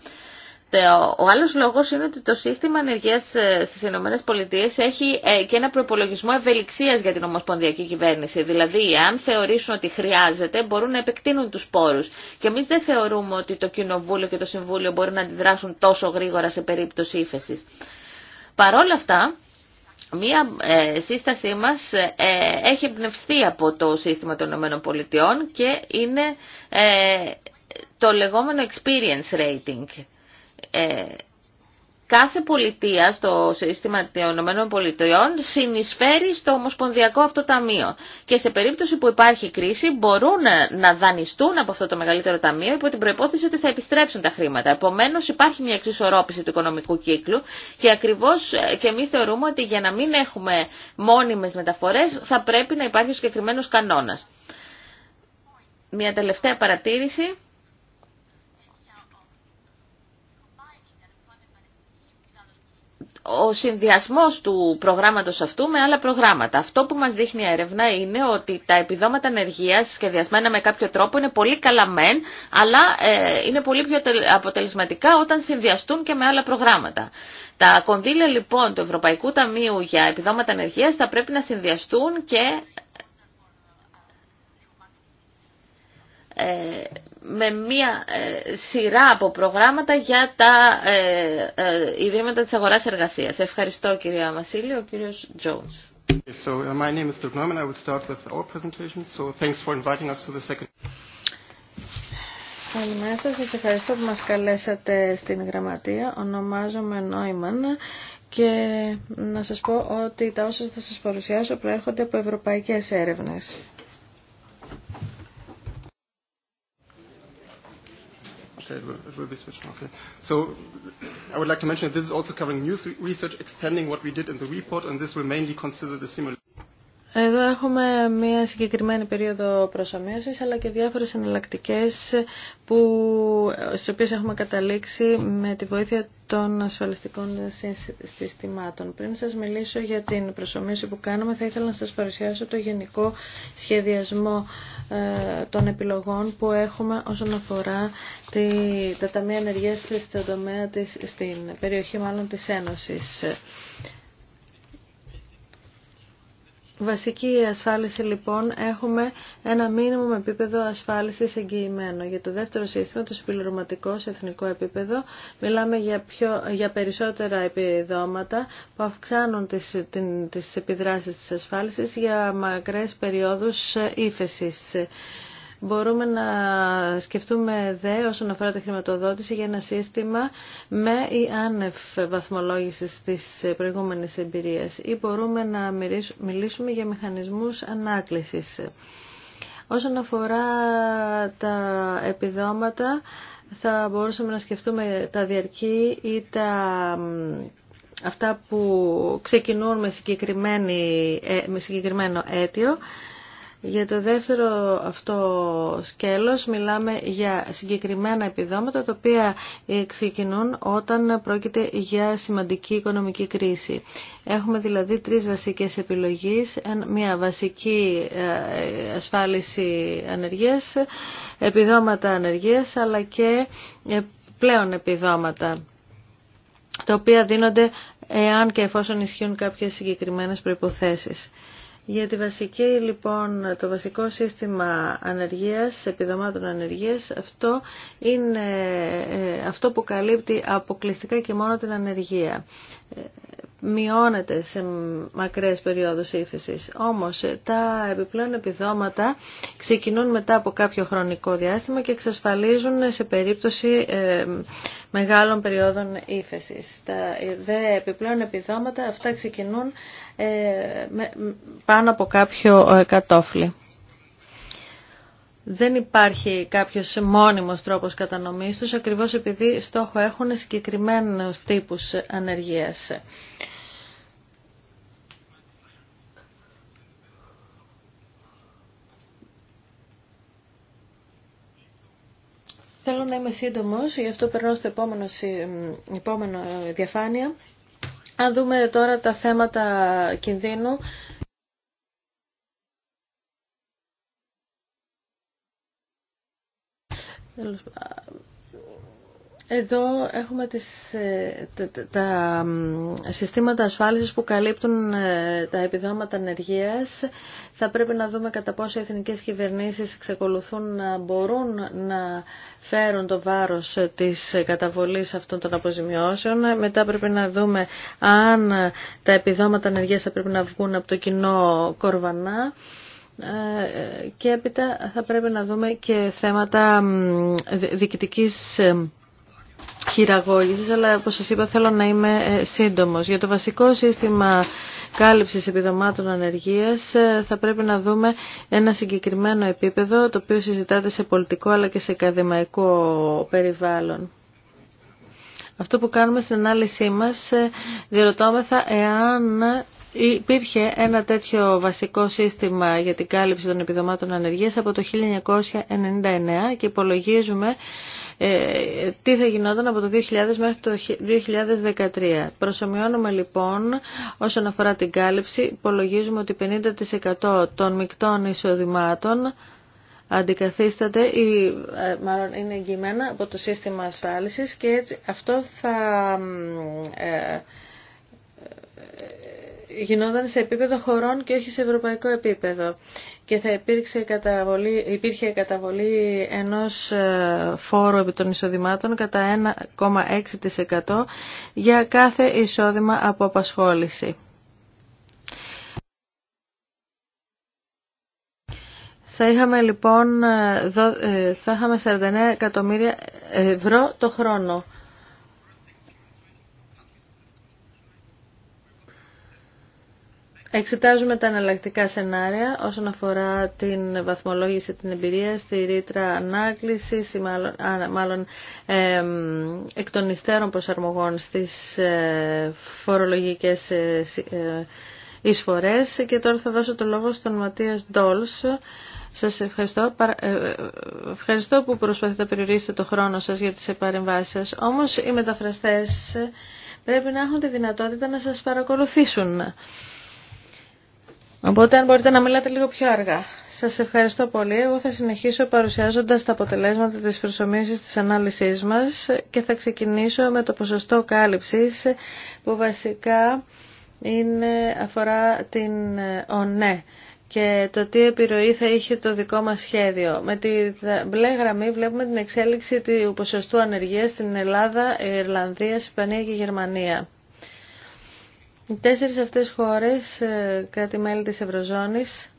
Ο άλλος λόγος είναι ότι το σύστημα ανεργίας στις ΗΠΑ έχει και ένα προπολογισμό ευελιξίας για την ομοσπονδιακή κυβέρνηση. Δηλαδή, αν θεωρήσουν ότι χρειάζεται, μπορούν να επεκτείνουν τους πόρους. Και εμείς δεν θεωρούμε ότι το Κοινοβούλιο και το Συμβούλιο μπορούν να αντιδράσουν τόσο γρήγορα σε περίπτωση ύφεσης. Παρόλα αυτά, Μία ε, σύστασή μας ε, έχει εμπνευστεί από το σύστημα των ΗΠΑ και είναι ε, το λεγόμενο experience rating κάθε πολιτεία στο σύστημα των ΗΠΑ συνεισφέρει στο Ομοσπονδιακό αυτό ταμείο. Και σε περίπτωση που υπάρχει κρίση μπορούν να δανειστούν από αυτό το μεγαλύτερο ταμείο υπό την προπόθεση ότι θα επιστρέψουν τα χρήματα. Επομένω υπάρχει μια εξισορρόπηση του οικονομικού κύκλου και ακριβώ ε, και εμεί θεωρούμε ότι για να μην έχουμε μόνιμε μεταφορέ θα πρέπει να υπάρχει ο συγκεκριμένο κανόνα. Μια τελευταία παρατήρηση ο συνδυασμός του προγράμματος αυτού με άλλα προγράμματα. Αυτό που μας δείχνει η έρευνα είναι ότι τα επιδόματα ενεργείας σχεδιασμένα με κάποιο τρόπο είναι πολύ καλά μεν, αλλά ε, είναι πολύ πιο αποτελεσματικά όταν συνδυαστούν και με άλλα προγράμματα. Τα κονδύλια λοιπόν του Ευρωπαϊκού Ταμείου για επιδόματα ενεργείας θα πρέπει να συνδυαστούν και Ε, με μία ε, σειρά από προγράμματα για τα ε, Ιδρύματα της Αγοράς Εργασίας. Ευχαριστώ κυρία Μασίλη. ο κύριος Τζόουνς. Uh, Καλημέρα σας, σας ευχαριστώ που μας καλέσατε στην γραμματεία. Ονομάζομαι Νόιμαν και να σας πω ότι τα όσα θα σας παρουσιάσω προέρχονται από ευρωπαϊκές έρευνες. Okay, it will, be switched. Okay. So I would like to mention that this is also covering news research, extending what we did in the report, and this will mainly consider the simulation. Εδώ έχουμε μια συγκεκριμένη περίοδο προσωμείωσης αλλά και διάφορες εναλλακτικέ που, στις οποίες έχουμε καταλήξει με τη βοήθεια των ασφαλιστικών συστημάτων. Πριν σας μιλήσω για την προσωμείωση που κάνουμε θα ήθελα να σας παρουσιάσω το γενικό σχεδιασμό ε, των επιλογών που έχουμε όσον αφορά τη, τα ταμεία ενεργείας στην περιοχή μάλλον της Ένωσης βασική ασφάλιση λοιπόν έχουμε ένα μήνυμο επίπεδο ασφάλισης εγγυημένο. Για το δεύτερο σύστημα, το συμπληρωματικό σε εθνικό επίπεδο, μιλάμε για, πιο, για περισσότερα επιδόματα που αυξάνουν τις, την, τις επιδράσεις της ασφάλισης για μακρές περιόδους ύφεσης. Μπορούμε να σκεφτούμε δε όσον αφορά τη χρηματοδότηση για ένα σύστημα με ή άνευ βαθμολόγηση της προηγούμενη εμπειρία ή μπορούμε να μιλήσουμε για μηχανισμούς ανάκλησης. Όσον αφορά τα επιδόματα, θα μπορούσαμε να σκεφτούμε τα διαρκή ή τα αυτά που ξεκινούν με, ε, συγκεκριμένο αίτιο για το δεύτερο αυτό σκέλος μιλάμε για συγκεκριμένα επιδόματα τα οποία ε, ξεκινούν όταν πρόκειται για σημαντική οικονομική κρίση. Έχουμε δηλαδή τρεις βασικές επιλογές. Μια βασική ε, ασφάλιση ανεργίας, επιδόματα ανεργίας αλλά και ε, πλέον επιδόματα τα οποία δίνονται εάν και εφόσον ισχύουν κάποιες συγκεκριμένες προϋποθέσεις. Για τη βασική, λοιπόν, το βασικό σύστημα ανεργίας, επιδομάτων ανεργίας, αυτό είναι ε, αυτό που καλύπτει αποκλειστικά και μόνο την ανεργία. Ε, μειώνεται σε μακρές περιόδους ύφεση. Όμως τα επιπλέον επιδόματα ξεκινούν μετά από κάποιο χρονικό διάστημα και εξασφαλίζουν σε περίπτωση ε, μεγάλων περιόδων ύφεση. Τα δε επιπλέον επιδόματα αυτά ξεκινούν ε, πάνω από κάποιο ε, κατόφλι. Δεν υπάρχει κάποιος μόνιμος τρόπος κατανομής τους, ακριβώς επειδή στόχο έχουν συγκεκριμένους τύπους ανεργίας. Θέλω να είμαι σύντομο, γι' αυτό περνώ στο επόμενο, επόμενο ε, διαφάνεια. Αν δούμε τώρα τα θέματα κινδύνου, εδώ έχουμε τις, ε, τα, συστήματα ασφάλισης που καλύπτουν ε, τα επιδόματα ενεργείας. Θα πρέπει να δούμε κατά πόσο οι εθνικές κυβερνήσεις εξακολουθούν να μπορούν να φέρουν το βάρος της καταβολής αυτών των αποζημιώσεων. Μετά πρέπει να δούμε αν τα επιδόματα ενεργείας θα πρέπει να βγουν από το κοινό κορβανά ε, και έπειτα θα πρέπει να δούμε και θέματα διοικητικής χειραγώγησης, αλλά όπως σας είπα θέλω να είμαι ε, σύντομος. Για το βασικό σύστημα κάλυψης επιδομάτων ανεργίας ε, θα πρέπει να δούμε ένα συγκεκριμένο επίπεδο, το οποίο συζητάται σε πολιτικό αλλά και σε ακαδημαϊκό περιβάλλον. Αυτό που κάνουμε στην ανάλυση μας ε, διερωτώμεθα εάν υπήρχε ένα τέτοιο βασικό σύστημα για την κάλυψη των επιδομάτων ανεργίας από το 1999 και υπολογίζουμε ε, τι θα γινόταν από το 2000 μέχρι το 2013. Προσωμιώνουμε λοιπόν όσον αφορά την κάλυψη, υπολογίζουμε ότι 50% των μεικτών εισοδημάτων αντικαθίσταται ή ε, μάλλον είναι εγγυημένα από το σύστημα ασφάλισης και έτσι αυτό θα ε, γινόταν σε επίπεδο χωρών και όχι σε ευρωπαϊκό επίπεδο και θα υπήρξε καταβολή, υπήρχε καταβολή ενός ε, φόρου επί των εισοδημάτων κατά 1,6% για κάθε εισόδημα από απασχόληση. Θα είχαμε λοιπόν ε, ε, θα είχαμε 49 εκατομμύρια ευρώ το χρόνο Εξετάζουμε τα εναλλακτικά σενάρια όσον αφορά την βαθμολόγηση, την εμπειρία, στη ρήτρα ανάκληση, μάλλον, μάλλον ε, εκ των υστέρων προσαρμογών στις ε, φορολογικές ε, ε, Και τώρα θα δώσω το λόγο στον Ματίας Ντόλς. Σας ευχαριστώ. Ε, ευχαριστώ που προσπαθείτε να περιορίσετε το χρόνο σας για τις παρεμβάσεις σας. Όμως οι μεταφραστές πρέπει να έχουν τη δυνατότητα να σας παρακολουθήσουν. Οπότε αν μπορείτε να μιλάτε λίγο πιο αργά. Σας ευχαριστώ πολύ. Εγώ θα συνεχίσω παρουσιάζοντας τα αποτελέσματα της προσωμείωσης της ανάλυσής μας και θα ξεκινήσω με το ποσοστό κάλυψης που βασικά είναι, αφορά την ΟΝΕ ναι και το τι επιρροή θα είχε το δικό μας σχέδιο. Με τη μπλε γραμμή βλέπουμε την εξέλιξη του ποσοστού ανεργίας στην Ελλάδα, Ιρλανδία, Ισπανία και Γερμανία. Οι τέσσερις αυτές χώρες, ε, κράτη-μέλη της Ευρωζώνης,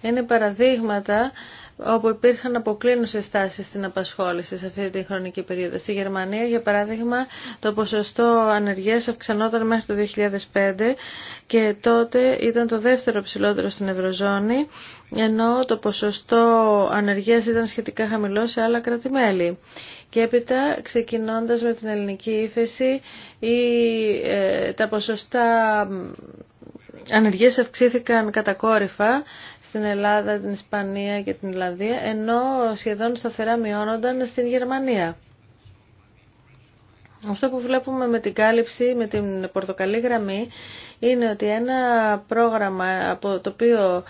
είναι παραδείγματα όπου υπήρχαν αποκλίνουσες τάσεις στην απασχόληση σε αυτή τη χρονική περίοδο. Στη Γερμανία, για παράδειγμα, το ποσοστό ανεργίας αυξανόταν μέχρι το 2005 και τότε ήταν το δεύτερο ψηλότερο στην Ευρωζώνη, ενώ το ποσοστό ανεργίας ήταν σχετικά χαμηλό σε άλλα κράτη-μέλη. Και έπειτα, ξεκινώντας με την ελληνική ύφεση, η, ε, τα ποσοστά ανεργίες αυξήθηκαν κατακόρυφα στην Ελλάδα, την Ισπανία και την Ιλλανδία, ενώ σχεδόν σταθερά μειώνονταν στην Γερμανία. Αυτό που βλέπουμε με την κάλυψη, με την πορτοκαλί γραμμή, είναι ότι ένα πρόγραμμα από το οποίο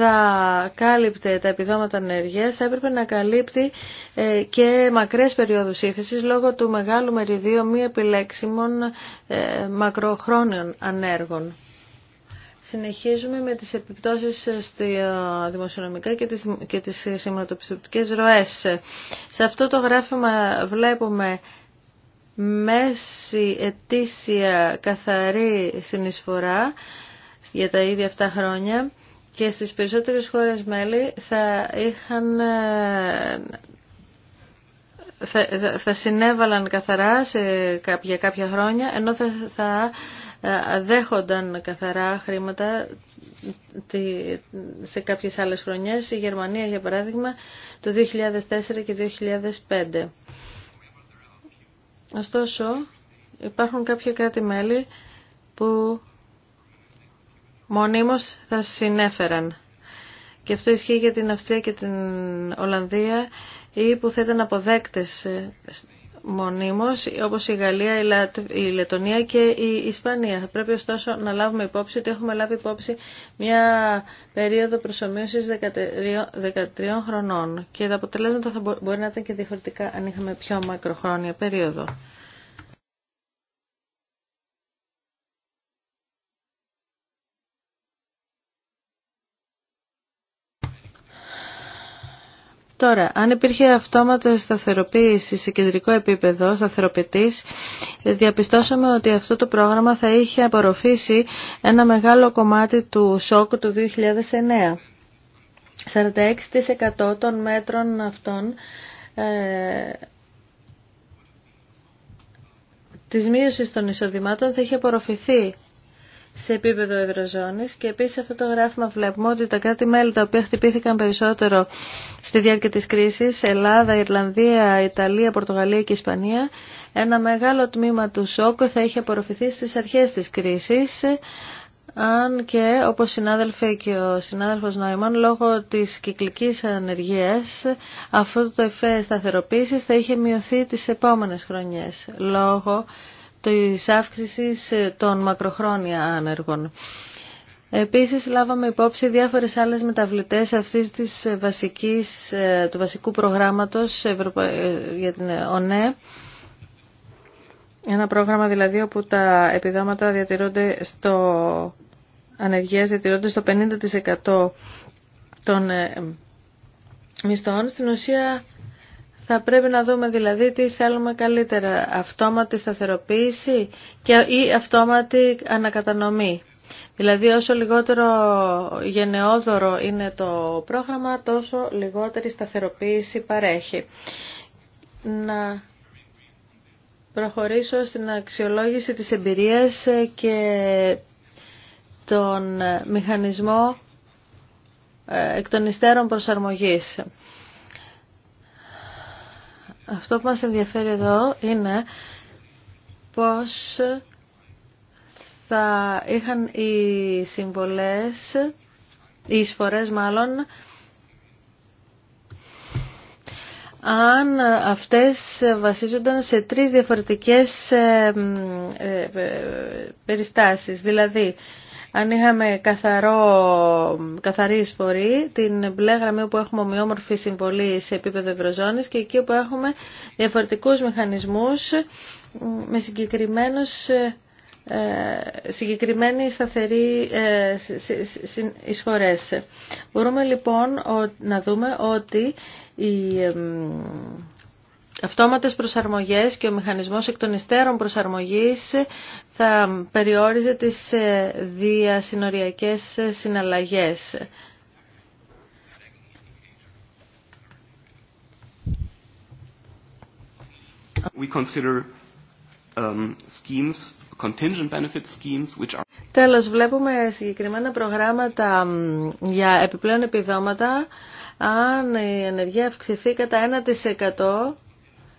θα κάλυπτε τα επιδόματα ενέργειας θα έπρεπε να καλύπτει ε, και μακρές περιόδους ύφεσης λόγω του μεγάλου μεριδίου μη επιλέξιμων ε, μακροχρόνιων ανέργων. Συνεχίζουμε με τις επιπτώσεις ε, στη δημοσιονομικά και τις, και τις ροές. Σε αυτό το γράφημα βλέπουμε μέση ετήσια καθαρή συνεισφορά για τα ίδια αυτά χρόνια και στις περισσότερες χώρες μέλη θα είχαν ε, θα, συνέβαλαν καθαρά σε, για κάποια χρόνια ενώ θα, θα ε, δέχονταν καθαρά χρήματα σε κάποιες άλλες χρονιές. Η Γερμανία, για παράδειγμα, το 2004 και 2005. Ωστόσο, υπάρχουν κάποια κράτη-μέλη που μονίμως θα συνέφεραν. Και αυτό ισχύει για την Αυστρία και την Ολλανδία ή που θα ήταν αποδέκτες ε, μονίμως, όπως η Γαλλία, η, Λα... Λετωνία και η Ισπανία. Θα πρέπει ωστόσο να λάβουμε υπόψη ότι έχουμε λάβει υπόψη μια περίοδο προσωμείωσης 13... 13 χρονών και τα αποτελέσματα θα μπορεί να ήταν και διαφορετικά αν είχαμε πιο μακροχρόνια περίοδο. Τώρα, αν υπήρχε αυτόματο σταθεροποίηση σε κεντρικό επίπεδο, σταθεροποιητή, διαπιστώσαμε ότι αυτό το πρόγραμμα θα είχε απορροφήσει ένα μεγάλο κομμάτι του σοκ του 2009. 46% των μέτρων αυτών ε, της μείωσης των εισοδημάτων θα είχε απορροφηθεί σε επίπεδο ευρωζώνης και επίσης σε αυτό το γράφημα βλέπουμε ότι τα κράτη-μέλη τα οποία χτυπήθηκαν περισσότερο στη διάρκεια της κρίσης, Ελλάδα, Ιρλανδία, Ιταλία, Πορτογαλία και Ισπανία, ένα μεγάλο τμήμα του σόκου θα είχε απορροφηθεί στις αρχές της κρίσης, αν και όπως συνάδελφε και ο συνάδελφος Νόημαν λόγω της κυκλικής ανεργίας αυτό το εφέ σταθεροποίησης θα είχε μειωθεί τις επόμενες χρονιές λόγω της αύξησης των μακροχρόνια άνεργων. Επίσης λάβαμε υπόψη διάφορες άλλες μεταβλητές αυτής της βασικής, ε, του βασικού προγράμματος ε, για την ΟΝΕ. Ένα πρόγραμμα δηλαδή όπου τα επιδόματα διατηρούνται στο διατηρούνται στο 50% των ε, μισθών. Στην ουσία θα πρέπει να δούμε δηλαδή τι θέλουμε καλύτερα, αυτόματη σταθεροποίηση και, ή αυτόματη ανακατανομή. Δηλαδή όσο λιγότερο γενναιόδωρο είναι το πρόγραμμα, τόσο λιγότερη σταθεροποίηση παρέχει. Να προχωρήσω στην αξιολόγηση της εμπειρίας και τον μηχανισμό ε, εκ των προσαρμογής. Αυτό που μας ενδιαφέρει εδώ είναι πώς θα είχαν οι συμβολές, οι εισφορές μάλλον, αν αυτές βασίζονταν σε τρεις διαφορετικές ε, ε, ε, περιστάσεις. Δηλαδή, αν είχαμε καθαρό, καθαρή εισφορή, την μπλε γραμμή όπου έχουμε ομοιόμορφη συμβολή σε επίπεδο ευρωζώνης και εκεί που έχουμε διαφορετικούς μηχανισμούς με συγκεκριμένους ε, συγκεκριμένη σταθερή ε, εισφορές. Μπορούμε λοιπόν να δούμε ότι η αυτόματες προσαρμογές και ο μηχανισμός εκ των υστέρων προσαρμογής θα περιόριζε τις ε, διασυνοριακές ε, συναλλαγές. We consider um, schemes, contingent benefit schemes, which are... Τέλος, βλέπουμε συγκεκριμένα προγράμματα για επιπλέον επιδόματα αν η ενεργεία αυξηθεί κατά 1%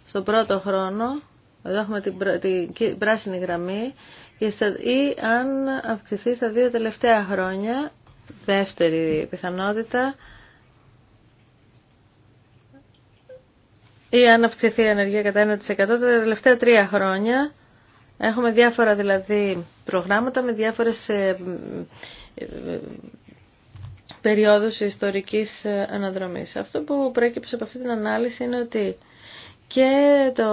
στον πρώτο χρόνο, εδώ έχουμε την, πράσινη γραμμή, ή αν αυξηθεί στα δύο τελευταία χρόνια, δεύτερη πιθανότητα, ή αν αυξηθεί η ανεργία κατά 1% τα τελευταία τρία χρόνια. Έχουμε διάφορα δηλαδή προγράμματα με διάφορες ε, ε, ε, περιόδους ιστορικής αναδρομής. Αυτό που προέκυψε από αυτή την ανάλυση είναι ότι και το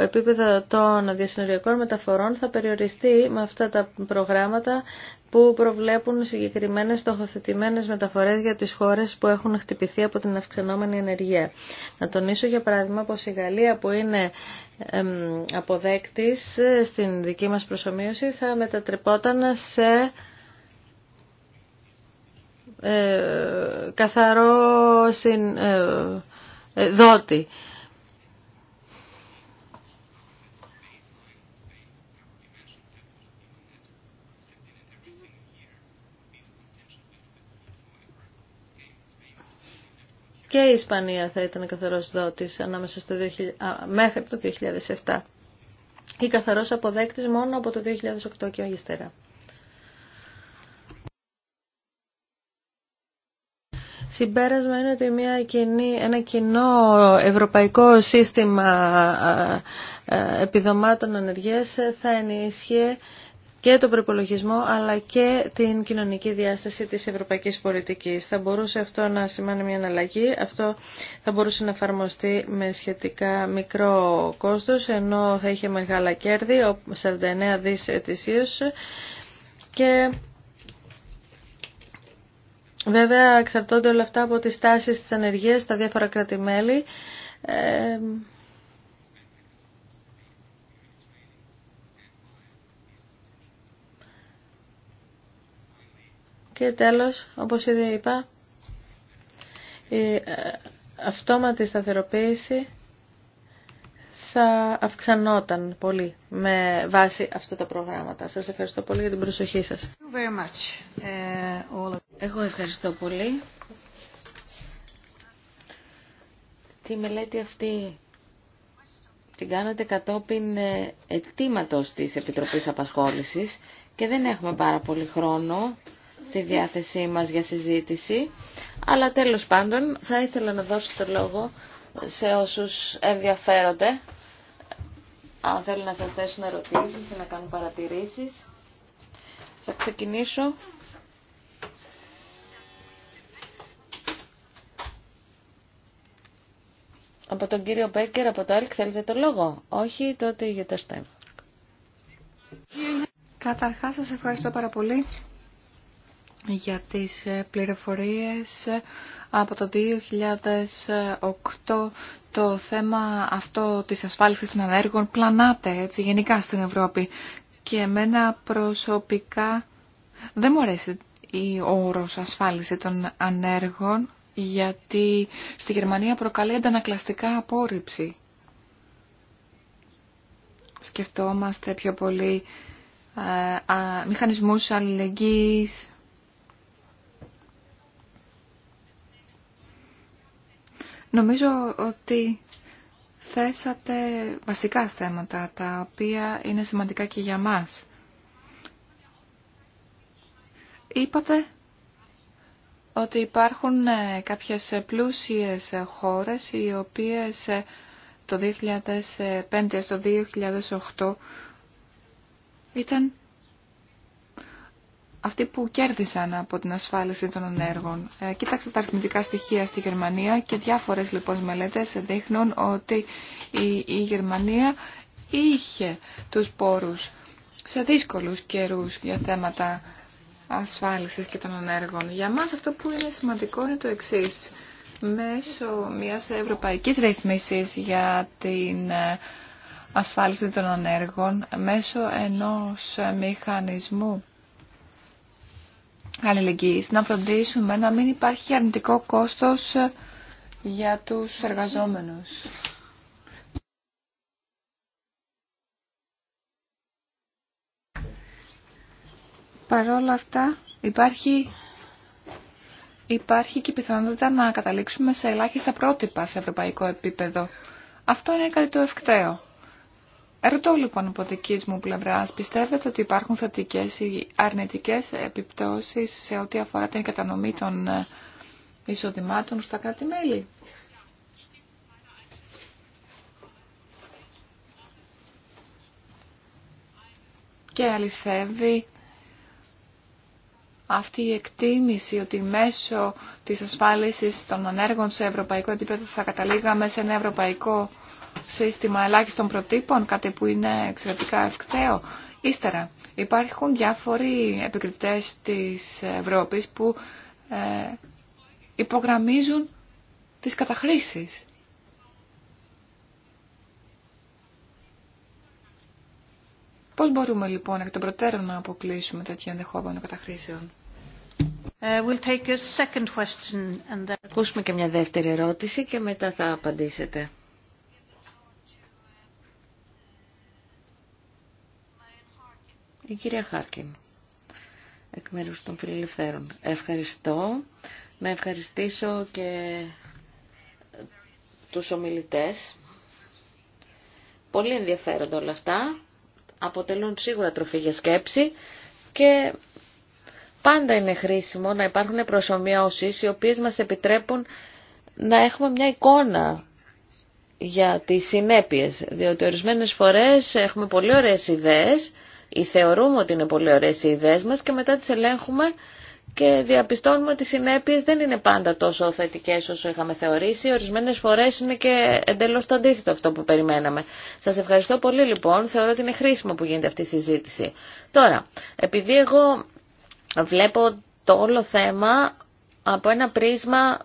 επίπεδο των διασυνοριακών μεταφορών θα περιοριστεί με αυτά τα προγράμματα που προβλέπουν συγκεκριμένες στοχοθετημένες μεταφορές για τις χώρες που έχουν χτυπηθεί από την αυξανόμενη ενεργεία. Να τονίσω για παράδειγμα πως η Γαλλία που είναι αποδέκτης στην δική μας προσωμείωση θα μετατρεπόταν σε ε, καθαρό ε, ε, δότη. και η Ισπανία θα ήταν καθαρός δότης ανάμεσα στο 2000, μέχρι το 2007 ή καθαρός αποδέκτης μόνο από το 2008 και ύστερα. Συμπέρασμα είναι ότι μια ένα κοινό ευρωπαϊκό σύστημα επιδομάτων ανεργίας θα ενίσχυε και τον προπολογισμό αλλά και την κοινωνική διάσταση της ευρωπαϊκής πολιτικής. Θα μπορούσε αυτό να σημάνει μια αναλλαγή, αυτό θα μπορούσε να εφαρμοστεί με σχετικά μικρό κόστος ενώ θα είχε μεγάλα κέρδη, 49 δις ετησίως και βέβαια εξαρτώνται όλα αυτά από τις τάσεις της ανεργίας στα διάφορα κράτη-μέλη. Ε, Και τέλος, όπως ήδη είπα, η ε, αυτόματη σταθεροποίηση θα αυξανόταν πολύ με βάση αυτά τα προγράμματα. Σας ευχαριστώ πολύ για την προσοχή σας. Ε, Εγώ ευχαριστώ πολύ. Τη μελέτη αυτή την κάνατε κατόπιν ετήματος της Επιτροπής Απασχόλησης και δεν έχουμε πάρα πολύ χρόνο στη διάθεσή μας για συζήτηση. Αλλά τέλος πάντων θα ήθελα να δώσω το λόγο σε όσους ενδιαφέρονται. Αν θέλουν να σας θέσουν ερωτήσεις ή να κάνουν παρατηρήσεις. Θα ξεκινήσω. Από τον κύριο Μπέκερ, από το ΕΛΚ, θέλετε το λόγο. Όχι, τότε για το ΣΤΕΜ. Καταρχάς, σας ευχαριστώ πάρα πολύ για τις ε, πληροφορίες ε, από το 2008 το θέμα αυτό της ασφάλισης των ανέργων πλανάται έτσι γενικά στην Ευρώπη και εμένα προσωπικά δεν μου αρέσει η όρος ασφάλιση των ανέργων γιατί στη Γερμανία προκαλεί αντανακλαστικά απόρριψη. Σκεφτόμαστε πιο πολύ ε, μηχανισμούς αλληλεγγύης Νομίζω ότι θέσατε βασικά θέματα τα οποία είναι σημαντικά και για μας. Είπατε ότι υπάρχουν ε, κάποιες πλούσιες χώρες οι οποίες ε, το 2005 στο 2008 ήταν αυτοί που κέρδισαν από την ασφάλιση των ενέργων. Ε, κοίταξα τα αριθμητικά στοιχεία στη Γερμανία και διάφορες λοιπόν μελέτες δείχνουν ότι η, Γερμανία είχε τους πόρους σε δύσκολους καιρούς για θέματα ασφάλισης και των ενέργων. Για μας αυτό που είναι σημαντικό είναι το εξής. Μέσω μιας ευρωπαϊκής ρυθμίσης για την ε, ασφάλιση των ενέργων μέσω ενός ε, μηχανισμού αλληλεγγύης, να φροντίσουμε να μην υπάρχει αρνητικό κόστος για τους εργαζόμενους. Παρόλα αυτά υπάρχει, υπάρχει και η πιθανότητα να καταλήξουμε σε ελάχιστα πρότυπα σε ευρωπαϊκό επίπεδο. Αυτό είναι κάτι το ευκταίο. Ρωτώ λοιπόν από δική μου πλευρά, πιστεύετε ότι υπάρχουν θετικές ή αρνητικές επιπτώσεις σε ό,τι αφορά την κατανομή των ε, εισοδημάτων στα κράτη-μέλη. Και αληθεύει αυτή η εκτίμηση ότι μέσω της ασφάλισης των ανέργων σε ευρωπαϊκό επίπεδο θα καταλήγαμε σε ένα ευρωπαϊκό σύστημα ελάχιστων προτύπων, κάτι που είναι εξαιρετικά ευκταίο. Ύστερα, υπάρχουν διάφοροι επικριτές της Ευρώπης που ε, υπογραμμίζουν τις καταχρήσεις. Πώς μπορούμε λοιπόν εκ των προτέρων να αποκλείσουμε τέτοια ενδεχόμενο καταχρήσεων. Ε, we'll take second question and Ακούσουμε και μια δεύτερη ερώτηση και μετά θα απαντήσετε. η κυρία Χάρκιν, εκ μέρους των Φιλελευθέρων. Ευχαριστώ. Να ευχαριστήσω και τους ομιλητές. Πολύ ενδιαφέροντα όλα αυτά. Αποτελούν σίγουρα τροφή για σκέψη και πάντα είναι χρήσιμο να υπάρχουν προσωμιώσεις οι οποίες μας επιτρέπουν να έχουμε μια εικόνα για τις συνέπειες, διότι ορισμένες φορές έχουμε πολύ ωραίες ιδέες ή θεωρούμε ότι είναι πολύ ωραίες οι ιδέες μας και μετά τις ελέγχουμε και διαπιστώνουμε ότι οι συνέπειες δεν είναι πάντα τόσο θετικές όσο είχαμε θεωρήσει. Ορισμένες φορές είναι και εντελώς το αντίθετο αυτό που περιμέναμε. Σας ευχαριστώ πολύ λοιπόν. Θεωρώ ότι είναι χρήσιμο που γίνεται αυτή η συζήτηση. Τώρα, επειδή εγώ βλέπω το όλο θέμα από ένα πρίσμα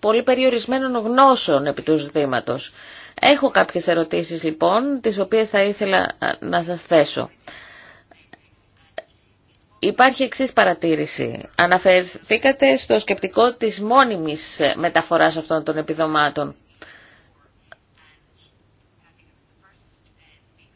πολύ περιορισμένων γνώσεων επί του ζητήματος. Έχω κάποιες ερωτήσεις λοιπόν, τις οποίες θα ήθελα ε, να σας θέσω. Υπάρχει εξή παρατήρηση. Αναφερθήκατε στο σκεπτικό της μόνιμης ε, μεταφοράς αυτών των επιδομάτων.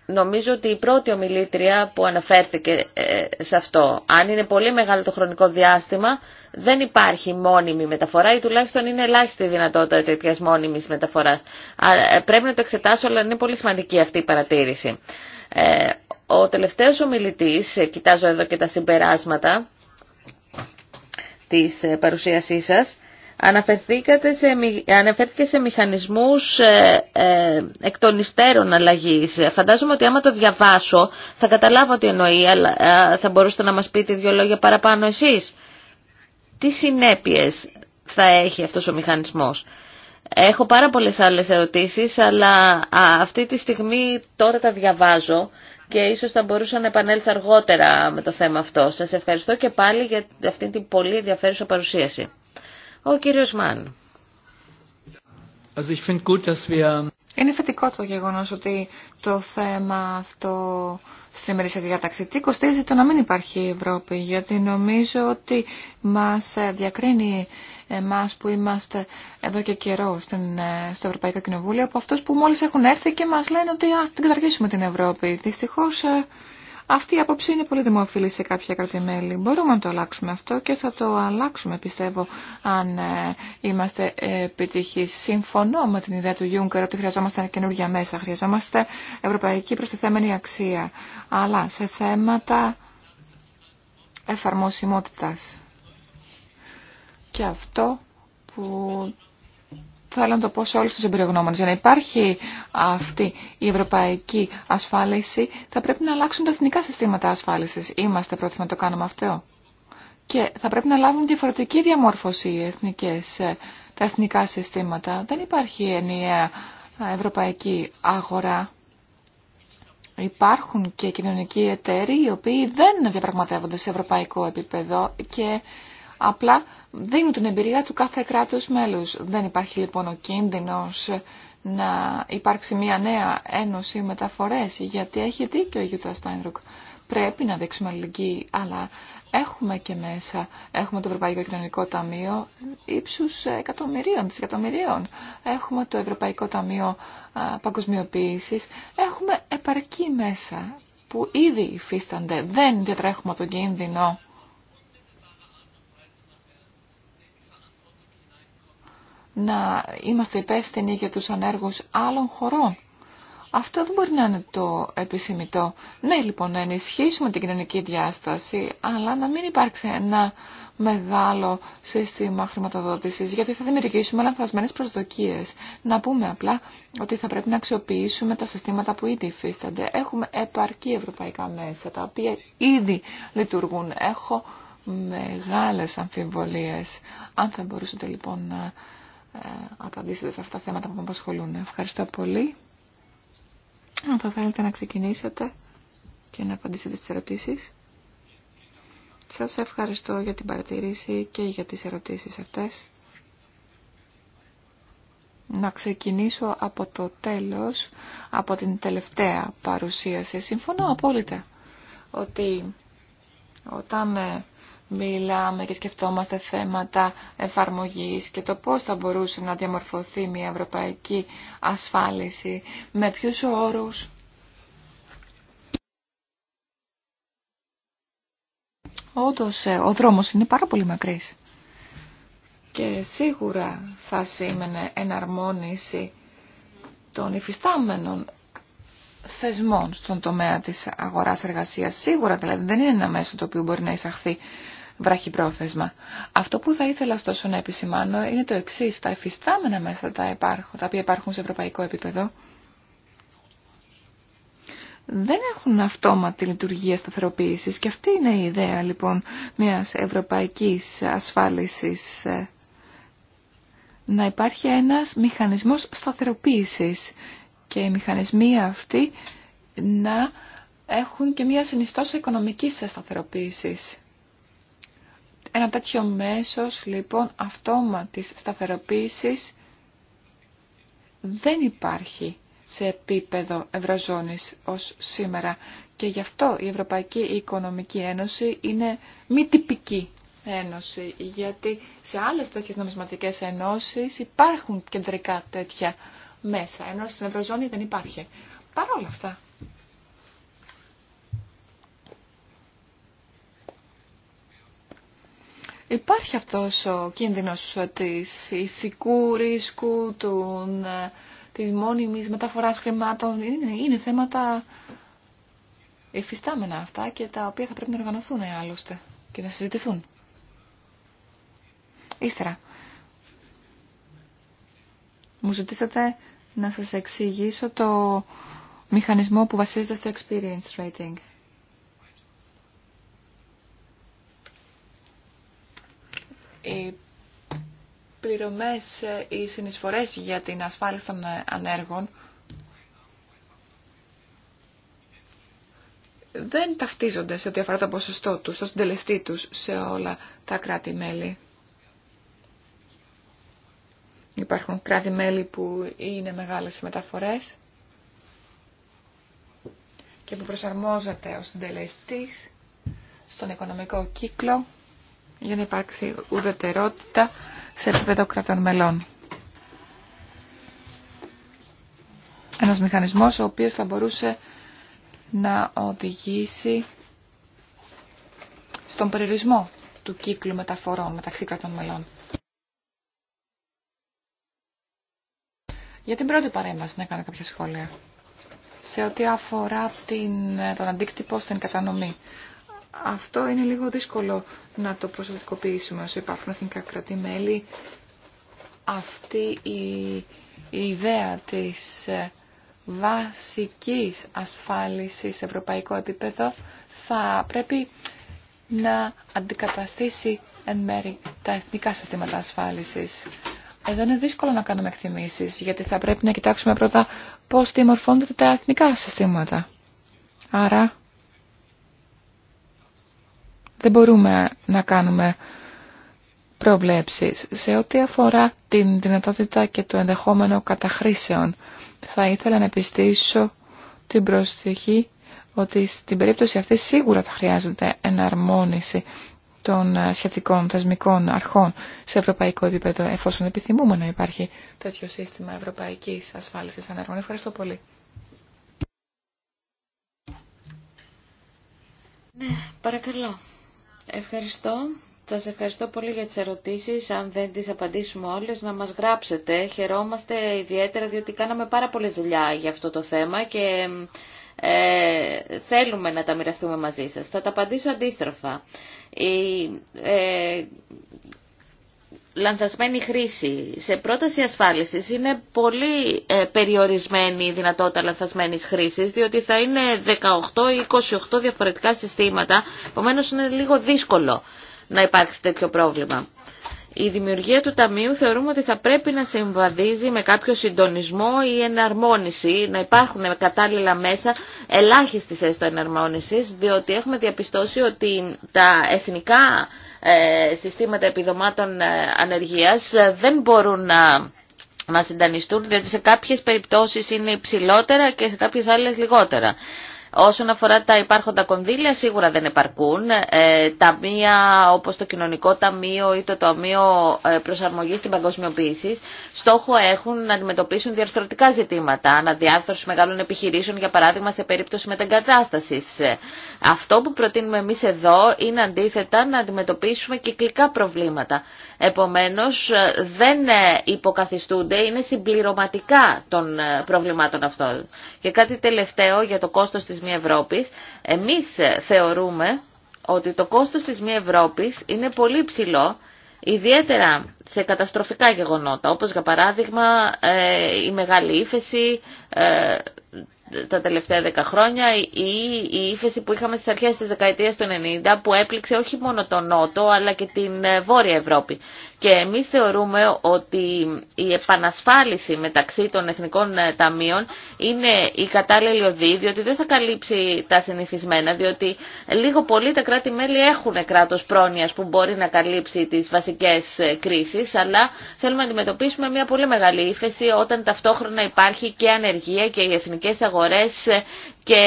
Νομίζω ότι η πρώτη ομιλήτρια που αναφέρθηκε ε, σε αυτό, αν είναι πολύ μεγάλο το χρονικό διάστημα, δεν υπάρχει μόνιμη μεταφορά ή τουλάχιστον είναι ελάχιστη η δυνατότητα ελαχιστη μόνιμη μεταφορά. Ε, πρέπει να το εξετάσω, αλλά είναι πολύ σημαντική αυτή η παρατήρηση. Ε, ο τελευταίος ομιλητής, κοιτάζω εδώ και τα συμπεράσματα τη παρουσίασή σας, Αναφερθήκατε σε, αναφέρθηκε σε μηχανισμούς ε, ε, εκ των υστέρων αλλαγής. Φαντάζομαι ότι άμα το διαβάσω θα καταλάβω τι εννοεί, αλλά ε, θα μπορούσατε να μας πείτε δύο λόγια παραπάνω εσείς. Τι συνέπειες θα έχει αυτός ο μηχανισμός. Έχω πάρα πολλές άλλες ερωτήσεις, αλλά αυτή τη στιγμή τώρα τα διαβάζω και ίσως θα μπορούσα να επανέλθω αργότερα με το θέμα αυτό. Σας ευχαριστώ και πάλι για αυτή την πολύ ενδιαφέρουσα παρουσίαση. Ο κύριος Μάν. Είναι θετικό το γεγονό ότι το θέμα αυτό στην ημερήσια διάταξη τι κοστίζει το να μην υπάρχει η Ευρώπη γιατί νομίζω ότι μας ε, διακρίνει εμάς που είμαστε εδώ και καιρό στην, ε, στο Ευρωπαϊκό Κοινοβούλιο από αυτούς που μόλις έχουν έρθει και μας λένε ότι ας την καταργήσουμε την Ευρώπη. Δυστυχώς ε, αυτή η άποψη είναι πολύ δημοφιλή σε κάποια κρατημέλη. Μπορούμε να το αλλάξουμε αυτό και θα το αλλάξουμε πιστεύω αν ε, είμαστε επιτυχεί. Συμφωνώ με την ιδέα του Γιούγκερ ότι χρειαζόμαστε καινούργια μέσα, χρειαζόμαστε ευρωπαϊκή προστιθέμενη αξία, αλλά σε θέματα εφαρμοσιμότητας. Και αυτό που θέλω να το πω σε όλους τους εμπειρογνώμονες, για να υπάρχει αυτή η ευρωπαϊκή ασφάλιση, θα πρέπει να αλλάξουν τα εθνικά συστήματα ασφάλισης. Είμαστε πρόθυμοι να το κάνουμε αυτό. Και θα πρέπει να λάβουν διαφορετική διαμόρφωση οι εθνικές, ε, τα εθνικά συστήματα. Δεν υπάρχει ενιαία ε, ευρωπαϊκή αγορά. Υπάρχουν και κοινωνικοί εταίροι οι οποίοι δεν διαπραγματεύονται σε ευρωπαϊκό επίπεδο και απλά δίνουν την εμπειρία του κάθε κράτους μέλους. Δεν υπάρχει λοιπόν ο κίνδυνος να υπάρξει μια νέα ένωση μεταφορές, γιατί έχει δίκιο η Γιούτα Στάινρουκ. Πρέπει να δείξουμε αλληλεγγύη, αλλά έχουμε και μέσα, έχουμε το Ευρωπαϊκό Κοινωνικό Ταμείο ύψους εκατομμυρίων, εκατομμυρίων Έχουμε το Ευρωπαϊκό Ταμείο Παγκοσμιοποίησης. Έχουμε επαρκή μέσα που ήδη υφίστανται. Δεν διατρέχουμε τον κίνδυνο να είμαστε υπεύθυνοι για τους ανέργους άλλων χωρών. Αυτό δεν μπορεί να είναι το επισημητό. Ναι, λοιπόν, να ενισχύσουμε την κοινωνική διάσταση, αλλά να μην υπάρξει ένα μεγάλο σύστημα χρηματοδότησης, γιατί θα δημιουργήσουμε λανθασμένες προσδοκίες. Να πούμε απλά ότι θα πρέπει να αξιοποιήσουμε τα συστήματα που ήδη υφίστανται. Έχουμε επαρκή ευρωπαϊκά μέσα, τα οποία ήδη λειτουργούν. Έχω μεγάλες αμφιβολίες. Αν θα μπορούσατε λοιπόν να ε, απαντήσετε σε αυτά τα θέματα που με απασχολούν. Ευχαριστώ πολύ. Αν θα θέλετε να ξεκινήσετε και να απαντήσετε στις ερωτήσεις. Σας ευχαριστώ για την παρατηρήση και για τις ερωτήσεις αυτές. Να ξεκινήσω από το τέλος, από την τελευταία παρουσίαση. Συμφωνώ απόλυτα ότι όταν ε, μιλάμε και σκεφτόμαστε θέματα εφαρμογής και το πώς θα μπορούσε να διαμορφωθεί μια ευρωπαϊκή ασφάλιση, με ποιους όρους. Όντως, ε, ο δρόμος είναι πάρα πολύ μακρύς. Και σίγουρα θα σήμαινε εναρμόνιση των υφιστάμενων θεσμών στον τομέα της αγοράς εργασίας. Σίγουρα δηλαδή δεν είναι ένα μέσο το οποίο μπορεί να εισαχθεί βραχυπρόθεσμα. Αυτό που θα ήθελα ωστόσο να επισημάνω είναι το εξή. Τα εφιστάμενα μέσα τα, υπάρχουν, τα οποία υπάρχουν σε ευρωπαϊκό επίπεδο δεν έχουν αυτόματη λειτουργία σταθεροποίηση και αυτή είναι η ιδέα λοιπόν μιας ευρωπαϊκής ασφάλισης ε, να υπάρχει ένας μηχανισμός σταθεροποίησης και οι μηχανισμοί αυτοί να έχουν και μια συνιστόσα οικονομικής σταθεροποίησης. Ένα τέτοιο μέσος λοιπόν αυτόματης σταθεροποίησης δεν υπάρχει σε επίπεδο Ευρωζώνης ως σήμερα και γι' αυτό η Ευρωπαϊκή Οικονομική Ένωση είναι μη τυπική ένωση γιατί σε άλλες τέτοιες νομισματικές ενώσεις υπάρχουν κεντρικά τέτοια μέσα ενώ στην Ευρωζώνη δεν υπάρχει. Παρ' όλα αυτά Υπάρχει αυτός ο κίνδυνος της ηθικού ρίσκου, των, ε, της μόνιμης μεταφοράς χρημάτων. Είναι, θέματα υφιστάμενα αυτά και τα οποία θα πρέπει να οργανωθούν ε, άλλωστε και να συζητηθούν. Ύστερα, μου ζητήσατε να σας εξηγήσω το μηχανισμό που βασίζεται στο experience rating. πληρωμές ή ε, συνεισφορές για την ασφάλιση των ε, ανέργων δεν ταυτίζονται σε ό,τι αφορά το ποσοστό τους, το συντελεστή τους σε όλα τα κράτη-μέλη. Υπάρχουν κράτη-μέλη που είναι μεγάλες μεταφορές και που προσαρμόζεται ο συντελεστής στον οικονομικό κύκλο για να υπάρξει ουδετερότητα σε επίπεδο κρατών μελών. Ένας μηχανισμός ο οποίος θα μπορούσε να οδηγήσει στον περιορισμό του κύκλου μεταφορών μεταξύ κρατών μελών. Για την πρώτη παρέμβαση να κάνω κάποια σχόλια. Σε ό,τι αφορά την, τον αντίκτυπο στην κατανομή. Αυτό είναι λίγο δύσκολο να το προσωπικοποιήσουμε όσο υπάρχουν εθνικά μέλη. Αυτή η, ιδέα της ε, βασικής ασφάλισης σε ευρωπαϊκό επίπεδο θα πρέπει να αντικαταστήσει εν μέρη τα εθνικά συστήματα ασφάλισης. Εδώ είναι δύσκολο να κάνουμε εκτιμήσεις, γιατί θα πρέπει να κοιτάξουμε πρώτα πώς διαμορφώνονται τα εθνικά συστήματα. Άρα δεν μπορούμε να κάνουμε προβλέψεις. Σε ό,τι αφορά την δυνατότητα και το ενδεχόμενο καταχρήσεων, θα ήθελα να επιστήσω την προσοχή ότι στην περίπτωση αυτή σίγουρα θα χρειάζεται εναρμόνιση των ε, σχετικών θεσμικών αρχών σε ευρωπαϊκό επίπεδο, εφόσον επιθυμούμε να υπάρχει τέτοιο σύστημα ευρωπαϊκής ασφάλισης ανέργων. Ευχαριστώ πολύ. Ναι, παρακαλώ. Ευχαριστώ. Σα ευχαριστώ πολύ για τις ερωτήσεις. Αν δεν τις απαντήσουμε όλες, να μας γράψετε. Χαιρόμαστε ιδιαίτερα διότι κάναμε πάρα πολλή δουλειά για αυτό το θέμα και ε, θέλουμε να τα μοιραστούμε μαζί σας. Θα τα απαντήσω αντίστροφα. Ε, λανθασμένη χρήση. Σε πρόταση ασφάλισης είναι πολύ ε, περιορισμένη η δυνατότητα λανθασμένης χρήσης, διότι θα είναι 18 ή 28 διαφορετικά συστήματα, επομένω είναι λίγο δύσκολο να υπάρξει τέτοιο πρόβλημα. Η δημιουργία του Ταμείου θεωρούμε ότι θα πρέπει να συμβαδίζει με κάποιο συντονισμό ή εναρμόνιση, να υπάρχουν κατάλληλα μέσα ελάχιστη έστω εναρμόνισης, διότι έχουμε διαπιστώσει ότι τα εθνικά ε, συστήματα επιδομάτων ε, ανεργίας ε, δεν μπορούν να να συντανιστούν, διότι σε κάποιες περιπτώσεις είναι υψηλότερα και σε κάποιες άλλες λιγότερα. Όσον αφορά τα υπάρχοντα κονδύλια, σίγουρα δεν επαρκούν. Ε, ταμεία όπως το Κοινωνικό Ταμείο ή το Ταμείο ε, Προσαρμογής στην Παγκοσμιοποίηση, στόχο έχουν να αντιμετωπίσουν διαρθρωτικά ζητήματα, αναδιάρθρωση μεγάλων επιχειρήσεων, για παράδειγμα, σε περίπτωση μεταγκατάστασης. Ε, αυτό που προτείνουμε εμείς εδώ είναι αντίθετα να αντιμετωπίσουμε κυκλικά προβλήματα. Επομένως ε, δεν ε, υποκαθιστούνται, είναι συμπληρωματικά των ε, προβλημάτων αυτών. Και κάτι τελευταίο για το κόστος της μη Ευρώπης. Εμείς θεωρούμε ότι το κόστος της μη Ευρώπης είναι πολύ ψηλό ιδιαίτερα σε καταστροφικά γεγονότα, όπως για παράδειγμα η μεγάλη ύφεση, τα τελευταία δέκα χρόνια ή η ύφεση που είχαμε στις αρχές της δεκαετίας του 90 που έπληξε όχι μόνο τον Νότο αλλά και την ε, Βόρεια Ευρώπη και εμείς θεωρούμε ότι η επανασφάλιση μεταξύ των εθνικών ε, ταμείων είναι η κατάλληλη οδή, διότι δεν θα καλύψει τα συνηθισμένα, διότι λίγο πολύ τα κράτη-μέλη έχουν κράτος πρόνοιας που μπορεί να καλύψει τις βασικές ε, κρίσεις, αλλά θέλουμε να αντιμετωπίσουμε μια πολύ μεγάλη ύφεση όταν ταυτόχρονα υπάρχει και ανεργία και οι εθνικές αγορές ε, και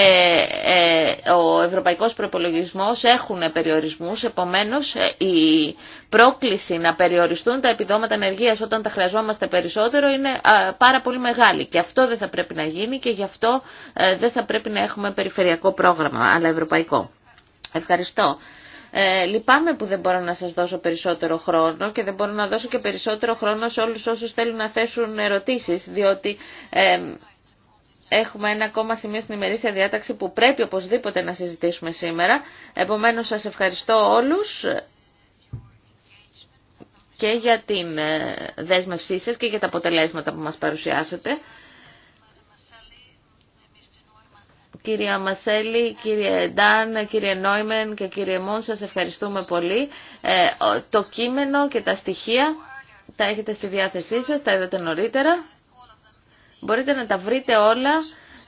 ε, ο ευρωπαϊκός προϋπολογισμός έχουν περιορισμούς, επομένως ε, η πρόκληση να περιοριστούν τα επιδόματα ενεργείας όταν τα χρειαζόμαστε περισσότερο είναι πάρα πολύ μεγάλη και αυτό δεν θα πρέπει να γίνει και γι' αυτό ε, δεν θα πρέπει να έχουμε περιφερειακό πρόγραμμα, αλλά ευρωπαϊκό. Ευχαριστώ. Ε, λυπάμαι που δεν μπορώ να σας δώσω περισσότερο χρόνο και δεν μπορώ να δώσω και περισσότερο χρόνο σε όλους όσους θέλουν να θέσουν ερωτήσεις, διότι Έχουμε ένα ακόμα σημείο στην ημερήσια διάταξη που πρέπει οπωσδήποτε να συζητήσουμε σήμερα. Επομένως σας ευχαριστώ όλους και για την ε, δέσμευσή σας και για τα αποτελέσματα που μας παρουσιάσατε. Κυρία Μασέλη, κύριε Ντάν, κύριε Νόιμεν και κύριε Μόν, σας ευχαριστούμε πολύ. Ε, το κείμενο και τα στοιχεία τα έχετε στη διάθεσή σας, τα είδατε νωρίτερα. Μπορείτε να τα βρείτε όλα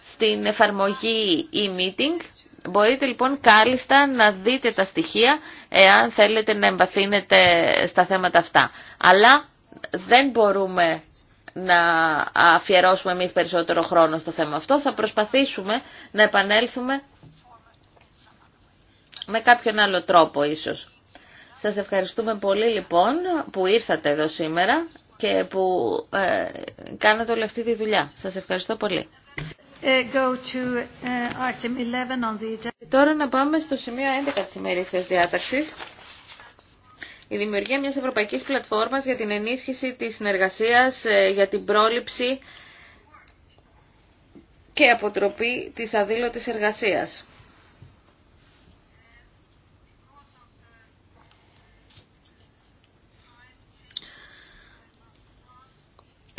στην εφαρμογή e-meeting. Μπορείτε λοιπόν κάλλιστα να δείτε τα στοιχεία εάν θέλετε να εμπαθύνετε στα θέματα αυτά. Αλλά δεν μπορούμε να αφιερώσουμε εμείς περισσότερο χρόνο στο θέμα αυτό. Θα προσπαθήσουμε να επανέλθουμε με κάποιον άλλο τρόπο ίσως. Σας ευχαριστούμε πολύ λοιπόν που ήρθατε εδώ σήμερα και που ε, κάνετε όλη αυτή τη δουλειά. Σας ευχαριστώ πολύ. Ε, ε, τώρα να πάμε στο σημείο 11 της ημερήσιας διάταξης. Η δημιουργία μιας ευρωπαϊκής πλατφόρμας για την ενίσχυση της συνεργασίας ε, για την πρόληψη και αποτροπή της αδήλωτης εργασίας.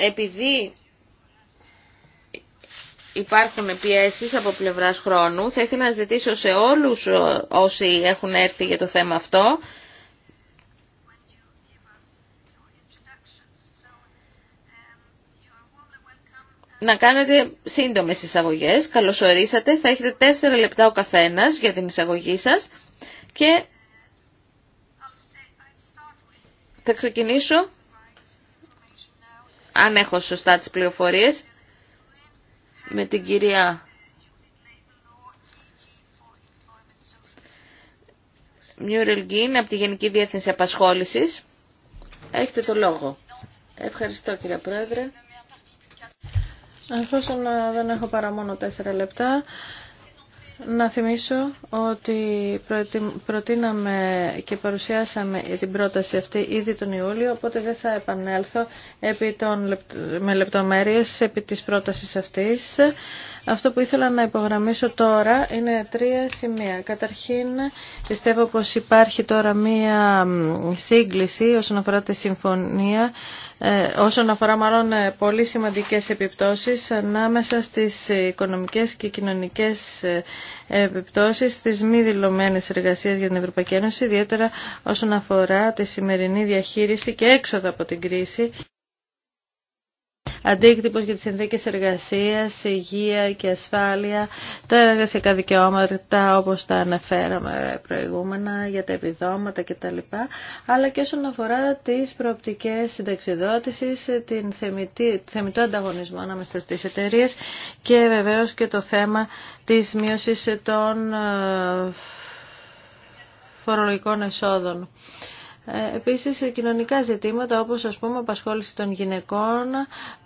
επειδή υπάρχουν πιέσει από πλευράς χρόνου, θα ήθελα να ζητήσω σε όλους όσοι έχουν έρθει για το θέμα αυτό, να κάνετε σύντομες εισαγωγές. Καλώς ορίσατε. Θα έχετε τέσσερα λεπτά ο καθένας για την εισαγωγή σας. Και θα ξεκινήσω αν έχω σωστά τις πληροφορίες, με την κυρία Μιούρελ Γκίν από τη Γενική Διεύθυνση Απασχόλησης. Έχετε το λόγο. Ευχαριστώ κύριε Πρόεδρε. Εφόσον δεν έχω παρά μόνο τέσσερα λεπτά, να θυμίσω ότι προτείναμε και παρουσιάσαμε την πρόταση αυτή ήδη τον Ιούλιο, οπότε δεν θα επανέλθω επί των, με λεπτομέρειες επί της πρότασης αυτής. Αυτό που ήθελα να υπογραμμίσω τώρα είναι τρία σημεία. Καταρχήν, πιστεύω πως υπάρχει τώρα μία σύγκληση όσον αφορά τη συμφωνία, ε, όσον αφορά μάλλον ε, πολύ σημαντικές επιπτώσεις ανάμεσα στις οικονομικές και κοινωνικές ε, επιπτώσεις της μη δηλωμένη εργασίας για την Ευρωπαϊκή Ένωση, ιδιαίτερα όσον αφορά τη σημερινή διαχείριση και έξοδα από την κρίση αντίκτυπος για τι συνθήκε εργασία, υγεία και ασφάλεια, τα εργασιακά δικαιώματα όπως τα αναφέραμε προηγούμενα για τα επιδόματα κτλ. Αλλά και όσον αφορά τις προοπτικές συνταξιδότηση, την θεμητή, θεμητό ανταγωνισμό ανάμεσα στις εταιρείε και βεβαίω και το θέμα της μείωση των ε, φορολογικών εσόδων. Ε, επίσης, κοινωνικά ζητήματα όπως ας πούμε απασχόληση των γυναικών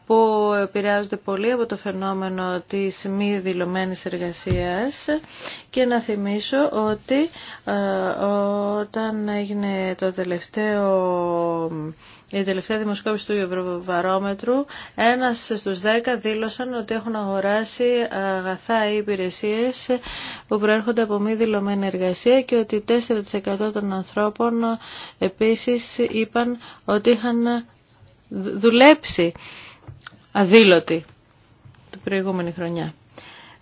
που επηρεάζονται πολύ από το φαινόμενο της μη δηλωμένης εργασίας και να θυμίσω ότι ε, όταν έγινε το τελευταίο η τελευταία δημοσκόπηση του Ευρωβαρόμετρου, Ένα στους δέκα, δήλωσαν ότι έχουν αγοράσει αγαθά ή υπηρεσίες που προέρχονται από μη δηλωμένη εργασία και ότι 4% των ανθρώπων επίσης είπαν ότι είχαν δουλέψει αδήλωτοι την προηγούμενη χρονιά.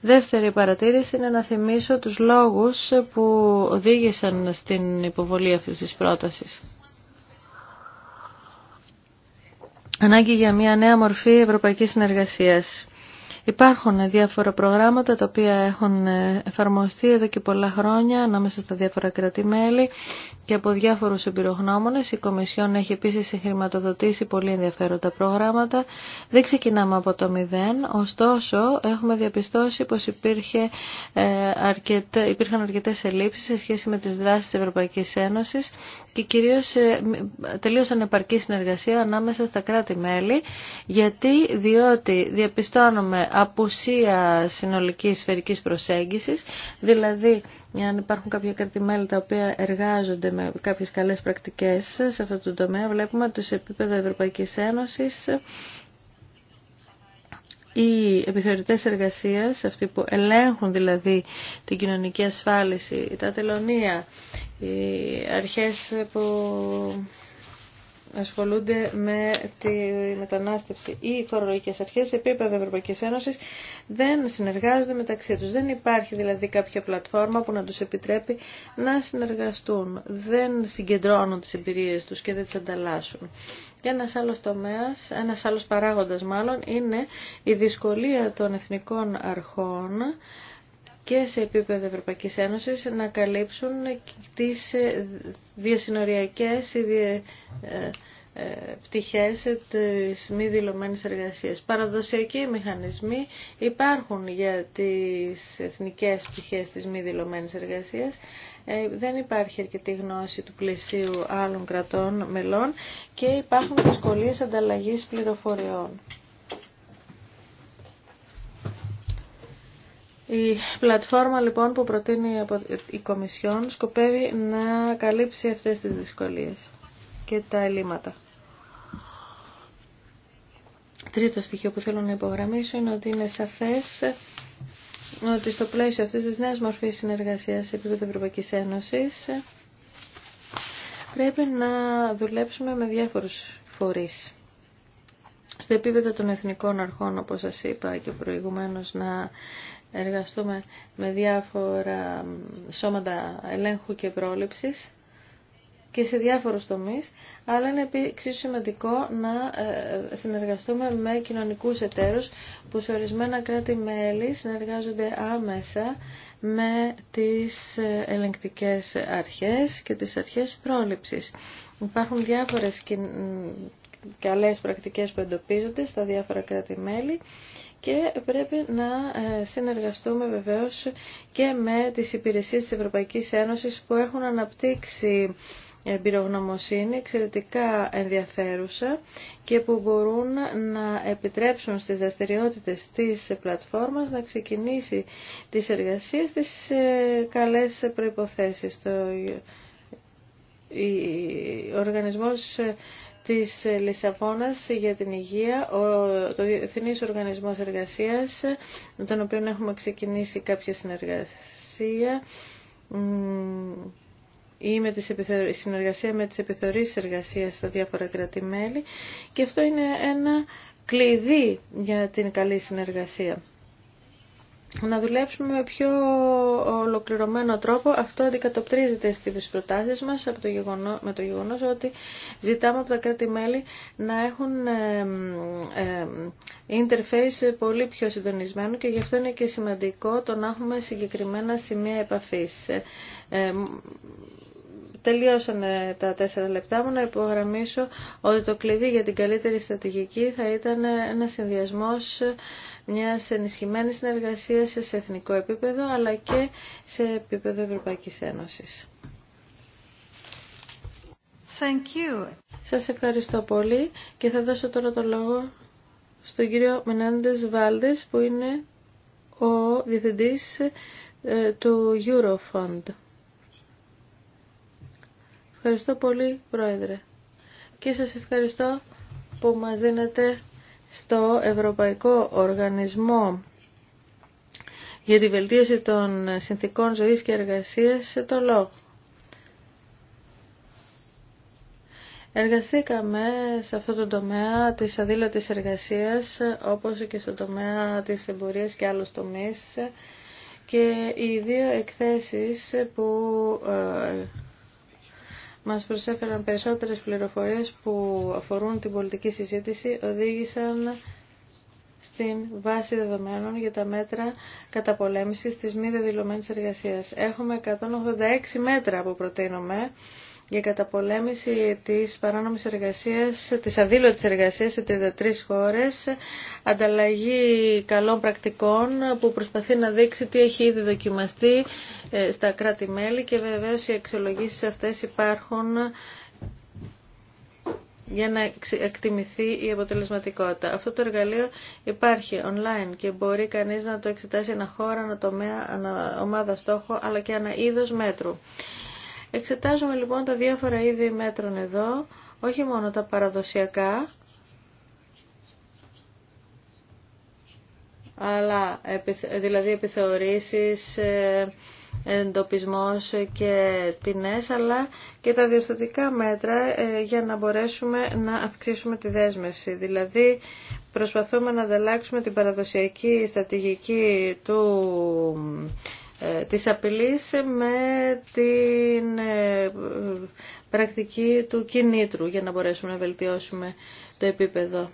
Δεύτερη παρατήρηση είναι να θυμίσω τους λόγους που οδήγησαν στην υποβολή αυτής της πρότασης. Ανάγκη για μια νέα μορφή ευρωπαϊκής συνεργασίας. Υπάρχουν διάφορα προγράμματα τα οποία έχουν εφαρμοστεί εδώ και πολλά χρόνια ανάμεσα στα διάφορα μέλη και από διάφορου εμπειρογνώμονε. Η Κομισιόν έχει επίση χρηματοδοτήσει πολύ ενδιαφέροντα προγράμματα. Δεν ξεκινάμε από το μηδέν, ωστόσο έχουμε διαπιστώσει πω ε, υπήρχαν αρκετέ ελλείψει σε σχέση με τι δράσει τη Ευρωπαϊκή Ένωση και κυρίως ε, τελείωσαν ανεπαρκή συνεργασία ανάμεσα στα κράτη-μέλη γιατί διότι διαπιστώνουμε απουσία συνολικής σφαιρικής προσέγγισης, δηλαδή αν υπάρχουν κάποια κρατημέλη τα οποία εργάζονται με κάποιες καλές πρακτικές σε αυτό το τομέα, βλέπουμε ότι σε επίπεδο Ευρωπαϊκής Ένωσης οι επιθεωρητές εργασίας, αυτοί που ελέγχουν δηλαδή την κοινωνική ασφάλιση, τα τελωνία, οι αρχές που ασχολούνται με τη μετανάστευση. Οι φορολογικέ αρχέ σε επίπεδο Ευρωπαϊκή Ένωση, δεν συνεργάζονται μεταξύ του. Δεν υπάρχει δηλαδή κάποια πλατφόρμα που να τους επιτρέπει να συνεργαστούν. Δεν συγκεντρώνουν τι εμπειρίε τους και δεν τι ανταλλάσσουν. Και ένα άλλο τομέα, ένα άλλος παράγοντας μάλλον, είναι η δυσκολία των εθνικών αρχών και σε επίπεδο Ευρωπαϊκής Ένωσης να καλύψουν τις ε, διασυνοριακές ε, ε, πτυχές της μη δηλωμένης εργασίας. Παραδοσιακοί μηχανισμοί υπάρχουν για τις εθνικές πτυχές της μη δηλωμένης εργασίας. δεν υπάρχει αρκετή γνώση του πλαισίου άλλων κρατών μελών και υπάρχουν δυσκολίες ανταλλαγής πληροφοριών. Η πλατφόρμα λοιπόν που προτείνει η Κομισιόν σκοπεύει να καλύψει αυτές τις δυσκολίες και τα ελλείμματα. Τρίτο στοιχείο που θέλω να υπογραμμίσω είναι ότι είναι σαφές ότι στο πλαίσιο αυτής της νέας μορφής συνεργασίας σε επίπεδο Ευρωπαϊκής Ένωσης πρέπει να δουλέψουμε με διάφορους φορείς. Στο επίπεδο των εθνικών αρχών, όπως σας είπα και προηγουμένως, να εργαστούμε με διάφορα σώματα ελέγχου και πρόληψης και σε διάφορους τομείς, αλλά είναι εξίσου σημαντικό να ε, συνεργαστούμε με κοινωνικούς εταίρους που σε ορισμένα κράτη-μέλη συνεργάζονται άμεσα με τις ε, ελεγκτικές αρχές και τις αρχές πρόληψης. Υπάρχουν διάφορες καλές πρακτικές που εντοπίζονται στα διάφορα κράτη-μέλη και πρέπει να ε, συνεργαστούμε βεβαίως και με τις υπηρεσίες της Ευρωπαϊκής Ένωσης που έχουν αναπτύξει εμπειρογνωμοσύνη εξαιρετικά ενδιαφέρουσα και που μπορούν να επιτρέψουν στις δραστηριότητε της πλατφόρμας να ξεκινήσει τις εργασίες στις καλές προϋποθέσεις. Το... Ο οργανισμός της Λισαβόνας για την υγεία, ο, το Διεθνής Οργανισμός Εργασίας, με τον οποίο έχουμε ξεκινήσει κάποια συνεργασία ή με τις συνεργασία με τις επιθεωρήσεις εργασίας στα διάφορα κράτη-μέλη και αυτό είναι ένα κλειδί για την καλή συνεργασία να δουλέψουμε με πιο ολοκληρωμένο τρόπο. Αυτό αντικατοπτρίζεται στις προτάσεις μας από το γεγονό, με το γεγονός ότι ζητάμε από τα κράτη-μέλη να έχουν interface πολύ πιο συντονισμένο και γι' αυτό είναι και σημαντικό το να έχουμε συγκεκριμένα σημεία επαφής. Τελειώσαν τα τέσσερα λεπτά μου να υπογραμμίσω ότι το κλειδί για την καλύτερη στρατηγική θα ήταν ένα συνδυασμός μιας ενισχυμένης συνεργασίας σε εθνικό επίπεδο αλλά και σε επίπεδο Ευρωπαϊκής Ένωσης. Thank Σας ευχαριστώ πολύ και θα δώσω τώρα το λόγο στον κύριο Μενάντες Βάλτε, που είναι ο διευθυντής ε, του Eurofund. Ευχαριστώ πολύ, Πρόεδρε. Και σας ευχαριστώ που μας δίνετε στο Ευρωπαϊκό Οργανισμό για τη βελτίωση των συνθήκων ζωής και εργασίας σε το λόγο. Εργαστήκαμε σε αυτό το τομέα της αδήλωτης εργασίας, όπως και στο τομέα της εμπορίας και άλλους τομείς. Και οι δύο εκθέσεις που ε, μας προσέφεραν περισσότερες πληροφορίες που αφορούν την πολιτική συζήτηση οδήγησαν στην βάση δεδομένων για τα μέτρα καταπολέμησης της μη δεδηλωμένης εργασίας. Έχουμε 186 μέτρα που προτείνουμε για καταπολέμηση της παράνομης εργασίας, της αδήλωτης εργασίας σε 33 χώρες, ανταλλαγή καλών πρακτικών που προσπαθεί να δείξει τι έχει ήδη δοκιμαστεί ε, στα κράτη-μέλη και βεβαίως οι αξιολογήσεις αυτές υπάρχουν για να εκτιμηθεί η αποτελεσματικότητα. Αυτό το εργαλείο υπάρχει online και μπορεί κανείς να το εξετάσει ένα χώρο, ένα τομέα, ένα ομάδα στόχο, αλλά και ένα είδος μέτρου. Εξετάζουμε λοιπόν τα διάφορα είδη μέτρων εδώ, όχι μόνο τα παραδοσιακά, αλλά δηλαδή επιθεωρήσεις, ε, εντοπισμός και ποινές, αλλά και τα διορθωτικά μέτρα ε, για να μπορέσουμε να αυξήσουμε τη δέσμευση. Δηλαδή προσπαθούμε να δελάξουμε την παραδοσιακή στρατηγική του ε, της απειλής με την ε, πρακτική του κινήτρου για να μπορέσουμε να βελτιώσουμε το επίπεδο.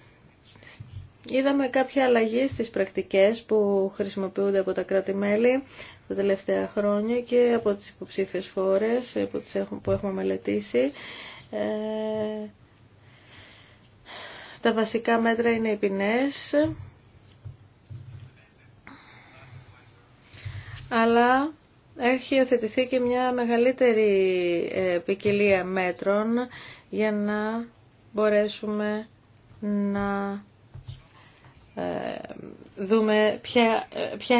Είδαμε κάποια αλλαγή στις πρακτικές που χρησιμοποιούνται από τα κράτη-μέλη τα τελευταία χρόνια και από τις υποψήφιες χώρες ε, που έχουμε μελετήσει. Τα βασικά μέτρα είναι οι ποινές αλλά έχει υιοθετηθεί και μια μεγαλύτερη ε, ποικιλία μέτρων για να μπορέσουμε να ε, δούμε ποια, ε, ποια,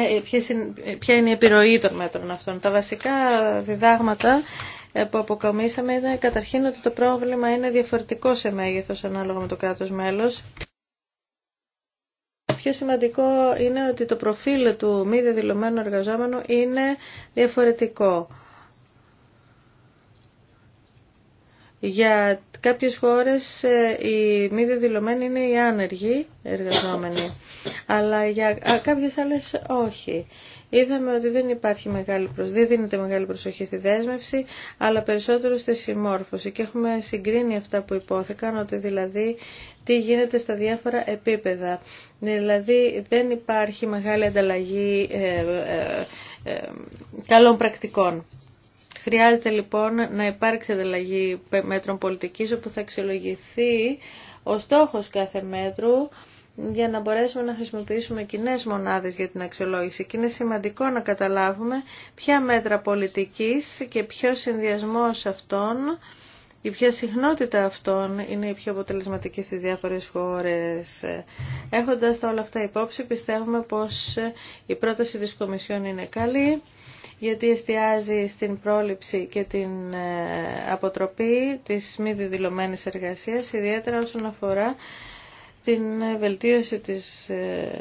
ποια είναι η επιρροή των μέτρων αυτών. Τα βασικά διδάγματα που αποκομίσαμε είναι καταρχήν ότι το πρόβλημα είναι διαφορετικό σε μέγεθος ανάλογα με το κράτος μέλος πιο σημαντικό είναι ότι το προφίλ του μη διαδηλωμένου εργαζόμενου είναι διαφορετικό. Για κάποιες χώρες ε, οι μη δεδηλωμένοι είναι οι άνεργοι εργαζόμενοι, αλλά για κάποιες άλλες όχι. Είδαμε ότι δεν, υπάρχει μεγάλη δεν δίνεται μεγάλη προσοχή στη δέσμευση, αλλά περισσότερο στη συμμόρφωση. Και έχουμε συγκρίνει αυτά που υπόθηκαν, ότι δηλαδή τι γίνεται στα διάφορα επίπεδα. Δηλαδή δεν υπάρχει μεγάλη ανταλλαγή ε, ε, καλών πρακτικών. Χρειάζεται λοιπόν να υπάρξει ανταλλαγή μέτρων πολιτικής όπου θα αξιολογηθεί ο στόχος κάθε μέτρου για να μπορέσουμε να χρησιμοποιήσουμε κοινέ μονάδες για την αξιολόγηση. Και είναι σημαντικό να καταλάβουμε ποια μέτρα πολιτικής και ποιο συνδυασμός αυτών η ποια συχνότητα αυτών είναι η πιο αποτελεσματική στις διάφορες χώρες. Έχοντας τα όλα αυτά υπόψη, πιστεύουμε πως η πρόταση της Κομισιόν είναι καλή γιατί εστιάζει στην πρόληψη και την ε, αποτροπή της μη διδηλωμένης εργασίας, ιδιαίτερα όσον αφορά την ε, βελτίωση της, ε,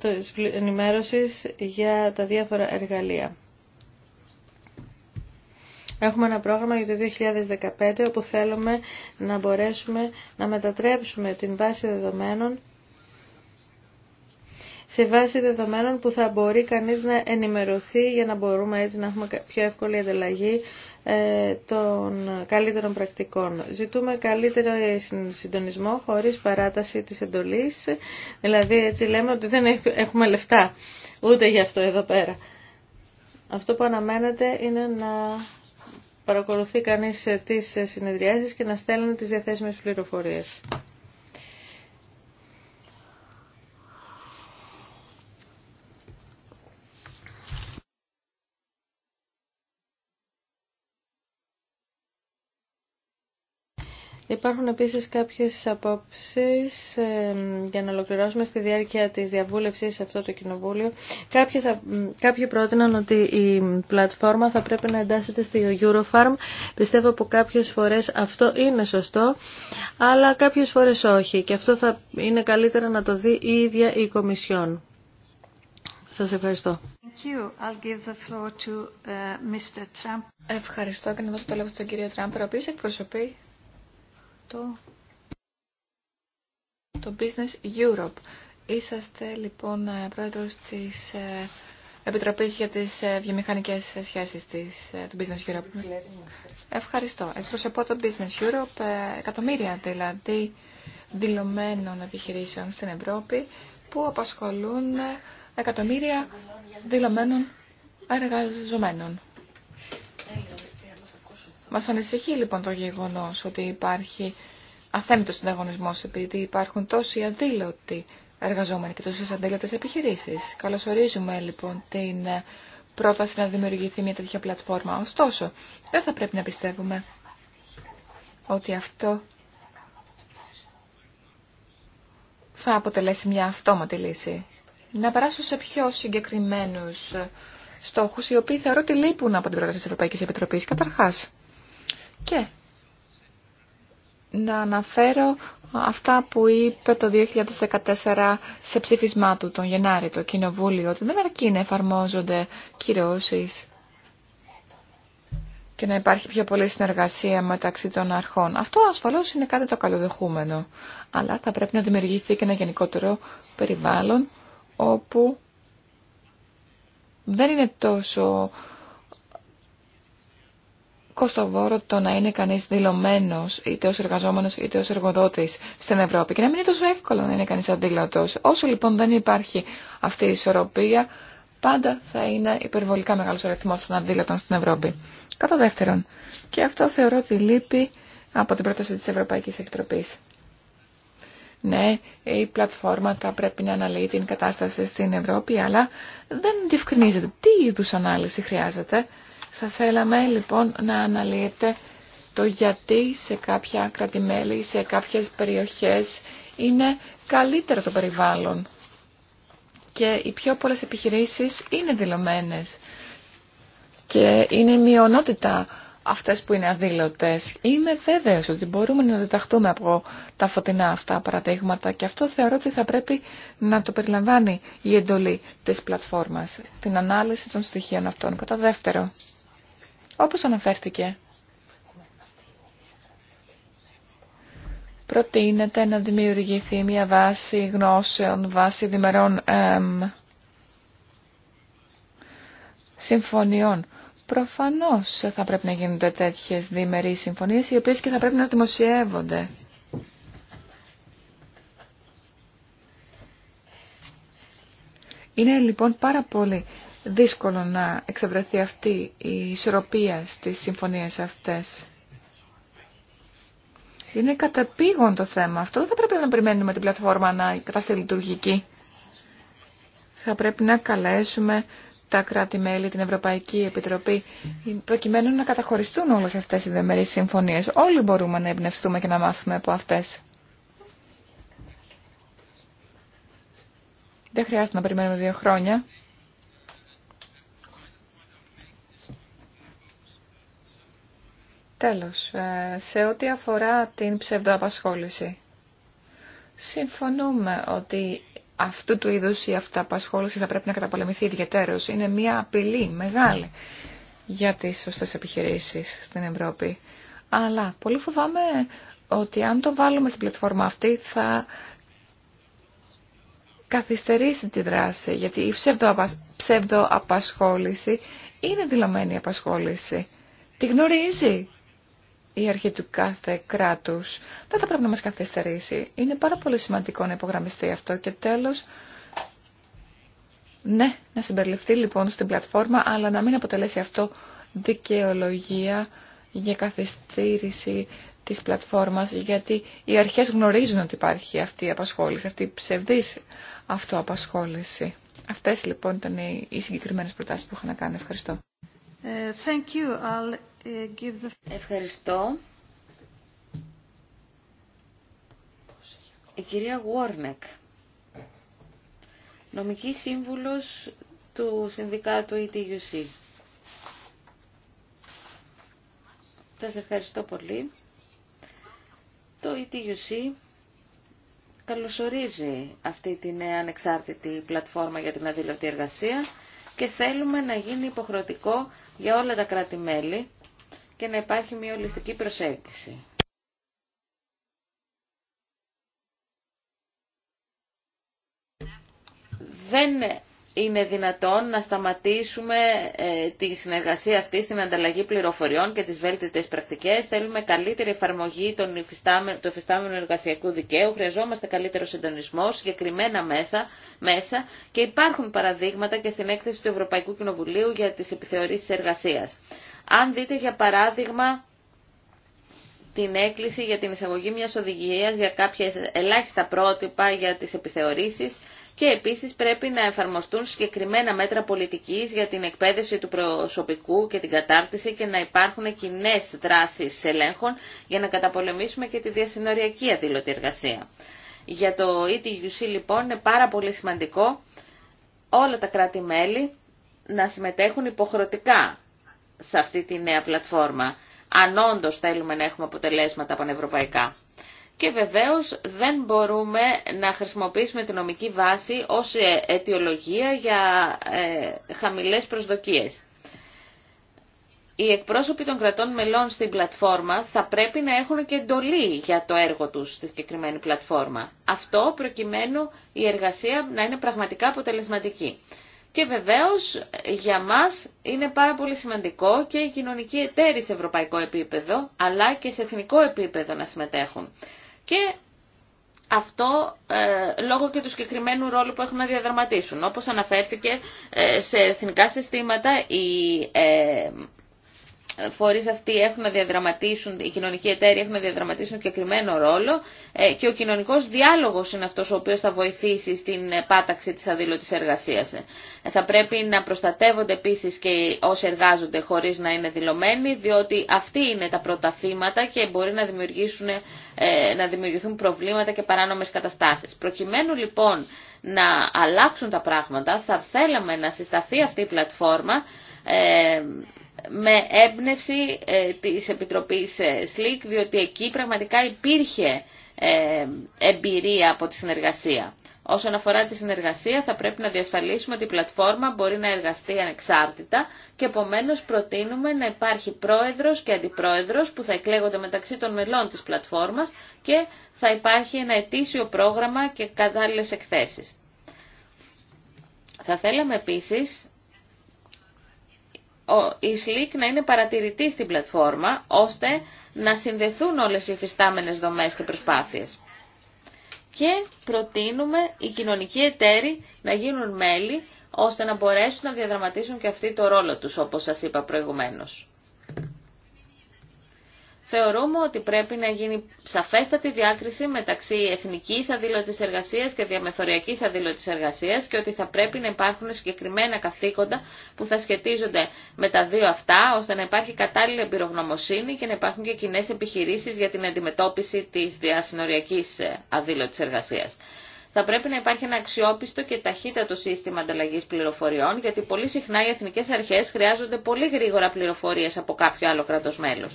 της ενημέρωσης για τα διάφορα εργαλεία. Έχουμε ένα πρόγραμμα για το 2015 όπου θέλουμε να μπορέσουμε να μετατρέψουμε την βάση δεδομένων σε βάση δεδομένων που θα μπορεί κανείς να ενημερωθεί για να μπορούμε έτσι να έχουμε πιο εύκολη ανταλλαγή ε, των καλύτερων πρακτικών. Ζητούμε καλύτερο συντονισμό χωρίς παράταση της εντολής, δηλαδή έτσι λέμε ότι δεν έχουμε λεφτά ούτε για αυτό εδώ πέρα. Αυτό που αναμένεται είναι να παρακολουθεί κανείς τις συνεδριάσεις και να στέλνει τις διαθέσιμες πληροφορίες. Υπάρχουν επίσης κάποιες απόψεις ε, για να ολοκληρώσουμε στη διάρκεια της διαβούλευσης σε αυτό το κοινοβούλιο. Κάποιες, κάποιοι πρότειναν ότι η πλατφόρμα θα πρέπει να εντάσσεται στη Eurofarm. Πιστεύω που κάποιες φορές αυτό είναι σωστό, αλλά κάποιες φορές όχι. Και αυτό θα είναι καλύτερα να το δει η ίδια η Κομισιόν. Σας ευχαριστώ. Ευχαριστώ και να δώσω το λόγο στον κύριο Τραμπ, ο οποίος εκπροσωπεί το, το Business Europe. Είσαστε λοιπόν ε, πρόεδρος της ε, Επιτροπής για τις ε, βιομηχανικές σχέσεις της, του Business Europe. Ευχαριστώ. Εκπροσωπώ το Business Europe, εκατομμύρια δηλαδή δηλωμένων επιχειρήσεων στην Ευρώπη που απασχολούν εκατομμύρια δηλωμένων εργαζομένων. Μας ανησυχεί λοιπόν το γεγονός ότι υπάρχει αθέμητος συνταγωνισμός επειδή υπάρχουν τόσοι αδήλωτοι εργαζόμενοι και τόσες αντίλατες επιχειρήσεις. Καλωσορίζουμε λοιπόν την πρόταση να δημιουργηθεί μια τέτοια πλατφόρμα. Ωστόσο, δεν θα πρέπει να πιστεύουμε ότι αυτό θα αποτελέσει μια αυτόματη λύση. Να περάσω σε πιο συγκεκριμένους στόχους, οι οποίοι θεωρώ ότι λείπουν από την πρόταση της Ευρωπαϊκής Επιτροπής. Καταρχάς, και να αναφέρω αυτά που είπε το 2014 σε ψήφισμά του τον Γενάρη το Κοινοβούλιο, ότι δεν αρκεί να εφαρμόζονται κυρώσεις και να υπάρχει πιο πολλή συνεργασία μεταξύ των αρχών. Αυτό ασφαλώς είναι κάτι το καλοδεχούμενο, αλλά θα πρέπει να δημιουργηθεί και ένα γενικότερο περιβάλλον όπου δεν είναι τόσο κοστοβόρο το να είναι κανεί δηλωμένο είτε ω εργαζόμενος είτε ω εργοδότης στην Ευρώπη και να μην είναι τόσο εύκολο να είναι κανείς αντίλατος. Όσο λοιπόν δεν υπάρχει αυτή η ισορροπία πάντα θα είναι υπερβολικά μεγάλος ο αριθμό των αντίλατων στην Ευρώπη. Κατά δεύτερον, και αυτό θεωρώ ότι λείπει από την πρόταση της Ευρωπαϊκής Επιτροπή. Ναι, η πλατφόρμα θα πρέπει να αναλύει την κατάσταση στην Ευρώπη, αλλά δεν διευκρινίζεται τι είδου ανάλυση χρειάζεται θα θέλαμε λοιπόν να αναλύετε το γιατί σε κάποια κρατημέλη, σε κάποιες περιοχές είναι καλύτερο το περιβάλλον και οι πιο πολλές επιχειρήσεις είναι δηλωμένες και είναι μειονότητα αυτές που είναι αδήλωτες. Είμαι βέβαιος ότι μπορούμε να διδαχτούμε από τα φωτεινά αυτά παραδείγματα και αυτό θεωρώ ότι θα πρέπει να το περιλαμβάνει η εντολή της πλατφόρμας, την ανάλυση των στοιχείων αυτών. Κατά δεύτερο, όπως αναφέρθηκε, προτείνεται να δημιουργηθεί μια βάση γνώσεων, βάση διμερών εμ, συμφωνιών. Προφανώς θα πρέπει να γίνονται τέτοιες διμερείς συμφωνίες, οι οποίες και θα πρέπει να δημοσιεύονται. Είναι λοιπόν πάρα πολύ δύσκολο να εξευρεθεί αυτή η ισορροπία στις συμφωνίες αυτές. Είναι καταπήγον το θέμα αυτό. Δεν θα πρέπει να περιμένουμε την πλατφόρμα να καταστεί λειτουργική. Θα πρέπει να καλέσουμε τα κράτη-μέλη, την Ευρωπαϊκή Επιτροπή, προκειμένου να καταχωριστούν όλες αυτές οι δεμερείς συμφωνίες. Όλοι μπορούμε να εμπνευστούμε και να μάθουμε από αυτές. Δεν χρειάζεται να περιμένουμε δύο χρόνια. Τέλος, ε, σε ό,τι αφορά την ψευδοαπασχόληση. Συμφωνούμε ότι αυτού του είδους η αυταπασχόληση θα πρέπει να καταπολεμηθεί ιδιαίτερως. Είναι μια απειλή μεγάλη για τις σωστές επιχειρήσεις στην Ευρώπη. Αλλά πολύ φοβάμαι ότι αν το βάλουμε στην πλατφόρμα αυτή θα καθυστερήσει τη δράση, γιατί η ψευδοαπασχόληση είναι δηλωμένη απασχόληση. Τη γνωρίζει η αρχή του κάθε κράτους δεν θα πρέπει να μας καθυστερήσει. Είναι πάρα πολύ σημαντικό να υπογραμμιστεί αυτό και τέλος ναι, να συμπεριληφθεί λοιπόν στην πλατφόρμα αλλά να μην αποτελέσει αυτό δικαιολογία για καθυστήρηση της πλατφόρμας γιατί οι αρχές γνωρίζουν ότι υπάρχει αυτή η απασχόληση, αυτή η ψευδής αυτοαπασχόληση. Αυτές λοιπόν ήταν οι συγκεκριμένες προτάσεις που είχα να κάνω. Ευχαριστώ. Ε, thank you. I'll... Ευχαριστώ. Η κυρία Γουόρνεκ, νομική σύμβουλος του Συνδικάτου ETUC. Σας ευχαριστώ πολύ. Το ETUC καλωσορίζει αυτή τη νέα ανεξάρτητη πλατφόρμα για την αδήλωτη εργασία και θέλουμε να γίνει υποχρεωτικό για όλα τα κράτη-μέλη και να υπάρχει μια ολιστική προσέγγιση. Δεν είναι δυνατόν να σταματήσουμε ε, τη συνεργασία αυτή στην ανταλλαγή πληροφοριών και τις βέλτιτες πρακτικές. Θέλουμε καλύτερη εφαρμογή των υφιστάμε, του εφιστάμενου εργασιακού δικαίου. Χρειαζόμαστε καλύτερο συντονισμό, συγκεκριμένα μέσα, μέσα και υπάρχουν παραδείγματα και στην έκθεση του Ευρωπαϊκού Κοινοβουλίου για τις επιθεωρήσεις εργασίας. Αν δείτε για παράδειγμα την έκκληση για την εισαγωγή μιας οδηγίας για κάποια ελάχιστα πρότυπα για τις επιθεωρήσεις και επίσης πρέπει να εφαρμοστούν συγκεκριμένα μέτρα πολιτικής για την εκπαίδευση του προσωπικού και την κατάρτιση και να υπάρχουν κοινέ δράσεις ελέγχων για να καταπολεμήσουμε και τη διασυνοριακή αδήλωτη εργασία. Για το ETUC λοιπόν είναι πάρα πολύ σημαντικό όλα τα κράτη-μέλη να συμμετέχουν υποχρεωτικά σε αυτή τη νέα πλατφόρμα, αν όντω θέλουμε να έχουμε αποτελέσματα πανευρωπαϊκά. Και βεβαίως δεν μπορούμε να χρησιμοποιήσουμε τη νομική βάση ως ε, αιτιολογία για ε, χαμηλές προσδοκίες. Οι εκπρόσωποι των κρατών μελών στην πλατφόρμα θα πρέπει να έχουν και εντολή για το έργο τους στη συγκεκριμένη πλατφόρμα. Αυτό προκειμένου η εργασία να είναι πραγματικά αποτελεσματική. Και βεβαίως για μας είναι πάρα πολύ σημαντικό και οι κοινωνικοί εταίροι σε ευρωπαϊκό επίπεδο αλλά και σε εθνικό επίπεδο να συμμετέχουν. Και αυτό ε, λόγω και του συγκεκριμένου ρόλου που έχουν να διαδραματίσουν. Όπως αναφέρθηκε ε, σε εθνικά συστήματα η ε, φορείς αυτοί έχουν διαδραματίσουν, οι κοινωνικοί εταίροι έχουν να διαδραματίσουν συγκεκριμένο ρόλο ε, και ο κοινωνικός διάλογος είναι αυτός ο οποίος θα βοηθήσει στην ε, πάταξη της αδήλωτης εργασίας. Ε, θα πρέπει να προστατεύονται επίσης και όσοι εργάζονται χωρίς να είναι δηλωμένοι, διότι αυτοί είναι τα πρώτα θύματα και μπορεί να, να δημιουργηθούν προβλήματα και παράνομες καταστάσεις. Προκειμένου λοιπόν να αλλάξουν τα πράγματα, θα θέλαμε να συσταθεί αυτή η πλατφόρμα με έμπνευση ε, της Επιτροπής ΣΛΙΚ, ε, διότι εκεί πραγματικά υπήρχε ε, εμπειρία από τη συνεργασία. Όσον αφορά τη συνεργασία θα πρέπει να διασφαλίσουμε ότι η πλατφόρμα μπορεί να εργαστεί ανεξάρτητα και επομένως προτείνουμε να υπάρχει πρόεδρος και αντιπρόεδρος που θα εκλέγονται μεταξύ των μελών της πλατφόρμας και θα υπάρχει ένα ετήσιο πρόγραμμα και κατάλληλες εκθέσεις. Θα θέλαμε επίσης η Slick να είναι παρατηρητή στην πλατφόρμα, ώστε να συνδεθούν όλες οι υφιστάμενες δομές και προσπάθειες. Και προτείνουμε οι κοινωνικοί εταίροι να γίνουν μέλη, ώστε να μπορέσουν να διαδραματίσουν και αυτοί το ρόλο τους, όπως σας είπα προηγουμένως θεωρούμε ότι πρέπει να γίνει σαφέστατη διάκριση μεταξύ εθνικής αδήλωτης εργασίας και διαμεθοριακής αδήλωτης εργασίας και ότι θα πρέπει να υπάρχουν συγκεκριμένα καθήκοντα που θα σχετίζονται με τα δύο αυτά, ώστε να υπάρχει κατάλληλη εμπειρογνωμοσύνη και να υπάρχουν και κοινέ επιχειρήσεις για την αντιμετώπιση της διασυνοριακής ε, αδήλωτης εργασίας. Θα πρέπει να υπάρχει ένα αξιόπιστο και ταχύτατο σύστημα ανταλλαγή πληροφοριών, γιατί πολύ συχνά οι εθνικέ αρχέ χρειάζονται πολύ γρήγορα πληροφορίε από κάποιο άλλο κράτο μέλο.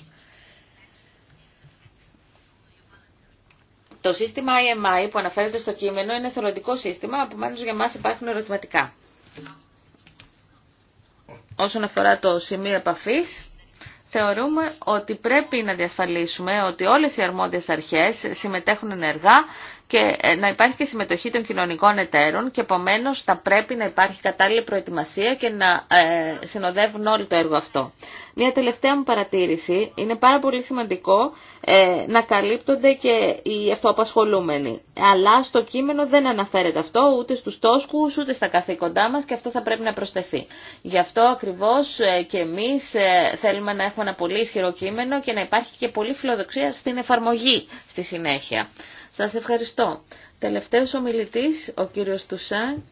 Το σύστημα IMI που αναφέρεται στο κείμενο είναι θεωρητικό σύστημα, που μάλιστα για μας υπάρχουν ερωτηματικά. Όσον αφορά το σημείο επαφής, θεωρούμε ότι πρέπει να διασφαλίσουμε ότι όλες οι αρμόδιες αρχές συμμετέχουν ενεργά και ε, να υπάρχει και συμμετοχή των κοινωνικών εταίρων και επομένω θα πρέπει να υπάρχει κατάλληλη προετοιμασία και να ε, συνοδεύουν όλοι το έργο αυτό. Μια τελευταία μου παρατήρηση, είναι πάρα πολύ σημαντικό ε, να καλύπτονται και οι αυτοαπασχολούμενοι. Αλλά στο κείμενο δεν αναφέρεται αυτό ούτε στου τόσκου ούτε στα καθήκοντά μα και αυτό θα πρέπει να προσθεθεί. Γι' αυτό ακριβώς και εμείς θέλουμε να έχουμε ένα πολύ ισχυρό κείμενο και να υπάρχει και πολύ φιλοδοξία στην εφαρμογή στη συνέχεια. Σας ευχαριστώ. Τελευταίος ομιλητής, ο κύριος Τουσάν,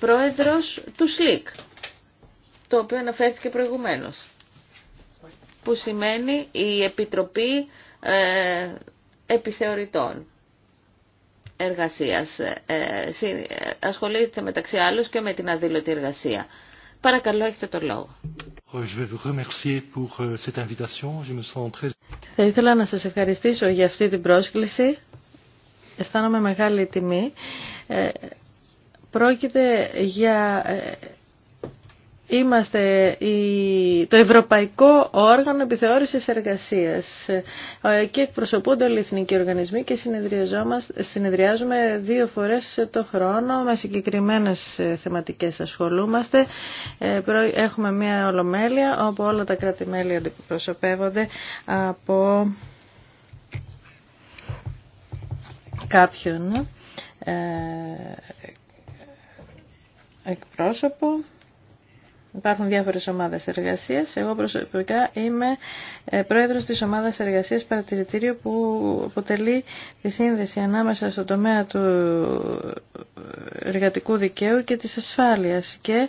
πρόεδρος του ΣΛΙΚ, το οποίο αναφέρθηκε προηγουμένως, που σημαίνει η Επιτροπή ε, Επιθεωρητών Εργασίας. Ε, ε ασχολείται μεταξύ άλλων και με την αδήλωτη εργασία. Παρακαλώ, έχετε το λόγο. Θα ήθελα να σας ευχαριστήσω για αυτή την πρόσκληση αισθάνομαι μεγάλη τιμή. Ε, πρόκειται για... Ε, είμαστε το Ευρωπαϊκό Όργανο Επιθεώρησης Εργασίας ε, και εκπροσωπούνται όλοι οι εθνικοί οργανισμοί και συνεδριάζουμε δύο φορές το χρόνο με συγκεκριμένες θεματικές ασχολούμαστε. Έχουμε μια ολομέλεια όπου όλα τα κράτη-μέλη αντιπροσωπεύονται από κάποιον ε, εκπρόσωπο. Υπάρχουν διάφορες ομάδες εργασίας. Εγώ προσωπικά είμαι ε, πρόεδρος της ομάδας εργασίας παρατηρητήριο που αποτελεί τη σύνδεση ανάμεσα στο τομέα του εργατικού δικαίου και της ασφάλειας και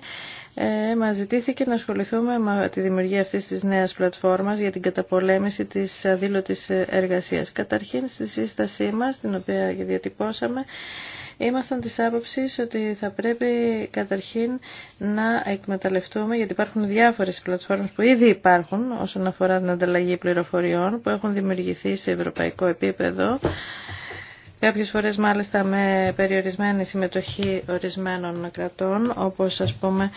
ε, μας ζητήθηκε να ασχοληθούμε με τη δημιουργία αυτής της νέας πλατφόρμας για την καταπολέμηση της αδήλωτης εργασίας. Καταρχήν στη σύστασή μας, την οποία διατυπώσαμε, ήμασταν της άποψης ότι θα πρέπει καταρχήν να εκμεταλλευτούμε, γιατί υπάρχουν διάφορες πλατφόρμες που ήδη υπάρχουν όσον αφορά την ανταλλαγή πληροφοριών που έχουν δημιουργηθεί σε ευρωπαϊκό επίπεδο Κάποιες φορές μάλιστα με περιορισμένη συμμετοχή ορισμένων κρατών, όπως ας πούμε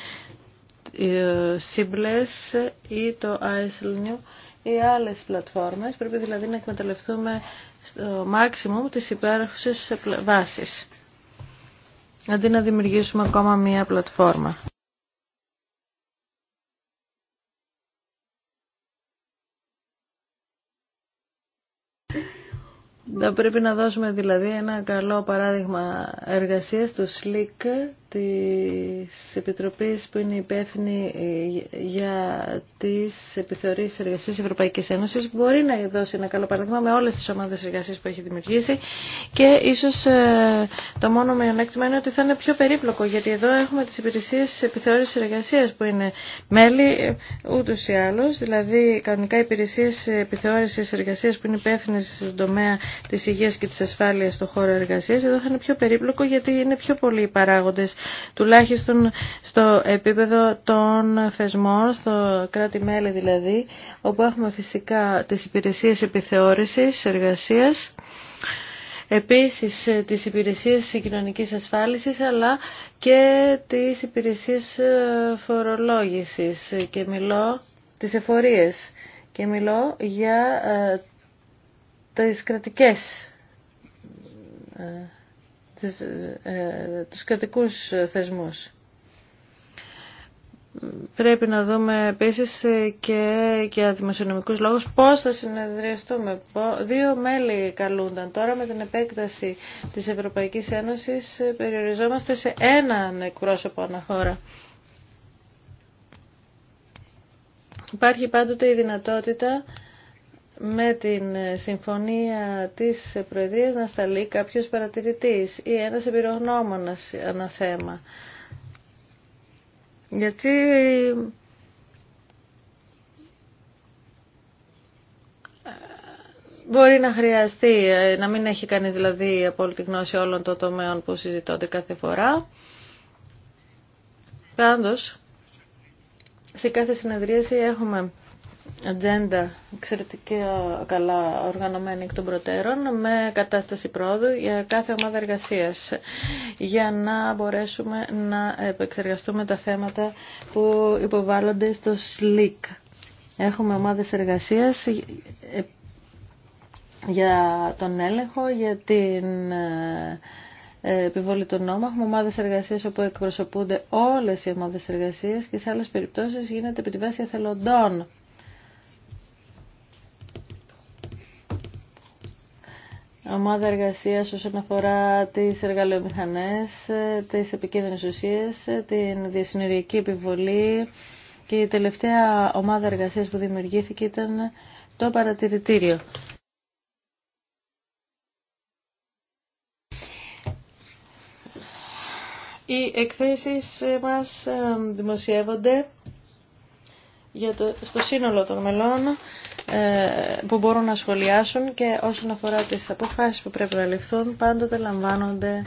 Σύμπλες ή το ISLNU ή άλλες πλατφόρμες. Πρέπει δηλαδή να εκμεταλλευτούμε στο maximum τις υπάρχουσες βάσεις, αντί να δημιουργήσουμε ακόμα μία πλατφόρμα. Θα πρέπει να δώσουμε δηλαδή ένα καλό παράδειγμα εργασίας του SLIC της Επιτροπής που είναι υπεύθυνη ε, για τις επιθεωρήσεις εργασίας Ευρωπαϊκής Ένωσης μπορεί να δώσει ένα καλό παράδειγμα με όλες τις ομάδες εργασίας που έχει δημιουργήσει και ίσως ε, το μόνο μειονέκτημα είναι ότι θα είναι πιο περίπλοκο γιατί εδώ έχουμε τις υπηρεσίες επιθεώρησης εργασίας που είναι μέλη ε, ούτως ή άλλως δηλαδή κανονικά υπηρεσίες επιθεώρησης εργασίας που είναι υπεύθυνες στον τομέα της υγείας και της ασφάλειας στον χώρο εργασίας εδώ θα είναι πιο περίπλοκο γιατί είναι πιο πολλοί οι παράγοντες τουλάχιστον στο επίπεδο των θεσμών, στο κράτη-μέλη δηλαδή, όπου έχουμε φυσικά τις υπηρεσίες επιθεώρησης, εργασίας, επίσης τις υπηρεσίες κοινωνικής ασφάλισης αλλά και τις υπηρεσίες φορολόγησης και μιλώ τις εφορίες και μιλώ για ε, τις κρατικές ε, τις, ε, τους κρατικούς θεσμούς. Πρέπει να δούμε επίσης ε, και για δημοσιονομικούς λόγους πώς θα συνεδριαστούμε. Δύο μέλη καλούνταν. Τώρα με την επέκταση της Ευρωπαϊκής Ένωσης ε, περιοριζόμαστε σε έναν εκπρόσωπο αναχώρα. Υπάρχει πάντοτε η δυνατότητα με την συμφωνία της Προεδρίας να σταλεί κάποιος παρατηρητής ή ένας εμπειρογνώμονας ένα θέμα. Γιατί Μπορεί να χρειαστεί, να μην έχει κανείς δηλαδή απόλυτη γνώση όλων των τομέων που συζητώνται κάθε φορά. Πάντως, σε κάθε συνεδρίαση έχουμε ατζέντα εξαιρετικά καλά οργανωμένη εκ των προτέρων με κατάσταση πρόοδου για κάθε ομάδα εργασίας για να μπορέσουμε να επεξεργαστούμε τα θέματα που υποβάλλονται στο ΣΛΙΚ. Έχουμε ομάδες εργασίας για τον έλεγχο, για την ε, επιβολή των νόμων. Έχουμε ομάδες εργασίας όπου εκπροσωπούνται όλες οι ομάδες εργασίας και σε άλλες περιπτώσεις γίνεται επί τη βάση ομάδα εργασίας όσον αφορά τις εργαλειομηχανές, τις επικίνδυνες ουσίες, την διασυνοριακή επιβολή και η τελευταία ομάδα εργασίας που δημιουργήθηκε ήταν το παρατηρητήριο. Οι εκθέσεις μας ε, δημοσιεύονται για το, στο σύνολο των μελών ε, που μπορούν να σχολιάσουν και όσον αφορά τις αποφάσεις που πρέπει να ληφθούν πάντοτε λαμβάνονται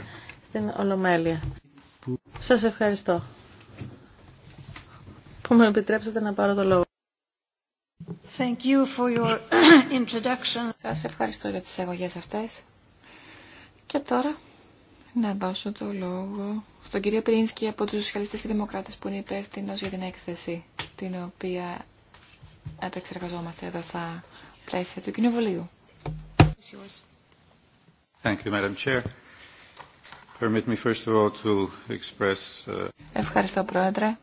στην Ολομέλεια. Σας ευχαριστώ που με επιτρέψατε να πάρω το λόγο. Thank you for your introduction. Σας ευχαριστώ για τις εγωγές αυτές. Και τώρα να δώσω το λόγο στον κύριο Πρίνσκι από τους Σοσιαλιστές και Δημοκράτες που είναι υπεύθυνος για την έκθεση την οποία επεξεργαζόμαστε εδώ στα πλαίσια του Κοινοβουλίου. Thank you, Madam Chair. Permit me first of all to express... Uh, Ευχαριστώ, Πρόεδρε.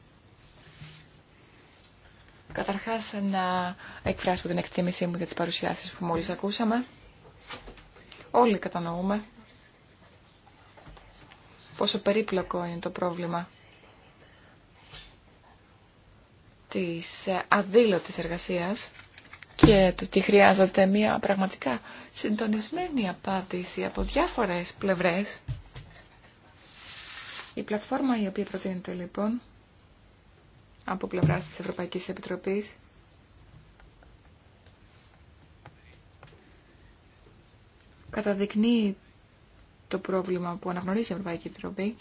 Καταρχάς, να εκφράσω την εκτίμησή μου για τις παρουσιάσεις που μόλις ακούσαμε. Όλοι κατανοούμε πόσο περίπλοκο είναι το πρόβλημα της ε, αδήλωτης εργασίας και του ότι χρειάζεται μια πραγματικά συντονισμένη απάντηση από διάφορες πλευρές. Η πλατφόρμα η οποία προτείνεται λοιπόν από πλευράς της Ευρωπαϊκής Επιτροπής καταδεικνύει το πρόβλημα που αναγνωρίζει η Ευρωπαϊκή Επιτροπή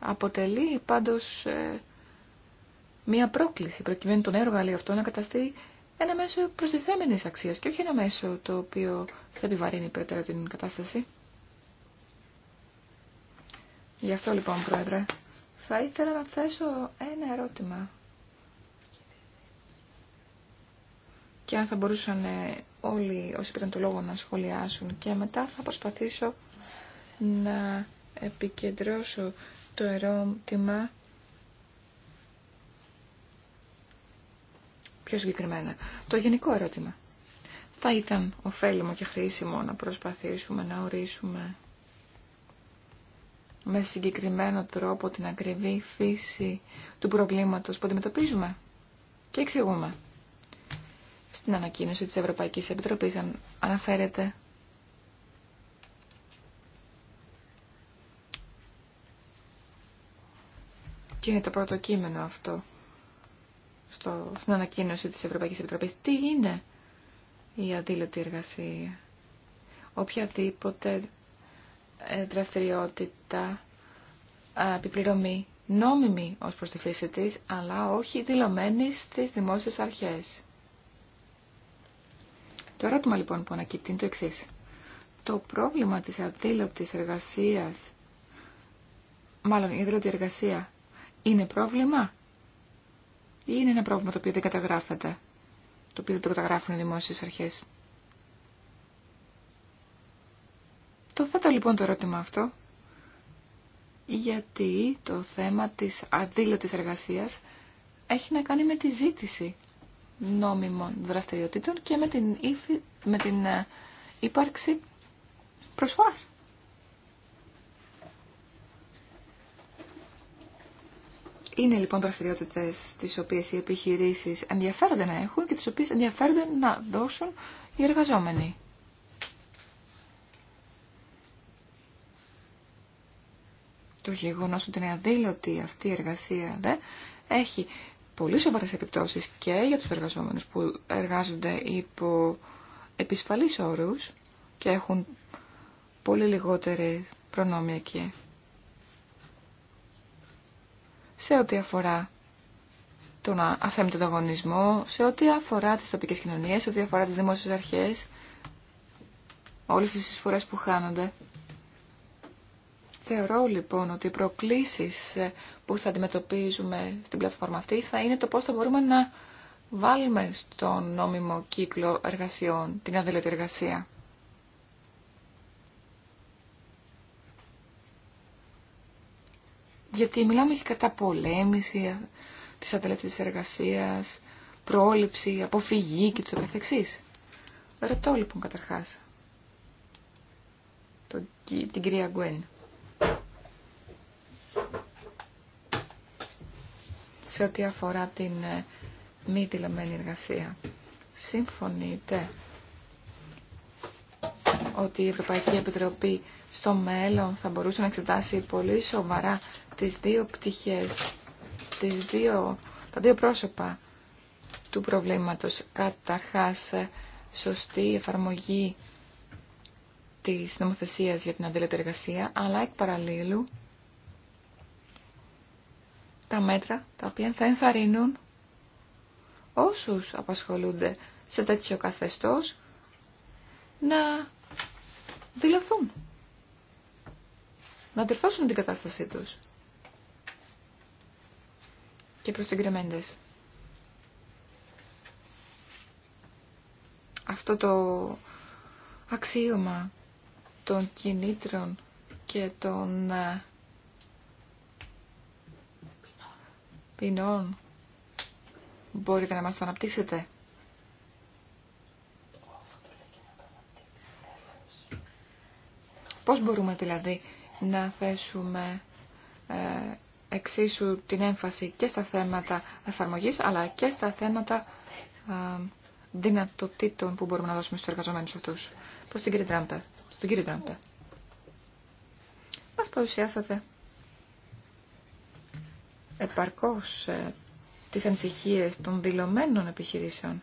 αποτελεί πάντως ε, μία πρόκληση προκειμένου τον εργαλείο αυτό να καταστεί ένα μέσο προστιθέμενης αξίας και όχι ένα μέσο το οποίο θα επιβαρύνει περαιτέρω την κατάσταση. Γι' αυτό λοιπόν, Πρόεδρε, θα ήθελα να θέσω ένα ερώτημα. Και αν θα μπορούσαν ε, όλοι όσοι πήραν το λόγο να σχολιάσουν και μετά θα προσπαθήσω να επικεντρώσω το ερώτημα πιο συγκεκριμένα. Το γενικό ερώτημα. Θα ήταν ωφέλιμο και χρήσιμο να προσπαθήσουμε να ορίσουμε με συγκεκριμένο τρόπο την ακριβή φύση του προβλήματος που αντιμετωπίζουμε και εξηγούμε. Στην ανακοίνωση της Ευρωπαϊκής Επιτροπής αναφέρεται και είναι το πρώτο κείμενο αυτό στο, στην ανακοίνωση της Ευρωπαϊκής Επιτροπής. Τι είναι η αδήλωτη εργασία. Οποιαδήποτε ε, δραστηριότητα ε, επιπληρωμή νόμιμη ως προς τη φύση της, αλλά όχι δηλωμένη στις δημόσιες αρχές. Το ερώτημα λοιπόν που ανακύπτει είναι το εξής. Το πρόβλημα της αδήλωτης εργασίας, μάλλον η αδήλωτη εργασία, είναι πρόβλημα είναι ένα πρόβλημα το οποίο δεν καταγράφεται, το οποίο δεν το καταγράφουν οι δημόσιες αρχές. Το θέτω λοιπόν το ερώτημα αυτό, γιατί το θέμα της αδήλωτης εργασίας έχει να κάνει με τη ζήτηση νόμιμων δραστηριοτήτων και με την, με την ε, ύπαρξη προσφοράς. Είναι λοιπόν δραστηριότητε τι οποίε οι επιχειρήσει ενδιαφέρονται να έχουν και τι οποίε ενδιαφέρονται να δώσουν οι εργαζόμενοι. Το γεγονό ότι είναι αδήλωτη αυτή η εργασία δε, έχει πολύ σοβαρέ επιπτώσει και για του εργαζόμενου που εργάζονται υπό επισφαλεί όρους και έχουν πολύ λιγότερη προνόμια και σε ό,τι αφορά τον αθέμητο ανταγωνισμό, σε ό,τι αφορά τις τοπικές κοινωνίες, σε ό,τι αφορά τις δημόσιες αρχές, όλες τις εισφορές που χάνονται. Θεωρώ λοιπόν ότι οι προκλήσεις ε, που θα αντιμετωπίζουμε στην πλατφόρμα αυτή θα είναι το πώς θα μπορούμε να βάλουμε στον νόμιμο κύκλο εργασιών την αδελαιότητα εργασία. Γιατί μιλάμε κατά πολέμηση της της εργασίας, πρόληψη, αποφυγή και το καθεξής. Ρωτώ λοιπόν καταρχάς το την κυρία Γκουέν. Σε ό,τι αφορά την ε, μη τηλεμένη εργασία. Συμφωνείτε ότι η Ευρωπαϊκή Επιτροπή στο μέλλον θα μπορούσε να εξετάσει πολύ σοβαρά τις δύο πτυχές, τις δύο, τα δύο πρόσωπα του προβλήματος. Καταρχάς, σωστή εφαρμογή της νομοθεσίας για την αδέλετη εργασία, αλλά εκ παραλλήλου τα μέτρα τα οποία θα ενθαρρύνουν όσους απασχολούνται σε τέτοιο καθεστώς να δηλωθούν. Να τερθώσουν την κατάστασή τους. Και προς τον Αυτό το αξίωμα των κινήτρων και των ε, ποινών μπορείτε να μας το αναπτύξετε. Πώς μπορούμε δηλαδή να θέσουμε ε, εξίσου την έμφαση και στα θέματα εφαρμογής αλλά και στα θέματα ε, δυνατοτήτων που μπορούμε να δώσουμε στους εργαζομένους αυτούς. Προς την κύριε Τράμπε. Στον κύριο Τράμπε. Μας παρουσιάσατε επαρκώς ε, τις ανησυχίες των δηλωμένων επιχειρήσεων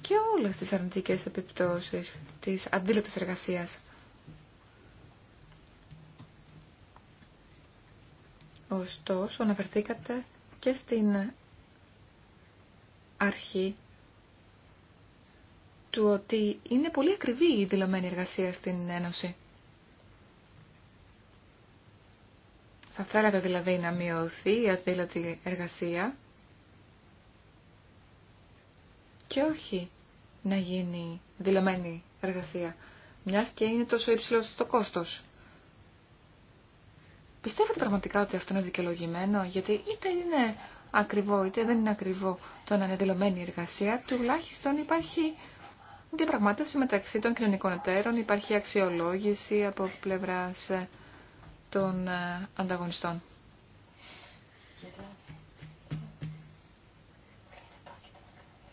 και όλες τις αρνητικές επιπτώσεις της αντίλωτης εργασίας. Ωστόσο, αναφερθήκατε και στην αρχή του ότι είναι πολύ ακριβή η δηλωμένη εργασία στην Ένωση. Θα θέλατε δηλαδή να μειωθεί η αδήλωτη εργασία και όχι να γίνει δηλωμένη εργασία, μιας και είναι τόσο υψηλός το κόστος. Πιστεύετε πραγματικά ότι αυτό είναι δικαιολογημένο, γιατί είτε είναι ακριβό είτε δεν είναι ακριβό το να είναι δηλωμένη εργασία, τουλάχιστον υπάρχει διαπραγμάτευση μεταξύ των κοινωνικών εταίρων, υπάρχει αξιολόγηση από πλευράς ε, των ε, ανταγωνιστών.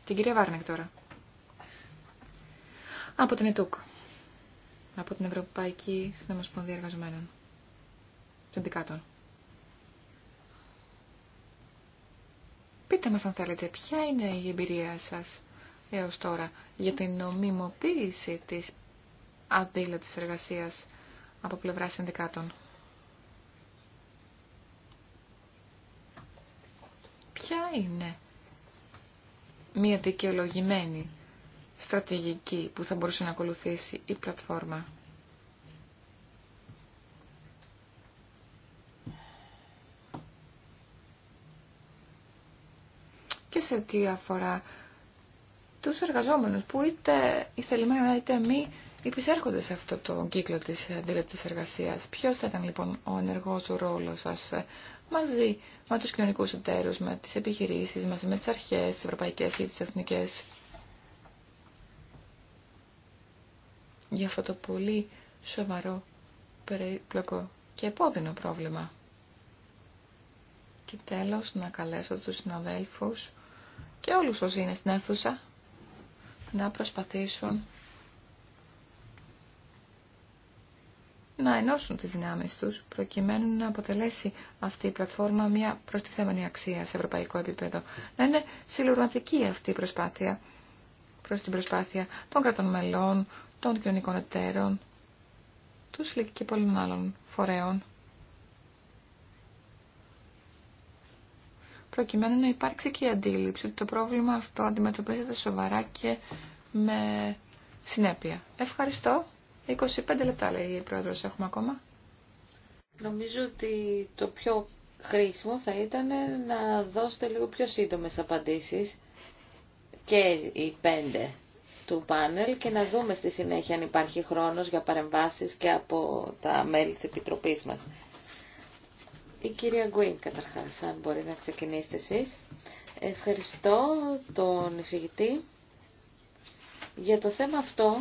Την κυρία Βάρνεκ τώρα. Από την ΕΤΟΚ. Από την Ευρωπαϊκή Συνομοσπονδία Εργαζομένων. Πείτε μας αν θέλετε, ποια είναι η εμπειρία σας έως τώρα για την νομιμοποίηση της αδήλωτης εργασίας από πλευρά συνδικάτων. Ποια είναι μια δικαιολογημένη στρατηγική που θα μπορούσε να ακολουθήσει η πλατφόρμα. και σε τι αφορά τους εργαζόμενους που είτε ηθελημένα είτε μη υπησέρχονται σε αυτό το κύκλο της αντίληπτης εργασίας. Ποιος θα ήταν λοιπόν ο ενεργός ο ρόλος σας μαζί με τους κοινωνικούς εταίρους, με τις επιχειρήσεις, μαζί με τις αρχές, τι ευρωπαϊκές και τις εθνικές. Για αυτό το πολύ σοβαρό, περίπλοκο και επώδυνο πρόβλημα. Και τέλος να καλέσω τους συναδέλφους και όλους όσοι είναι στην αίθουσα να προσπαθήσουν να ενώσουν τις δυνάμεις τους προκειμένου να αποτελέσει αυτή η πλατφόρμα μια προστιθέμενη αξία σε ευρωπαϊκό επίπεδο. Να είναι συλλογματική αυτή η προσπάθεια προς την προσπάθεια των κρατών μελών, των κοινωνικών εταίρων, τους ΛΙΚ και πολλών άλλων φορέων προκειμένου να υπάρξει και η αντίληψη ότι το πρόβλημα αυτό αντιμετωπίζεται σοβαρά και με συνέπεια. Ευχαριστώ. 25 λεπτά λέει η Πρόεδρος έχουμε ακόμα. Νομίζω ότι το πιο χρήσιμο θα ήταν να δώσετε λίγο πιο σύντομες απαντήσεις και οι πέντε του πάνελ και να δούμε στη συνέχεια αν υπάρχει χρόνος για παρεμβάσεις και από τα μέλη της Επιτροπής μας. Η κυρία Γκουίν, καταρχάς, αν μπορεί να ξεκινήσετε εσεί. Ευχαριστώ τον εισηγητή. Για το θέμα αυτό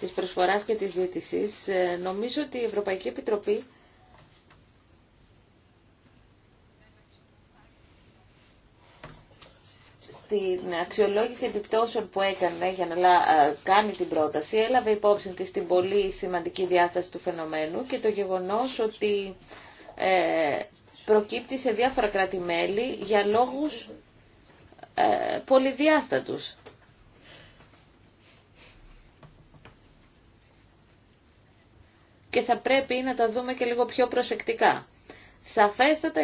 της προσφοράς και της ζήτησης, ε, νομίζω ότι η Ευρωπαϊκή Επιτροπή στην αξιολόγηση επιπτώσεων που έκανε για να κάνει την πρόταση έλαβε υπόψη τη την πολύ σημαντική διάσταση του φαινομένου και το γεγονός ότι ε, προκύπτει σε διάφορα κράτη-μέλη για λόγους ε, πολυδιάστατους. Και θα πρέπει να τα δούμε και λίγο πιο προσεκτικά. Σαφέστατα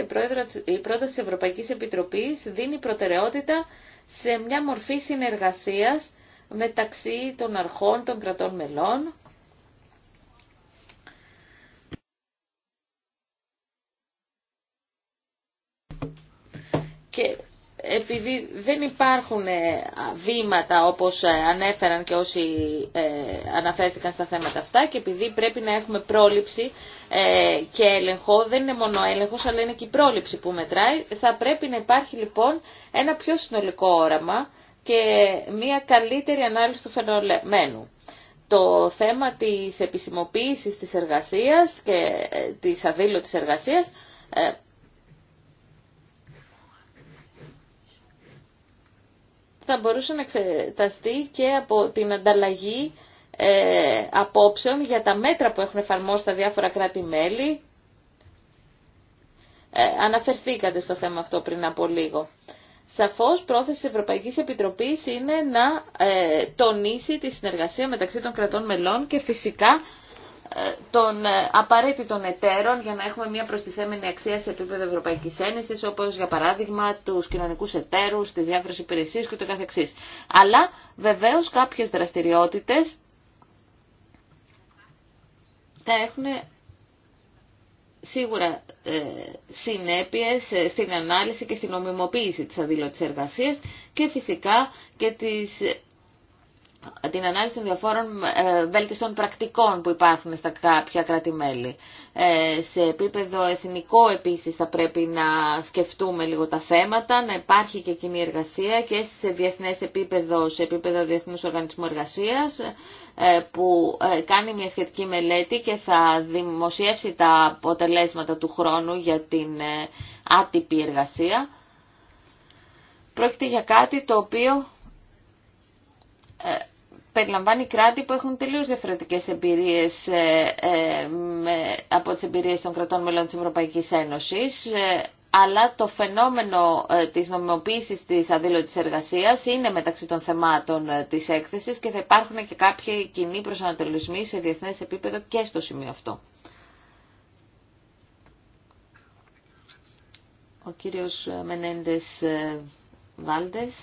η πρόταση της Ευρωπαϊκής Επιτροπής δίνει προτεραιότητα σε μια μορφή συνεργασίας μεταξύ των αρχών των κρατών μελών επειδή δεν υπάρχουν ε, βήματα όπως ε, ανέφεραν και όσοι ε, αναφέρθηκαν στα θέματα αυτά και επειδή πρέπει να έχουμε πρόληψη και έλεγχο, δεν είναι μόνο έλεγχος αλλά είναι και η πρόληψη που μετράει, θα πρέπει να υπάρχει λοιπόν ένα πιο συνολικό όραμα και μια καλύτερη ανάλυση του φαινομένου. Το θέμα της επισημοποίησης της εργασίας και της αδήλωτης εργασίας θα μπορούσε να εξεταστεί και από την ανταλλαγή ε, απόψεων για τα μέτρα που έχουν εφαρμόσει τα διάφορα κράτη-μέλη. Ε, αναφερθήκατε στο θέμα αυτό πριν από λίγο. Σαφώς, πρόθεση της Ευρωπαϊκής Επιτροπής είναι να ε, τονίσει τη συνεργασία μεταξύ των κρατών μελών και φυσικά ε, των ε, απαραίτητων εταίρων για να έχουμε μια προστιθέμενη αξία σε επίπεδο Ευρωπαϊκή Ένωση, όπως για παράδειγμα του κοινωνικού εταίρου, τις διάφορες υπηρεσίε κ.ο.κ. Αλλά βεβαίως κάποιες δραστηριότητες θα έχουν ε, σίγουρα ε, συνέπειες στην ανάλυση και στην ομιμοποίηση της αδήλωτης εργασίας και φυσικά και τις την ανάλυση των διαφόρων ε, βέλτιστων πρακτικών που υπάρχουν στα κάποια κράτη-μέλη. Ε, σε επίπεδο εθνικό επίσης θα πρέπει να σκεφτούμε λίγο τα θέματα, να υπάρχει και κοινή εργασία και σε διεθνές επίπεδο, σε επίπεδο Διεθνούς Οργανισμού Εργασίας ε, που κάνει μια σχετική μελέτη και θα δημοσιεύσει τα αποτελέσματα του χρόνου για την άτυπη εργασία. Πρόκειται για κάτι το οποίο περιλαμβάνει κράτη που έχουν τελείως διαφορετικές εμπειρίες ε, ε, από τις εμπειρίες των κρατών μελών της Ευρωπαϊκής Ένωσης ε, αλλά το φαινόμενο της νομιμοποίησης της αδήλωτης εργασίας είναι μεταξύ των θεμάτων της έκθεσης και θα υπάρχουν και κάποιοι κοινοί προσανατολισμοί σε διεθνές επίπεδο και στο σημείο αυτό. Ο κύριος Μενέντες Βάλτες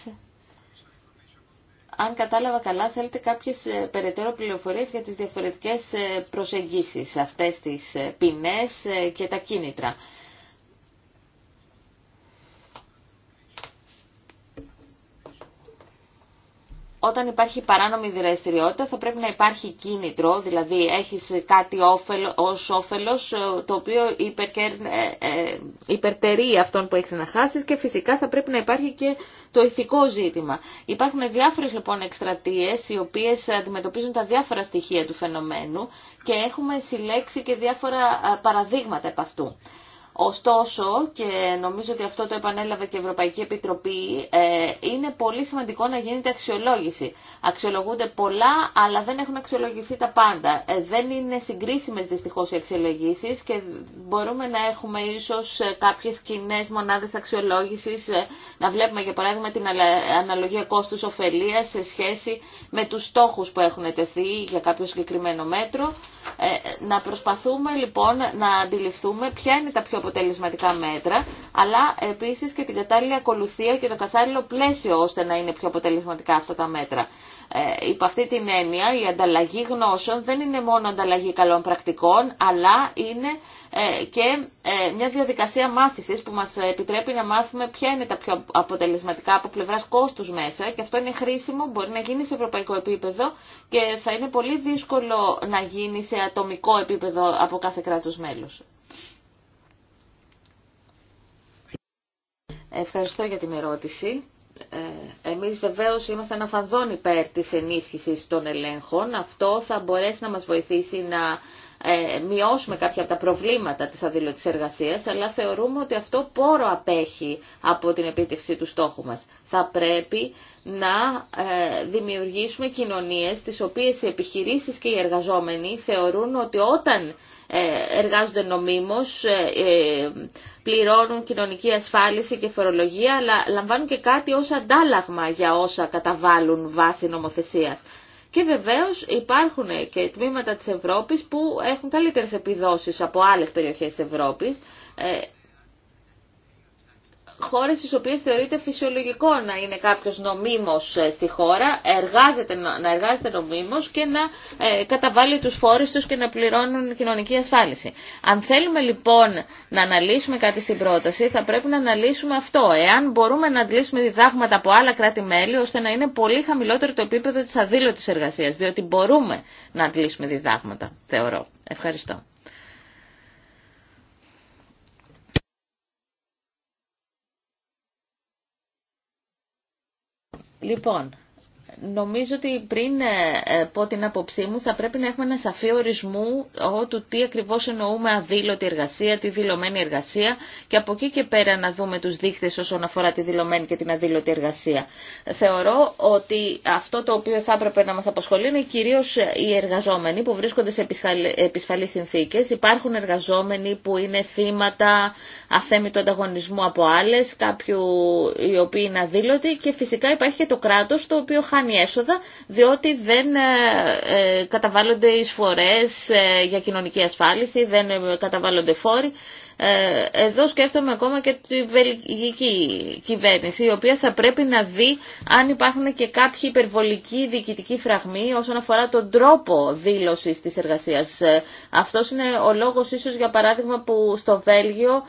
αν κατάλαβα καλά, θέλετε κάποιες ε, περαιτέρω πληροφορίες για τις διαφορετικές ε, προσεγγίσεις, αυτές τις ε, ποινές και τα κίνητρα. όταν υπάρχει παράνομη δραστηριότητα θα πρέπει να υπάρχει κίνητρο, δηλαδή έχεις κάτι όφελο, ως ε, το οποίο υπερκερ, ε, ε, υπερτερεί αυτόν που έχεις να χάσεις και φυσικά θα πρέπει να υπάρχει και το ηθικό ζήτημα. Υπάρχουν διάφορες λοιπόν εκστρατείες οι οποίες αντιμετωπίζουν τα διάφορα στοιχεία του φαινομένου και έχουμε συλλέξει και διάφορα παραδείγματα επ' αυτού. Ωστόσο, και νομίζω ότι αυτό το επανέλαβε και η Ευρωπαϊκή Επιτροπή, ε, είναι πολύ σημαντικό να γίνεται αξιολόγηση. Αξιολογούνται πολλά, αλλά δεν έχουν αξιολογηθεί τα πάντα. Ε, δεν είναι συγκρίσιμες δυστυχώς οι αξιολογήσεις και μπορούμε να έχουμε ίσως ε, κάποιες κοινέ μονάδες αξιολόγησης, να βλέπουμε για παράδειγμα την αναλογία κόστους ωφελίας σε σχέση με τους στόχους που έχουν τεθεί για κάποιο συγκεκριμένο μέτρο ε, να προσπαθούμε λοιπόν να αντιληφθούμε ποια είναι τα πιο αποτελεσματικά μέτρα, αλλά επίσης και την κατάλληλη ακολουθία και το κατάλληλο πλαίσιο ώστε να είναι πιο αποτελεσματικά αυτά τα μέτρα. Ε, υπ' αυτή την έννοια η ανταλλαγή γνώσεων δεν είναι μόνο ανταλλαγή καλών πρακτικών, αλλά είναι ε, και ε, μια διαδικασία μάθησης που μας επιτρέπει να μάθουμε ποια είναι τα πιο αποτελεσματικά από πλευράς κόστους μέσα και αυτό είναι χρήσιμο, μπορεί να γίνει σε ευρωπαϊκό επίπεδο και θα είναι πολύ δύσκολο να γίνει σε ατομικό επίπεδο από κάθε κράτος μέλος. Ευχαριστώ για την ερώτηση. Ε, εμείς βεβαίως είμαστε ένα υπέρ της ενίσχυσης των ελέγχων. Αυτό θα μπορέσει να μας βοηθήσει να ε, μειώσουμε κάποια από τα προβλήματα της αδήλωτης εργασίας, αλλά θεωρούμε ότι αυτό πόρο απέχει από την επίτευξη του στόχου μας. Θα πρέπει να ε, δημιουργήσουμε κοινωνίες τις οποίες οι επιχειρήσεις και οι εργαζόμενοι θεωρούν ότι όταν ε, εργάζονται νομίμως, πληρώνουν κοινωνική ασφάλιση και φορολογία, αλλά λαμβάνουν και κάτι ως αντάλλαγμα για όσα καταβάλουν βάση νομοθεσίας. Και βεβαίως υπάρχουν και τμήματα της Ευρώπης που έχουν καλύτερες επιδόσεις από άλλες περιοχές της Ευρώπης. Ε, χώρες στις οποίες θεωρείται φυσιολογικό να είναι κάποιος νομίμος ε, στη χώρα, εργάζεται, να εργάζεται νομίμος και να ε, καταβάλει τους φόρους τους και να πληρώνουν κοινωνική ασφάλιση. Αν θέλουμε λοιπόν να αναλύσουμε κάτι στην πρόταση, θα πρέπει να αναλύσουμε αυτό. Εάν μπορούμε να αντλήσουμε διδάγματα από άλλα κράτη-μέλη, ώστε να είναι πολύ χαμηλότερο το επίπεδο της αδήλωτης εργασίας, διότι μπορούμε να αντλήσουμε διδάγματα, θεωρώ. Ευχαριστώ. Λοιπόν, Νομίζω ότι πριν ε, ε, πω την άποψή μου θα πρέπει να έχουμε ένα σαφή ορισμό του τι ακριβώς εννοούμε αδήλωτη εργασία, τη δηλωμένη εργασία και από εκεί και πέρα να δούμε τους δείχτες όσον αφορά τη δηλωμένη και την αδήλωτη εργασία. Θεωρώ ότι αυτό το οποίο θα έπρεπε να μας απασχολεί είναι κυρίως ε, οι εργαζόμενοι που βρίσκονται σε επισφαλείς συνθήκες. Υπάρχουν εργαζόμενοι που είναι θύματα του ανταγωνισμού από άλλες, κάποιου οι οποίοι είναι αδήλωτοι και φυσικά υπάρχει και το κράτος το οποίο χάνει έσοδα διότι δεν ε, ε, καταβάλλονται εισφορές ε, για κοινωνική ασφάλιση, δεν καταβάλλονται φόροι. Εδώ σκέφτομαι ακόμα και τη βελγική κυβέρνηση, η οποία θα πρέπει να δει αν υπάρχουν και κάποιοι υπερβολικοί διοικητικοί φραγμοί όσον αφορά τον τρόπο δήλωσης της εργασίας. Αυτός είναι ο λόγος ίσως για παράδειγμα που στο Βέλγιο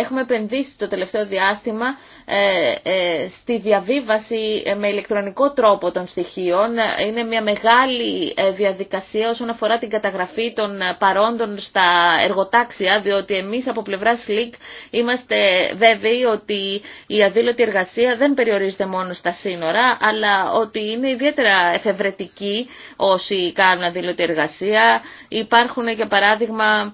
έχουμε επενδύσει το τελευταίο διάστημα ε, ε, στη διαβίβαση ε, με ηλεκτρονικό τρόπο των στοιχείων. Είναι μια μεγάλη διαδικασία όσον αφορά την καταγραφή των παρόντων στα εργοτάξια, διότι εμείς από πλευρά ΣΛΙΚ είμαστε βέβαιοι ότι η αδήλωτη εργασία δεν περιορίζεται μόνο στα σύνορα, αλλά ότι είναι ιδιαίτερα εφευρετικοί όσοι κάνουν αδήλωτη εργασία. Υπάρχουν, για παράδειγμα,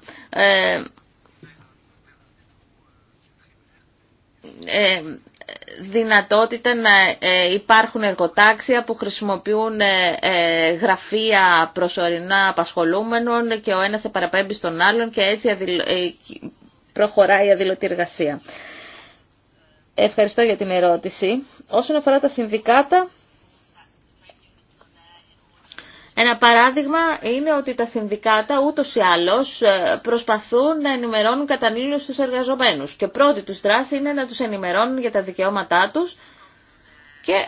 Ε, δυνατότητα να ε, υπάρχουν εργοτάξια που χρησιμοποιούν ε, γραφεία προσωρινά απασχολούμενων και ο ένας σε στον άλλον και έτσι προχωράει η αδηλωτή εργασία. Ευχαριστώ για την ερώτηση. Όσον αφορά τα συνδικάτα, ένα παράδειγμα είναι ότι τα συνδικάτα ούτως ή άλλως ε, προσπαθούν να ενημερώνουν καταλήλως τους εργαζομένους και πρώτη τους δράση είναι να τους ενημερώνουν για τα δικαιώματά τους και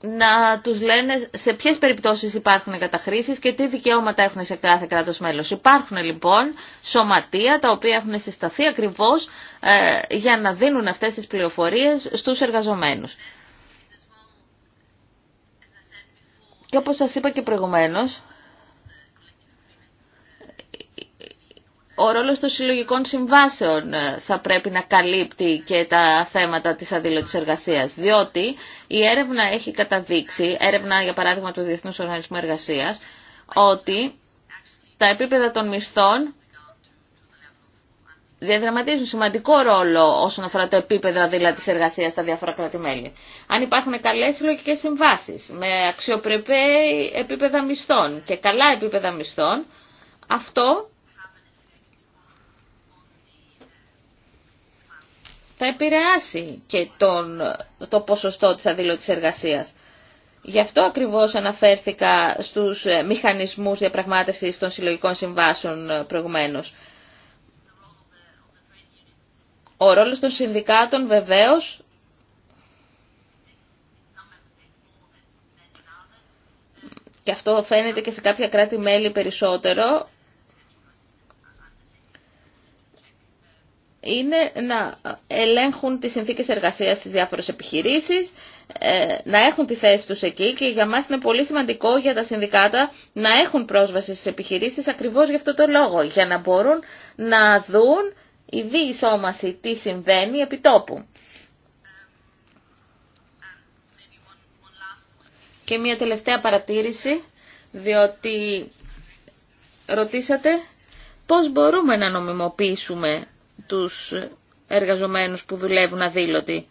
να τους λένε σε ποιες περιπτώσεις υπάρχουν καταχρήσεις και τι δικαιώματα έχουν σε κάθε κράτος μέλος. Υπάρχουν λοιπόν σωματεία τα οποία έχουν συσταθεί ακριβώς ε, για να δίνουν αυτές τις πληροφορίες στους εργαζομένους. Και όπως σας είπα και προηγουμένως, ο ρόλος των συλλογικών συμβάσεων ε, θα πρέπει να καλύπτει και τα θέματα της αδήλωτης εργασίας, διότι η έρευνα έχει καταδείξει, έρευνα για παράδειγμα του Διεθνούς Οργανισμού Εργασίας, ότι τα επίπεδα των μισθών διαδραματίζουν σημαντικό ρόλο όσον αφορά το επίπεδο αδήλα της εργασίας στα διάφορα κράτη-μέλη. Αν υπάρχουν καλές συλλογικέ συμβάσεις με αξιοπρεπέ επίπεδα μισθών και καλά επίπεδα μισθών, αυτό θα επηρεάσει και τον, το ποσοστό της αδήλωτης εργασίας. Γι' αυτό ακριβώς αναφέρθηκα στους ε, μηχανισμούς διαπραγμάτευσης των συλλογικών συμβάσεων ε, προηγουμένως. Ο ρόλος των συνδικάτων βεβαίως και αυτό φαίνεται και σε κάποια κράτη-μέλη περισσότερο, είναι να ελέγχουν τις συνθήκες εργασίας στις διάφορες επιχειρήσεις, ε, να έχουν τη θέση τους εκεί και για μας είναι πολύ σημαντικό για τα συνδικάτα να έχουν πρόσβαση στις επιχειρήσεις ακριβώς γι' αυτό το λόγο, για να μπορούν να δουν η διεισόμαση τι συμβαίνει επί τόπου. Και μια τελευταία παρατήρηση, διότι ρωτήσατε πώς μπορούμε να νομιμοποιήσουμε τους εργαζομένους που δουλεύουν αδήλωτοι.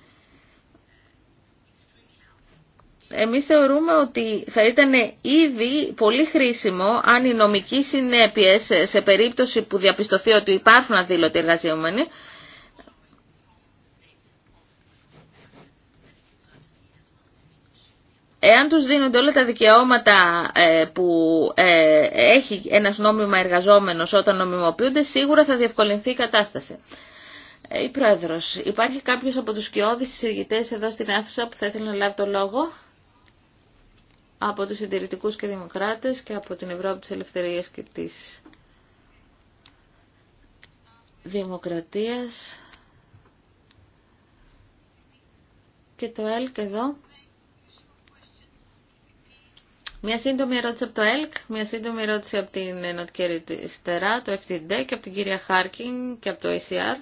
Εμείς θεωρούμε ότι θα ήταν ήδη πολύ χρήσιμο αν οι νομικοί συνέπειες σε περίπτωση που διαπιστωθεί ότι υπάρχουν αδήλωτοι εργαζόμενοι εάν τους δίνονται όλα τα δικαιώματα ε, που ε, έχει ένας νόμιμα εργαζόμενος όταν νομιμοποιούνται, σίγουρα θα διευκολυνθεί η κατάσταση. Ε, η Πρόεδρος, υπάρχει κάποιος από τους σκιώδεις συζητητές εδώ στην αίθουσα που θα ήθελε να λάβει το λόγο από τους συντηρητικούς και δημοκράτες και από την Ευρώπη της Ελευθερίας και της Δημοκρατίας και το ΕΛΚ εδώ. Μια σύντομη ερώτηση από το ΕΛΚ, μια σύντομη ερώτηση από την Ενωτική στερά, το FTD και από την κυρία Χάρκιν και από το ECR.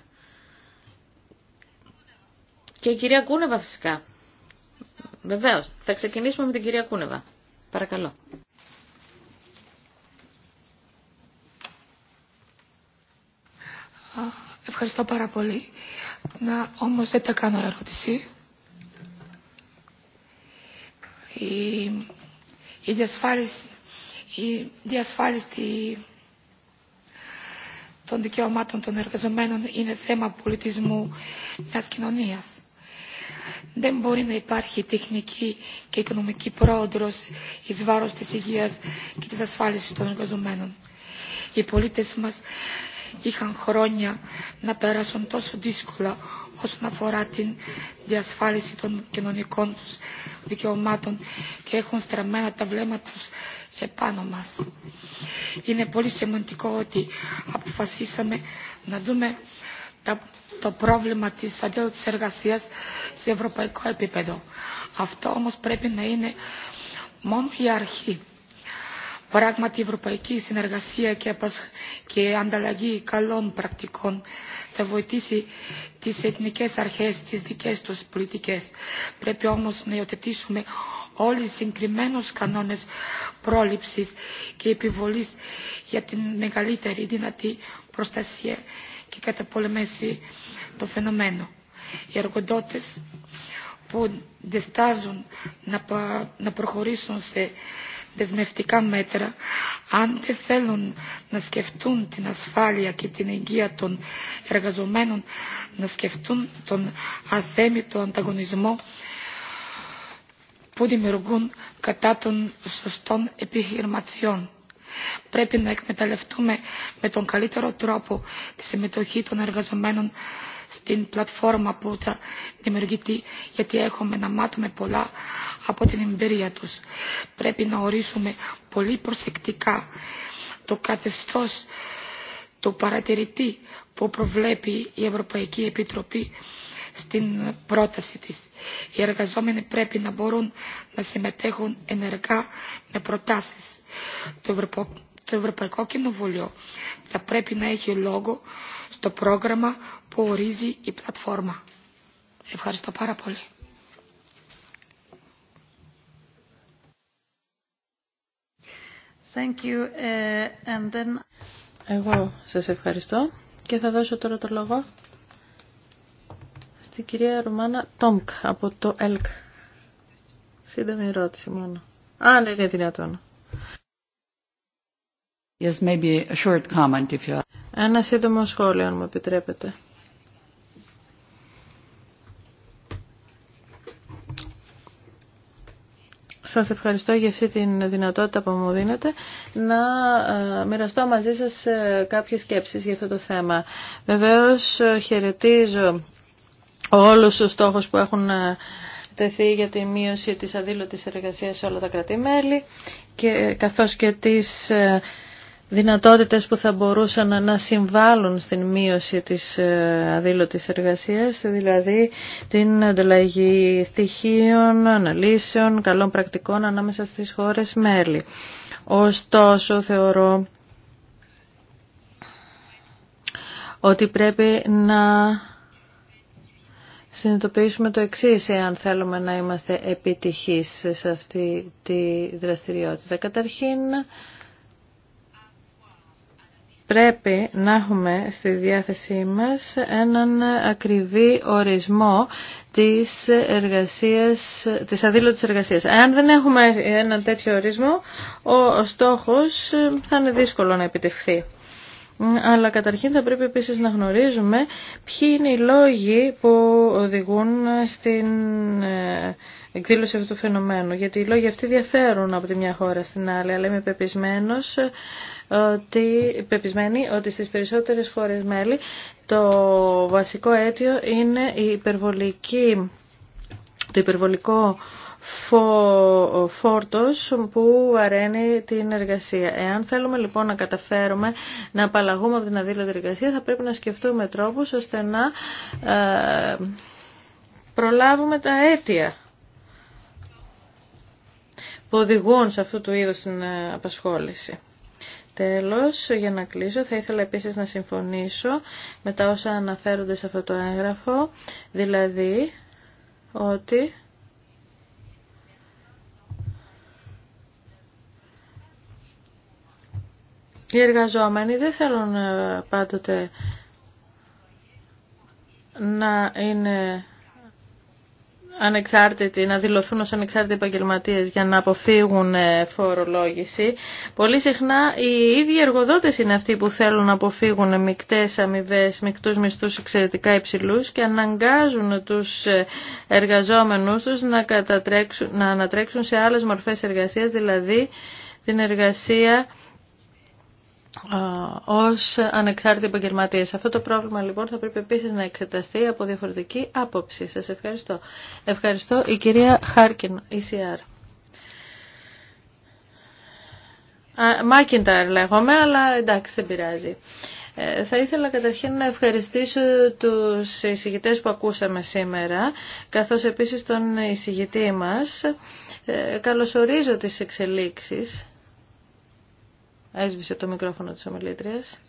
Και η κυρία Κούνεβα φυσικά. Βεβαίω, Θα ξεκινήσουμε με την κυρία Κούνεβα. Παρακαλώ. Ευχαριστώ πάρα πολύ. Να, όμως δεν τα κάνω ερώτηση. Η η διασφάλιση, η των δικαιωμάτων των εργαζομένων είναι θέμα πολιτισμού μιας κοινωνίας. Δεν μπορεί να υπάρχει τεχνική και οικονομική πρόοδος εις βάρος της υγείας και της ασφάλισης των εργαζομένων. Οι πολίτες μας είχαν χρόνια να περάσουν τόσο δύσκολα όσον αφορά την διασφάλιση των κοινωνικών τους δικαιωμάτων και έχουν στραμμένα τα βλέμματα τους επάνω μας. Είναι πολύ σημαντικό ότι αποφασίσαμε να δούμε το πρόβλημα της αδέλφωσης εργασίας σε ευρωπαϊκό επίπεδο. Αυτό όμως πρέπει να είναι μόνο η αρχή Πράγματι, η ευρωπαϊκή συνεργασία και ανταλλαγή καλών πρακτικών θα βοηθήσει τις εθνικές αρχές τις δικές τους πολιτικές. Πρέπει όμως να υιοθετήσουμε όλοι συγκεκριμένους κανόνες πρόληψης και επιβολής για την μεγαλύτερη δυνατή προστασία και καταπολεμήσει το φαινομένο. Οι εργοδότες που διστάζουν να προχωρήσουν σε δεσμευτικά μέτρα αν δεν θέλουν να σκεφτούν την ασφάλεια και την υγεία των εργαζομένων να σκεφτούν τον αθέμητο ανταγωνισμό που δημιουργούν κατά των σωστών επιχειρηματιών. Πρέπει να εκμεταλλευτούμε με τον καλύτερο τρόπο τη συμμετοχή των εργαζομένων στην πλατφόρμα που θα δημιουργηθεί γιατί έχουμε να μάθουμε πολλά από την εμπειρία τους. Πρέπει να ορίσουμε πολύ προσεκτικά το καθεστώς του παρατηρητή που προβλέπει η Ευρωπαϊκή Επιτροπή στην πρόταση της. Οι εργαζόμενοι πρέπει να μπορούν να συμμετέχουν ενεργά με προτάσεις. Το το Ευρωπαϊκό Κοινοβούλιο θα πρέπει να έχει λόγο στο πρόγραμμα που ορίζει η πλατφόρμα. Ευχαριστώ πάρα πολύ. Thank uh, Εγώ σας ευχαριστώ και θα δώσω τώρα το λόγο στην κυρία Ρουμάνα Τόμκ από το ΕΛΚ. Σύντομη ερώτηση μόνο. Αν ναι, είναι δυνατόν. Yes, Ένα σύντομο σχόλιο, αν μου επιτρέπετε. Σας ευχαριστώ για αυτή τη δυνατότητα που μου δίνετε να ε, μοιραστώ μαζί σας ε, κάποιες σκέψεις για αυτό το θέμα. Βεβαίως ε, χαιρετίζω όλους τους στόχους που έχουν τεθεί για τη μείωση της αδήλωτης εργασίας σε όλα τα κρατημέλη και καθώς και τις δυνατότητες που θα μπορούσαν να συμβάλλουν στην μείωση της ε, αδήλωτης εργασίας, δηλαδή την ανταλλαγή στοιχείων, αναλύσεων, καλών πρακτικών ανάμεσα στις χώρες μέλη. Ωστόσο, θεωρώ ότι πρέπει να συνειδητοποιήσουμε το εξής εάν θέλουμε να είμαστε επιτυχείς σε αυτή τη δραστηριότητα. Καταρχήν, πρέπει να έχουμε στη διάθεσή μας έναν ακριβή ορισμό της, εργασίας, της αδήλωτης εργασίας. Αν δεν έχουμε έναν τέτοιο ορισμό, ο στόχος θα είναι δύσκολο να επιτευχθεί. Αλλά καταρχήν θα πρέπει επίσης να γνωρίζουμε ποιοι είναι οι λόγοι που οδηγούν στην ε, εκδήλωση αυτού του φαινομένου, γιατί οι λόγοι αυτοί διαφέρουν από τη μια χώρα στην άλλη, αλλά είμαι πεπισμένος ότι, πεπισμένη ότι στις περισσότερες χώρες μέλη το βασικό αίτιο είναι η υπερβολική, το υπερβολικό φο, φόρτος που αραίνει την εργασία. Εάν θέλουμε λοιπόν να καταφέρουμε να απαλλαγούμε από την αδύνατη εργασία θα πρέπει να σκεφτούμε τρόπους ώστε να ε, προλάβουμε τα αίτια που οδηγούν σε αυτού του είδους την ε, απασχόληση. Τέλος, για να κλείσω, θα ήθελα επίσης να συμφωνήσω με τα όσα αναφέρονται σε αυτό το έγγραφο, δηλαδή ότι οι εργαζόμενοι δεν θέλουν ε, πάντοτε να είναι ανεξάρτητοι, να δηλωθούν ως ανεξάρτητοι επαγγελματίε για να αποφύγουν ε, φορολόγηση. Πολύ συχνά οι ίδιοι εργοδότες είναι αυτοί που θέλουν να αποφύγουν μικτές αμοιβέ, μικτούς μισθούς εξαιρετικά υψηλούς και αναγκάζουν τους ε, εργαζόμενους τους να, να ανατρέξουν σε άλλες μορφές εργασίας, δηλαδή την εργασία ως ανεξάρτητοι επαγγελματίες. Αυτό το πρόβλημα λοιπόν θα πρέπει επίσης να εξεταστεί από διαφορετική άποψη. Σας ευχαριστώ. Ευχαριστώ η κυρία Χάρκιν, ECR. Μάκινταρ λέγομαι, αλλά εντάξει δεν πειράζει. Ε, θα ήθελα καταρχήν να ευχαριστήσω τους εισηγητές που ακούσαμε σήμερα, καθώς επίσης τον εισηγητή μας. Ε, καλωσορίζω τις εξελίξεις Έσβησε το μικρόφωνο της ομιλήτριας.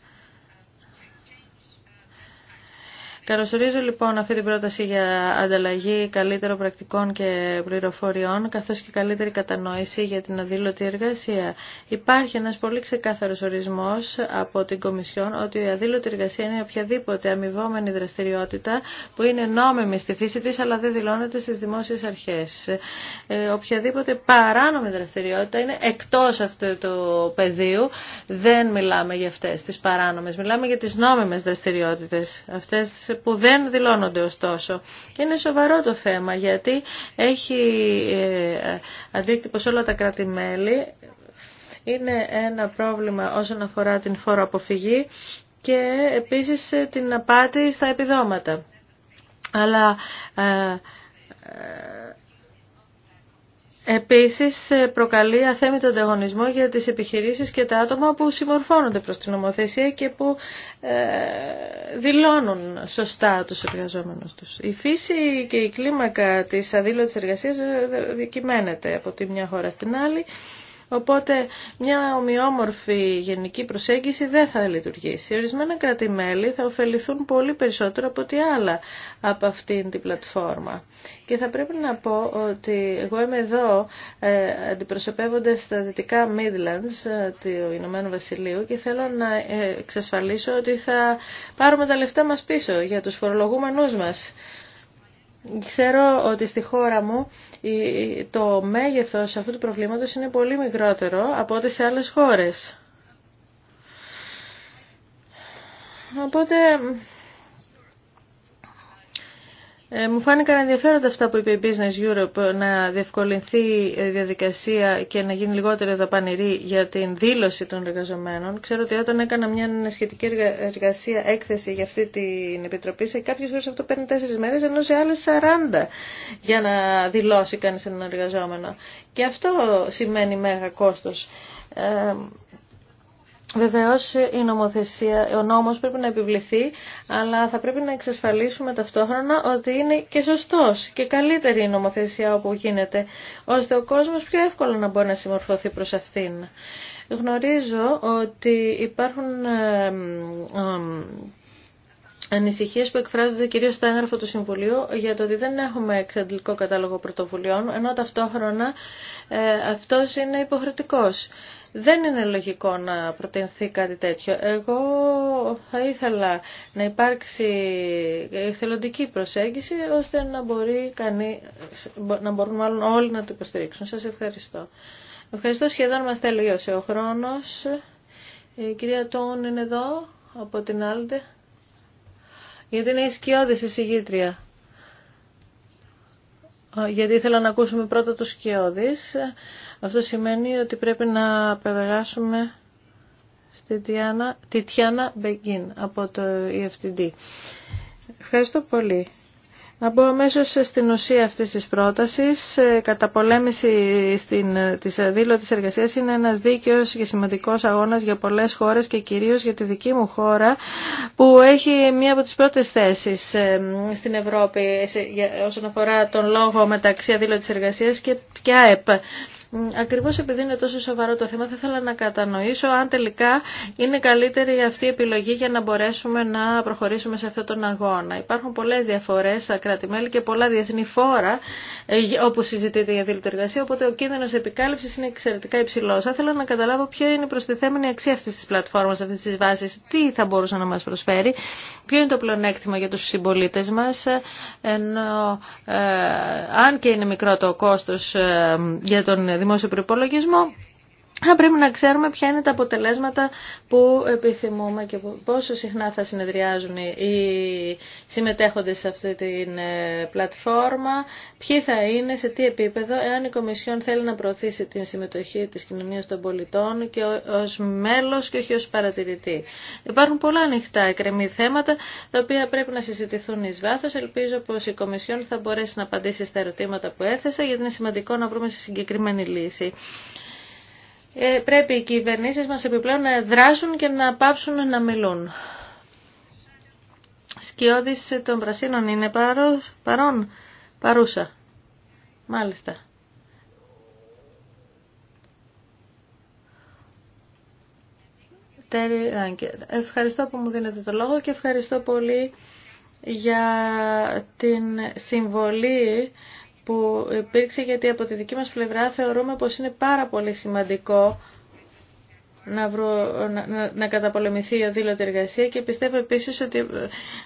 Καλωσορίζω λοιπόν αυτή την πρόταση για ανταλλαγή καλύτερων πρακτικών και πληροφοριών, καθώς και καλύτερη κατανόηση για την αδήλωτη εργασία. Υπάρχει ένας πολύ ξεκάθαρος ορισμός από την Κομισιόν ότι η αδήλωτη εργασία είναι οποιαδήποτε αμοιβόμενη δραστηριότητα που είναι νόμιμη στη φύση της αλλά δεν δηλώνεται στις δημόσιες αρχές. Ε, οποιαδήποτε παράνομη δραστηριότητα είναι εκτός αυτού του πεδίου. Δεν μιλάμε για αυτές τις παράνομες, μιλάμε για τις νόμιμες δραστηριότητες που δεν δηλώνονται ωστόσο. είναι σοβαρό το θέμα γιατί έχει ε, αντίκτυπο σε όλα τα κρατη Είναι ένα πρόβλημα όσον αφορά την φοροαποφυγή και επίσης ε, την απάτη στα επιδόματα. Αλλά ε, Επίσης ε, προκαλεί αθέμητο ανταγωνισμό για τις επιχειρήσεις και τα άτομα που συμμορφώνονται προς την νομοθεσία και που ε, δηλώνουν σωστά τους εργαζόμενους τους. Η φύση και η κλίμακα της αδήλωτης εργασίας ε, δικημένεται από τη μια χώρα στην άλλη Οπότε μια ομοιόμορφη γενική προσέγγιση δεν θα λειτουργήσει. Ορισμένα θα ωφεληθούν πολύ περισσότερο από ό,τι άλλα από αυτήν την πλατφόρμα. Και θα πρέπει να πω ότι εγώ είμαι εδώ ε, αντιπροσωπεύοντας τα δυτικά Midlands ε, του Ηνωμένου Βασιλείου και θέλω να ε, εξασφαλίσω ότι θα πάρουμε τα λεφτά μας πίσω για τους φορολογούμενούς μας. Ξέρω ότι στη χώρα μου το μέγεθος αυτού του προβλήματος είναι πολύ μικρότερο από ό,τι σε άλλες χώρες. Οπότε ε, μου φάνηκαν ενδιαφέροντα αυτά που είπε η Business Europe να διευκολυνθεί η διαδικασία και να γίνει λιγότερο δαπανηρή για την δήλωση των εργαζομένων. Ξέρω ότι όταν έκανα μια σχετική εργασία έκθεση για αυτή την επιτροπή, σε κάποιε χώρε αυτό παίρνει τέσσερι μέρε, ενώ σε άλλε 40 για να δηλώσει κανεί έναν εργαζόμενο. Και αυτό σημαίνει μέγα κόστο. Ε, Βεβαίω η νομοθεσία, ο νόμος πρέπει να επιβληθεί, αλλά θα πρέπει να εξασφαλίσουμε ταυτόχρονα ότι είναι και σωστός και καλύτερη η νομοθεσία όπου γίνεται, ώστε ο κόσμος πιο εύκολα να μπορεί να συμμορφωθεί προς αυτήν. Γνωρίζω ότι υπάρχουν ε, ε, ανησυχίες που εκφράζονται κυρίως στο έγγραφο του Συμβουλίου για το ότι δεν έχουμε εξαντλητικό κατάλογο πρωτοβουλειών, ενώ ταυτόχρονα ε, αυτός είναι υποχρεωτικός. Δεν είναι λογικό να προτείνθει κάτι τέτοιο. Εγώ θα ήθελα να υπάρξει εθελοντική προσέγγιση ώστε να, μπορεί να μπορούν μάλλον όλοι να το υποστηρίξουν. Σας ευχαριστώ. Ευχαριστώ σχεδόν μας τελείωσε ο χρόνος. Η κυρία Τόν είναι εδώ από την Άλντε γιατί είναι η σκιώδης η Γιατί ήθελα να ακούσουμε πρώτα το σκιώδη. Αυτό σημαίνει ότι πρέπει να περάσουμε στη Μπεγκίν από το EFTD. Ευχαριστώ πολύ. Να μπω αμέσω στην ουσία αυτή τη πρόταση. κατά πολέμηση της ε, ε, δήλωτη εργασία είναι ένα δίκαιο και σημαντικό αγώνα για πολλέ χώρε και κυρίω για τη δική μου χώρα, που έχει μία από τι πρώτε θέσει ε, στην Ευρώπη όσον αφορά τον λόγο μεταξύ αδήλωτη εργασία και, και ΑΕΠ. Ακριβώς επειδή είναι τόσο σοβαρό το θέμα θα ήθελα να κατανοήσω αν τελικά είναι καλύτερη αυτή η επιλογή για να μπορέσουμε να προχωρήσουμε σε αυτόν τον αγώνα. Υπάρχουν πολλές διαφορές κράτη-μέλη και πολλά διεθνή φόρα ε, όπου συζητείται για δήλωτη εργασία, οπότε ο κίνδυνος επικάλυψης είναι εξαιρετικά υψηλός. Θα ήθελα να καταλάβω ποια είναι η προστιθέμενη αξία αυτής της πλατφόρμας, αυτής της βάσης, τι θα μπορούσε να μας προσφέρει, ποιο είναι το πλεονέκτημα για τους συμπολίτε μας, ε, ε, αν και είναι μικρό το κόστος για τον δημόσιο προπολογισμό θα πρέπει να ξέρουμε ποια είναι τα αποτελέσματα που επιθυμούμε και πόσο συχνά θα συνεδριάζουν οι συμμετέχοντες σε αυτή την ε, πλατφόρμα, ποιοι θα είναι, σε τι επίπεδο, εάν η Κομισιόν θέλει να προωθήσει την συμμετοχή της κοινωνίας των πολιτών και ως μέλος και όχι ως παρατηρητή. Υπάρχουν πολλά ανοιχτά εκκρεμή θέματα τα οποία πρέπει να συζητηθούν εις βάθος. Ελπίζω πως η Κομισιόν θα μπορέσει να απαντήσει στα ερωτήματα που έθεσα γιατί είναι σημαντικό να βρούμε συγκεκριμένη λύση. Ε, πρέπει οι κυβερνήσει μας επιπλέον να δράσουν και να πάψουν να μιλούν. Σκιώδης των Πρασίνων είναι παρόν, παρούσα. Μάλιστα. Ευχαριστώ που μου δίνετε το λόγο και ευχαριστώ πολύ για την συμβολή που υπήρξε γιατί από τη δική μας πλευρά θεωρούμε πως είναι πάρα πολύ σημαντικό να, να, να καταπολεμηθεί η αδήλωτη εργασία και πιστεύω επίσης ότι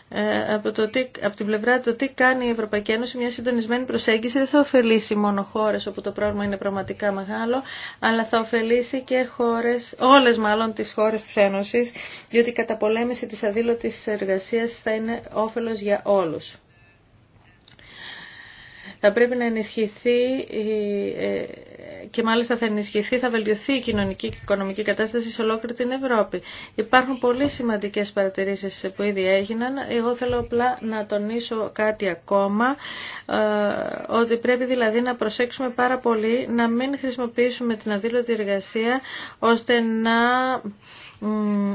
ε, από, το τι, την πλευρά του τι κάνει η Ευρωπαϊκή Ένωση μια συντονισμένη προσέγγιση δεν θα ωφελήσει μόνο χώρες όπου το πρόβλημα είναι πραγματικά μεγάλο αλλά θα ωφελήσει και χώρες, όλες μάλλον τις χώρες της Ένωσης διότι η καταπολέμηση της αδήλωτης εργασίας θα είναι όφελος για όλους. Θα πρέπει να ενισχυθεί ε, και μάλιστα θα ενισχυθεί, θα βελτιωθεί η κοινωνική και οικονομική κατάσταση σε ολόκληρη την Ευρώπη. Υπάρχουν πολύ σημαντικέ παρατηρήσεις που ήδη έγιναν. Εγώ θέλω απλά να τονίσω κάτι ακόμα, ε, ότι πρέπει δηλαδή να προσέξουμε πάρα πολύ να μην χρησιμοποιήσουμε την αδήλωτη εργασία ώστε να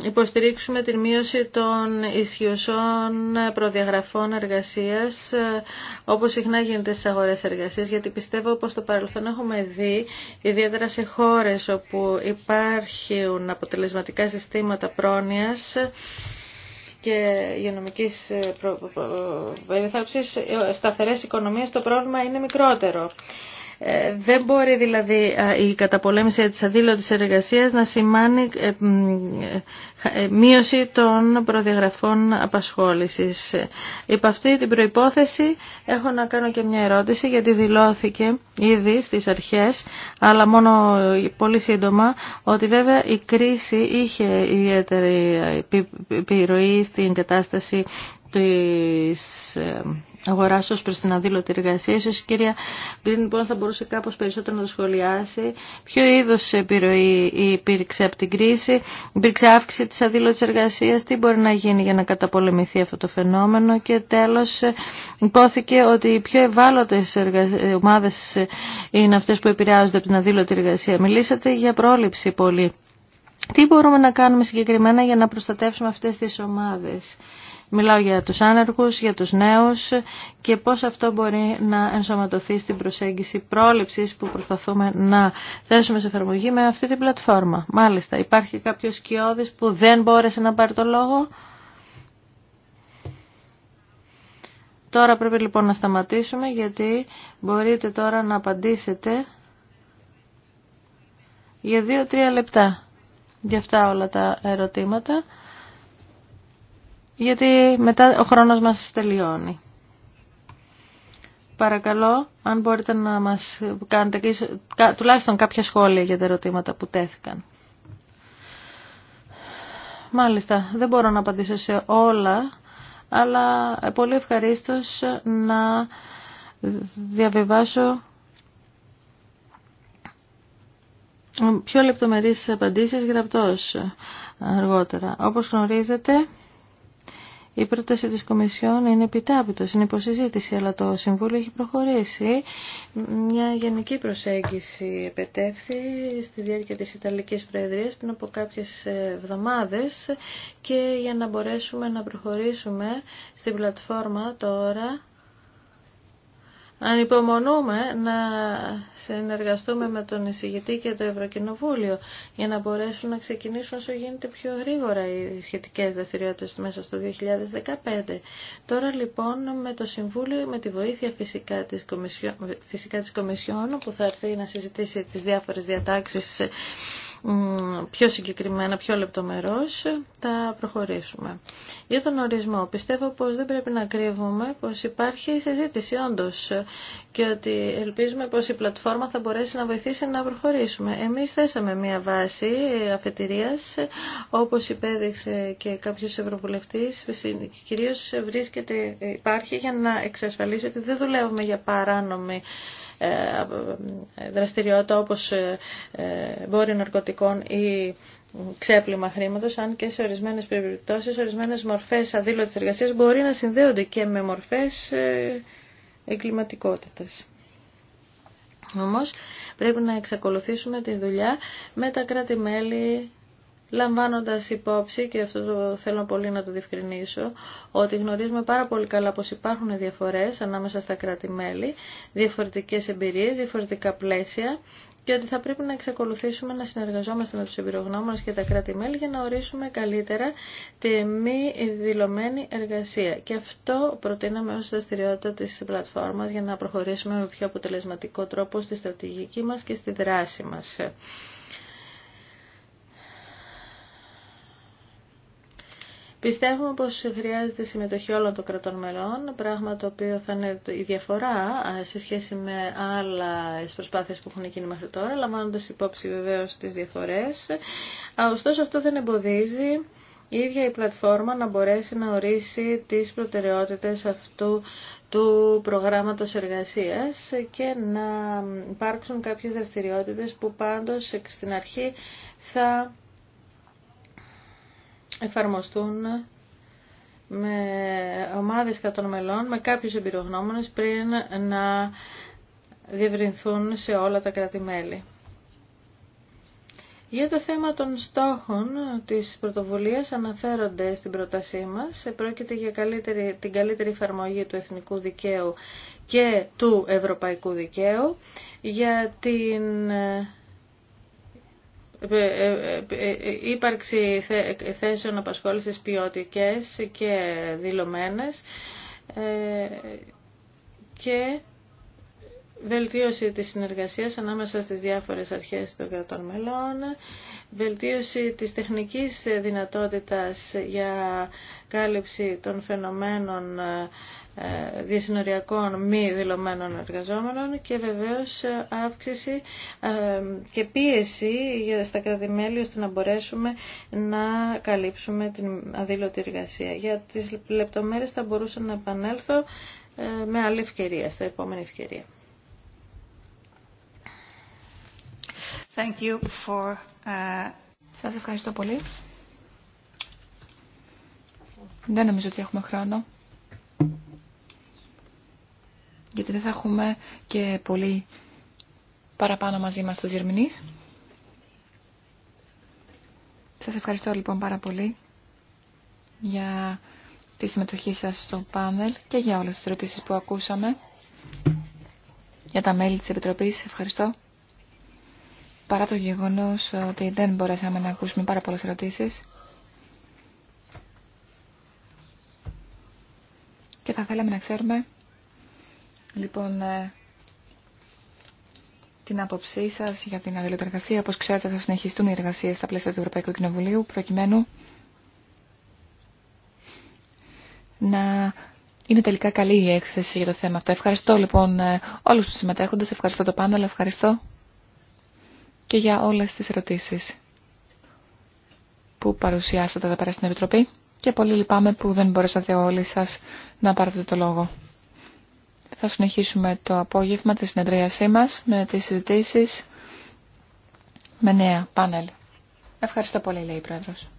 υποστηρίξουμε την μείωση των ισχυωσών προδιαγραφών εργασίας ε, όπως συχνά γίνεται στις αγορές εργασίας γιατί πιστεύω πως στο παρελθόν έχουμε δει ιδιαίτερα σε χώρες όπου υπάρχουν αποτελεσματικά συστήματα πρόνοιας και υγειονομική ε, περιθάλψη ε, σταθερές οικονομίες το πρόβλημα είναι μικρότερο. Ε, δεν μπορεί δηλαδή ε, η καταπολέμηση της αδήλωτης εργασίας να σημάνει ε, μείωση των προδιαγραφών απασχόλησης. Υπ' αυτή την προϋπόθεση έχω να κάνω και μια ερώτηση γιατί δηλώθηκε ήδη στις αρχές αλλά μόνο πολύ σύντομα ότι βέβαια η κρίση είχε ιδιαίτερη επιρροή στην κατάσταση της Αγοράσω ω προς την αδήλωτη εργασία. σω η κυρία Γκριν λοιπόν θα μπορούσε κάπω περισσότερο να το σχολιάσει. Ποιο είδο επιρροή υπήρξε από την κρίση, υπήρξε αύξηση τη αδήλωτη εργασία, τι μπορεί να γίνει για να καταπολεμηθεί αυτό το φαινόμενο και τέλο υπόθηκε ότι οι πιο ευάλωτε ομάδε είναι αυτέ που επηρεάζονται από την αδήλωτη εργασία. Μιλήσατε για πρόληψη πολύ. Τι μπορούμε να κάνουμε συγκεκριμένα για να προστατεύσουμε αυτές τις ομάδες. Μιλάω για τους άνεργους, για τους νέους και πώς αυτό μπορεί να ενσωματωθεί στην προσέγγιση πρόληψης που προσπαθούμε να θέσουμε σε εφαρμογή με αυτή την πλατφόρμα. Μάλιστα, υπάρχει κάποιο σκιώδης που δεν μπόρεσε να πάρει το λόγο. Τώρα πρέπει λοιπόν να σταματήσουμε γιατί μπορείτε τώρα να απαντήσετε για δυο 3 λεπτά για αυτά όλα τα ερωτήματα γιατί μετά ο χρόνος μας τελειώνει. Παρακαλώ, αν μπορείτε να μας κάνετε τουλάχιστον κάποια σχόλια για τα ερωτήματα που τέθηκαν. Μάλιστα, δεν μπορώ να απαντήσω σε όλα, αλλά πολύ ευχαρίστως να διαβιβάσω πιο λεπτομερείς απαντήσεις γραπτός αργότερα. Όπως γνωρίζετε, η πρόταση της Κομισιόν είναι επιτάπητος, είναι υποσυζήτηση, αλλά το Συμβούλιο έχει προχωρήσει. Μια γενική προσέγγιση επετέφθη στη διάρκεια της Ιταλικής Προεδρίας πριν από κάποιες εβδομάδες και για να μπορέσουμε να προχωρήσουμε στην πλατφόρμα τώρα Ανυπομονούμε να συνεργαστούμε με τον εισηγητή και το Ευρωκοινοβούλιο για να μπορέσουν να ξεκινήσουν όσο γίνεται πιο γρήγορα οι σχετικές δραστηριότητε μέσα στο 2015. Τώρα λοιπόν με το Συμβούλιο, με τη βοήθεια φυσικά της, Κομισιό... φυσικά της Κομισιόν που θα έρθει να συζητήσει τις διάφορες διατάξεις πιο συγκεκριμένα, πιο λεπτομερώς θα προχωρήσουμε. Για τον ορισμό, πιστεύω πως δεν πρέπει να κρύβουμε πως υπάρχει συζήτηση όντως και ότι ελπίζουμε πως η πλατφόρμα θα μπορέσει να βοηθήσει να προχωρήσουμε. Εμείς θέσαμε μια βάση αφετηρίας, όπως υπέδειξε και κάποιος ευρωβουλευτής, κυρίως βρίσκεται, υπάρχει για να εξασφαλίσει ότι δεν δουλεύουμε για παράνομη ε, δραστηριότητα όπως ε, ε, μπόριο ναρκωτικών ή ξέπλυμα χρήματο αν και σε ορισμένες περιπτώσεις, ορισμένες μορφές αδίλωτη εργασία μπορεί να συνδέονται και με μορφέ εγκληματικότητα. Όμω, πρέπει να εξακολουθήσουμε τη δουλειά με τα κράτη-μέλη λαμβάνοντας υπόψη, και αυτό το θέλω πολύ να το διευκρινίσω, ότι γνωρίζουμε πάρα πολύ καλά πως υπάρχουν διαφορές ανάμεσα στα κράτη-μέλη, διαφορετικές εμπειρίες, διαφορετικά πλαίσια και ότι θα πρέπει να εξακολουθήσουμε να συνεργαζόμαστε με τους εμπειρογνώμονες και τα κράτη-μέλη για να ορίσουμε καλύτερα τη μη δηλωμένη εργασία. Και αυτό προτείναμε ως δραστηριότητα της πλατφόρμας για να προχωρήσουμε με πιο αποτελεσματικό τρόπο στη στρατηγική μας και στη δράση μας. Πιστεύουμε πως χρειάζεται συμμετοχή όλων των κρατών μελών, πράγμα το οποίο θα είναι η διαφορά σε σχέση με άλλες προσπάθειες που έχουν γίνει μέχρι τώρα, λαμβάνοντας υπόψη βεβαίως τις διαφορές. Ωστόσο αυτό δεν εμποδίζει η ίδια η πλατφόρμα να μπορέσει να ορίσει τις προτεραιότητες αυτού του προγράμματος εργασίας και να υπάρξουν κάποιες δραστηριότητες που πάντως στην αρχή θα εφαρμοστούν με ομάδες των μελών, με κάποιους εμπειρογνώμονες πριν να διευρυνθούν σε όλα τα κράτη-μέλη. Για το θέμα των στόχων της πρωτοβουλίας αναφέρονται στην πρότασή μας. Πρόκειται για καλύτερη, την καλύτερη εφαρμογή του εθνικού δικαίου και του ευρωπαϊκού δικαίου για την ε, ε, ε, ύπαρξη θέσεων απασχόλησης ποιοτικές και δηλωμένες και βελτίωση της συνεργασίας ανάμεσα στις διάφορες αρχές των κρατών μελών, βελτίωση της τεχνικής δυνατότητας για κάλυψη των φαινομένων ε, διασυνοριακών μη δηλωμένων εργαζόμενων και βεβαίως ε, αύξηση ε, και πίεση για στα κρατημέλη ώστε να μπορέσουμε να καλύψουμε την αδήλωτη εργασία. Για τις λεπτομέρειες θα μπορούσα να επανέλθω με άλλη ευκαιρία, στα επόμενη ευκαιρία. Thank Σας ευχαριστώ πολύ. Δεν νομίζω ότι έχουμε χρόνο γιατί δεν θα έχουμε και πολύ παραπάνω μαζί μας τους Ιερμηνείς. Σας ευχαριστώ λοιπόν πάρα πολύ για τη συμμετοχή σας στο πάνελ και για όλες τις ερωτήσεις που ακούσαμε. Για τα μέλη της Επιτροπής, ευχαριστώ. Παρά το γεγονός ότι δεν μπορέσαμε να ακούσουμε πάρα πολλές ερωτήσεις. Και θα θέλαμε να ξέρουμε λοιπόν ε, την άποψή σα για την αδελφή Όπω ξέρετε, θα συνεχιστούν οι εργασίε στα πλαίσια του Ευρωπαϊκού Κοινοβουλίου, προκειμένου να είναι τελικά καλή η έκθεση για το θέμα αυτό. Ευχαριστώ λοιπόν ε, όλους του συμμετέχοντε, ευχαριστώ το πάνελ, ευχαριστώ και για όλε τι ερωτήσει που παρουσιάσατε εδώ πέρα στην Επιτροπή και πολύ λυπάμαι που δεν μπορέσατε όλοι σας να πάρετε το λόγο. Θα συνεχίσουμε το απόγευμα της συνεδρίασή μας με τις συζητήσεις με νέα πάνελ. Ευχαριστώ πολύ, λέει η Πρόεδρος.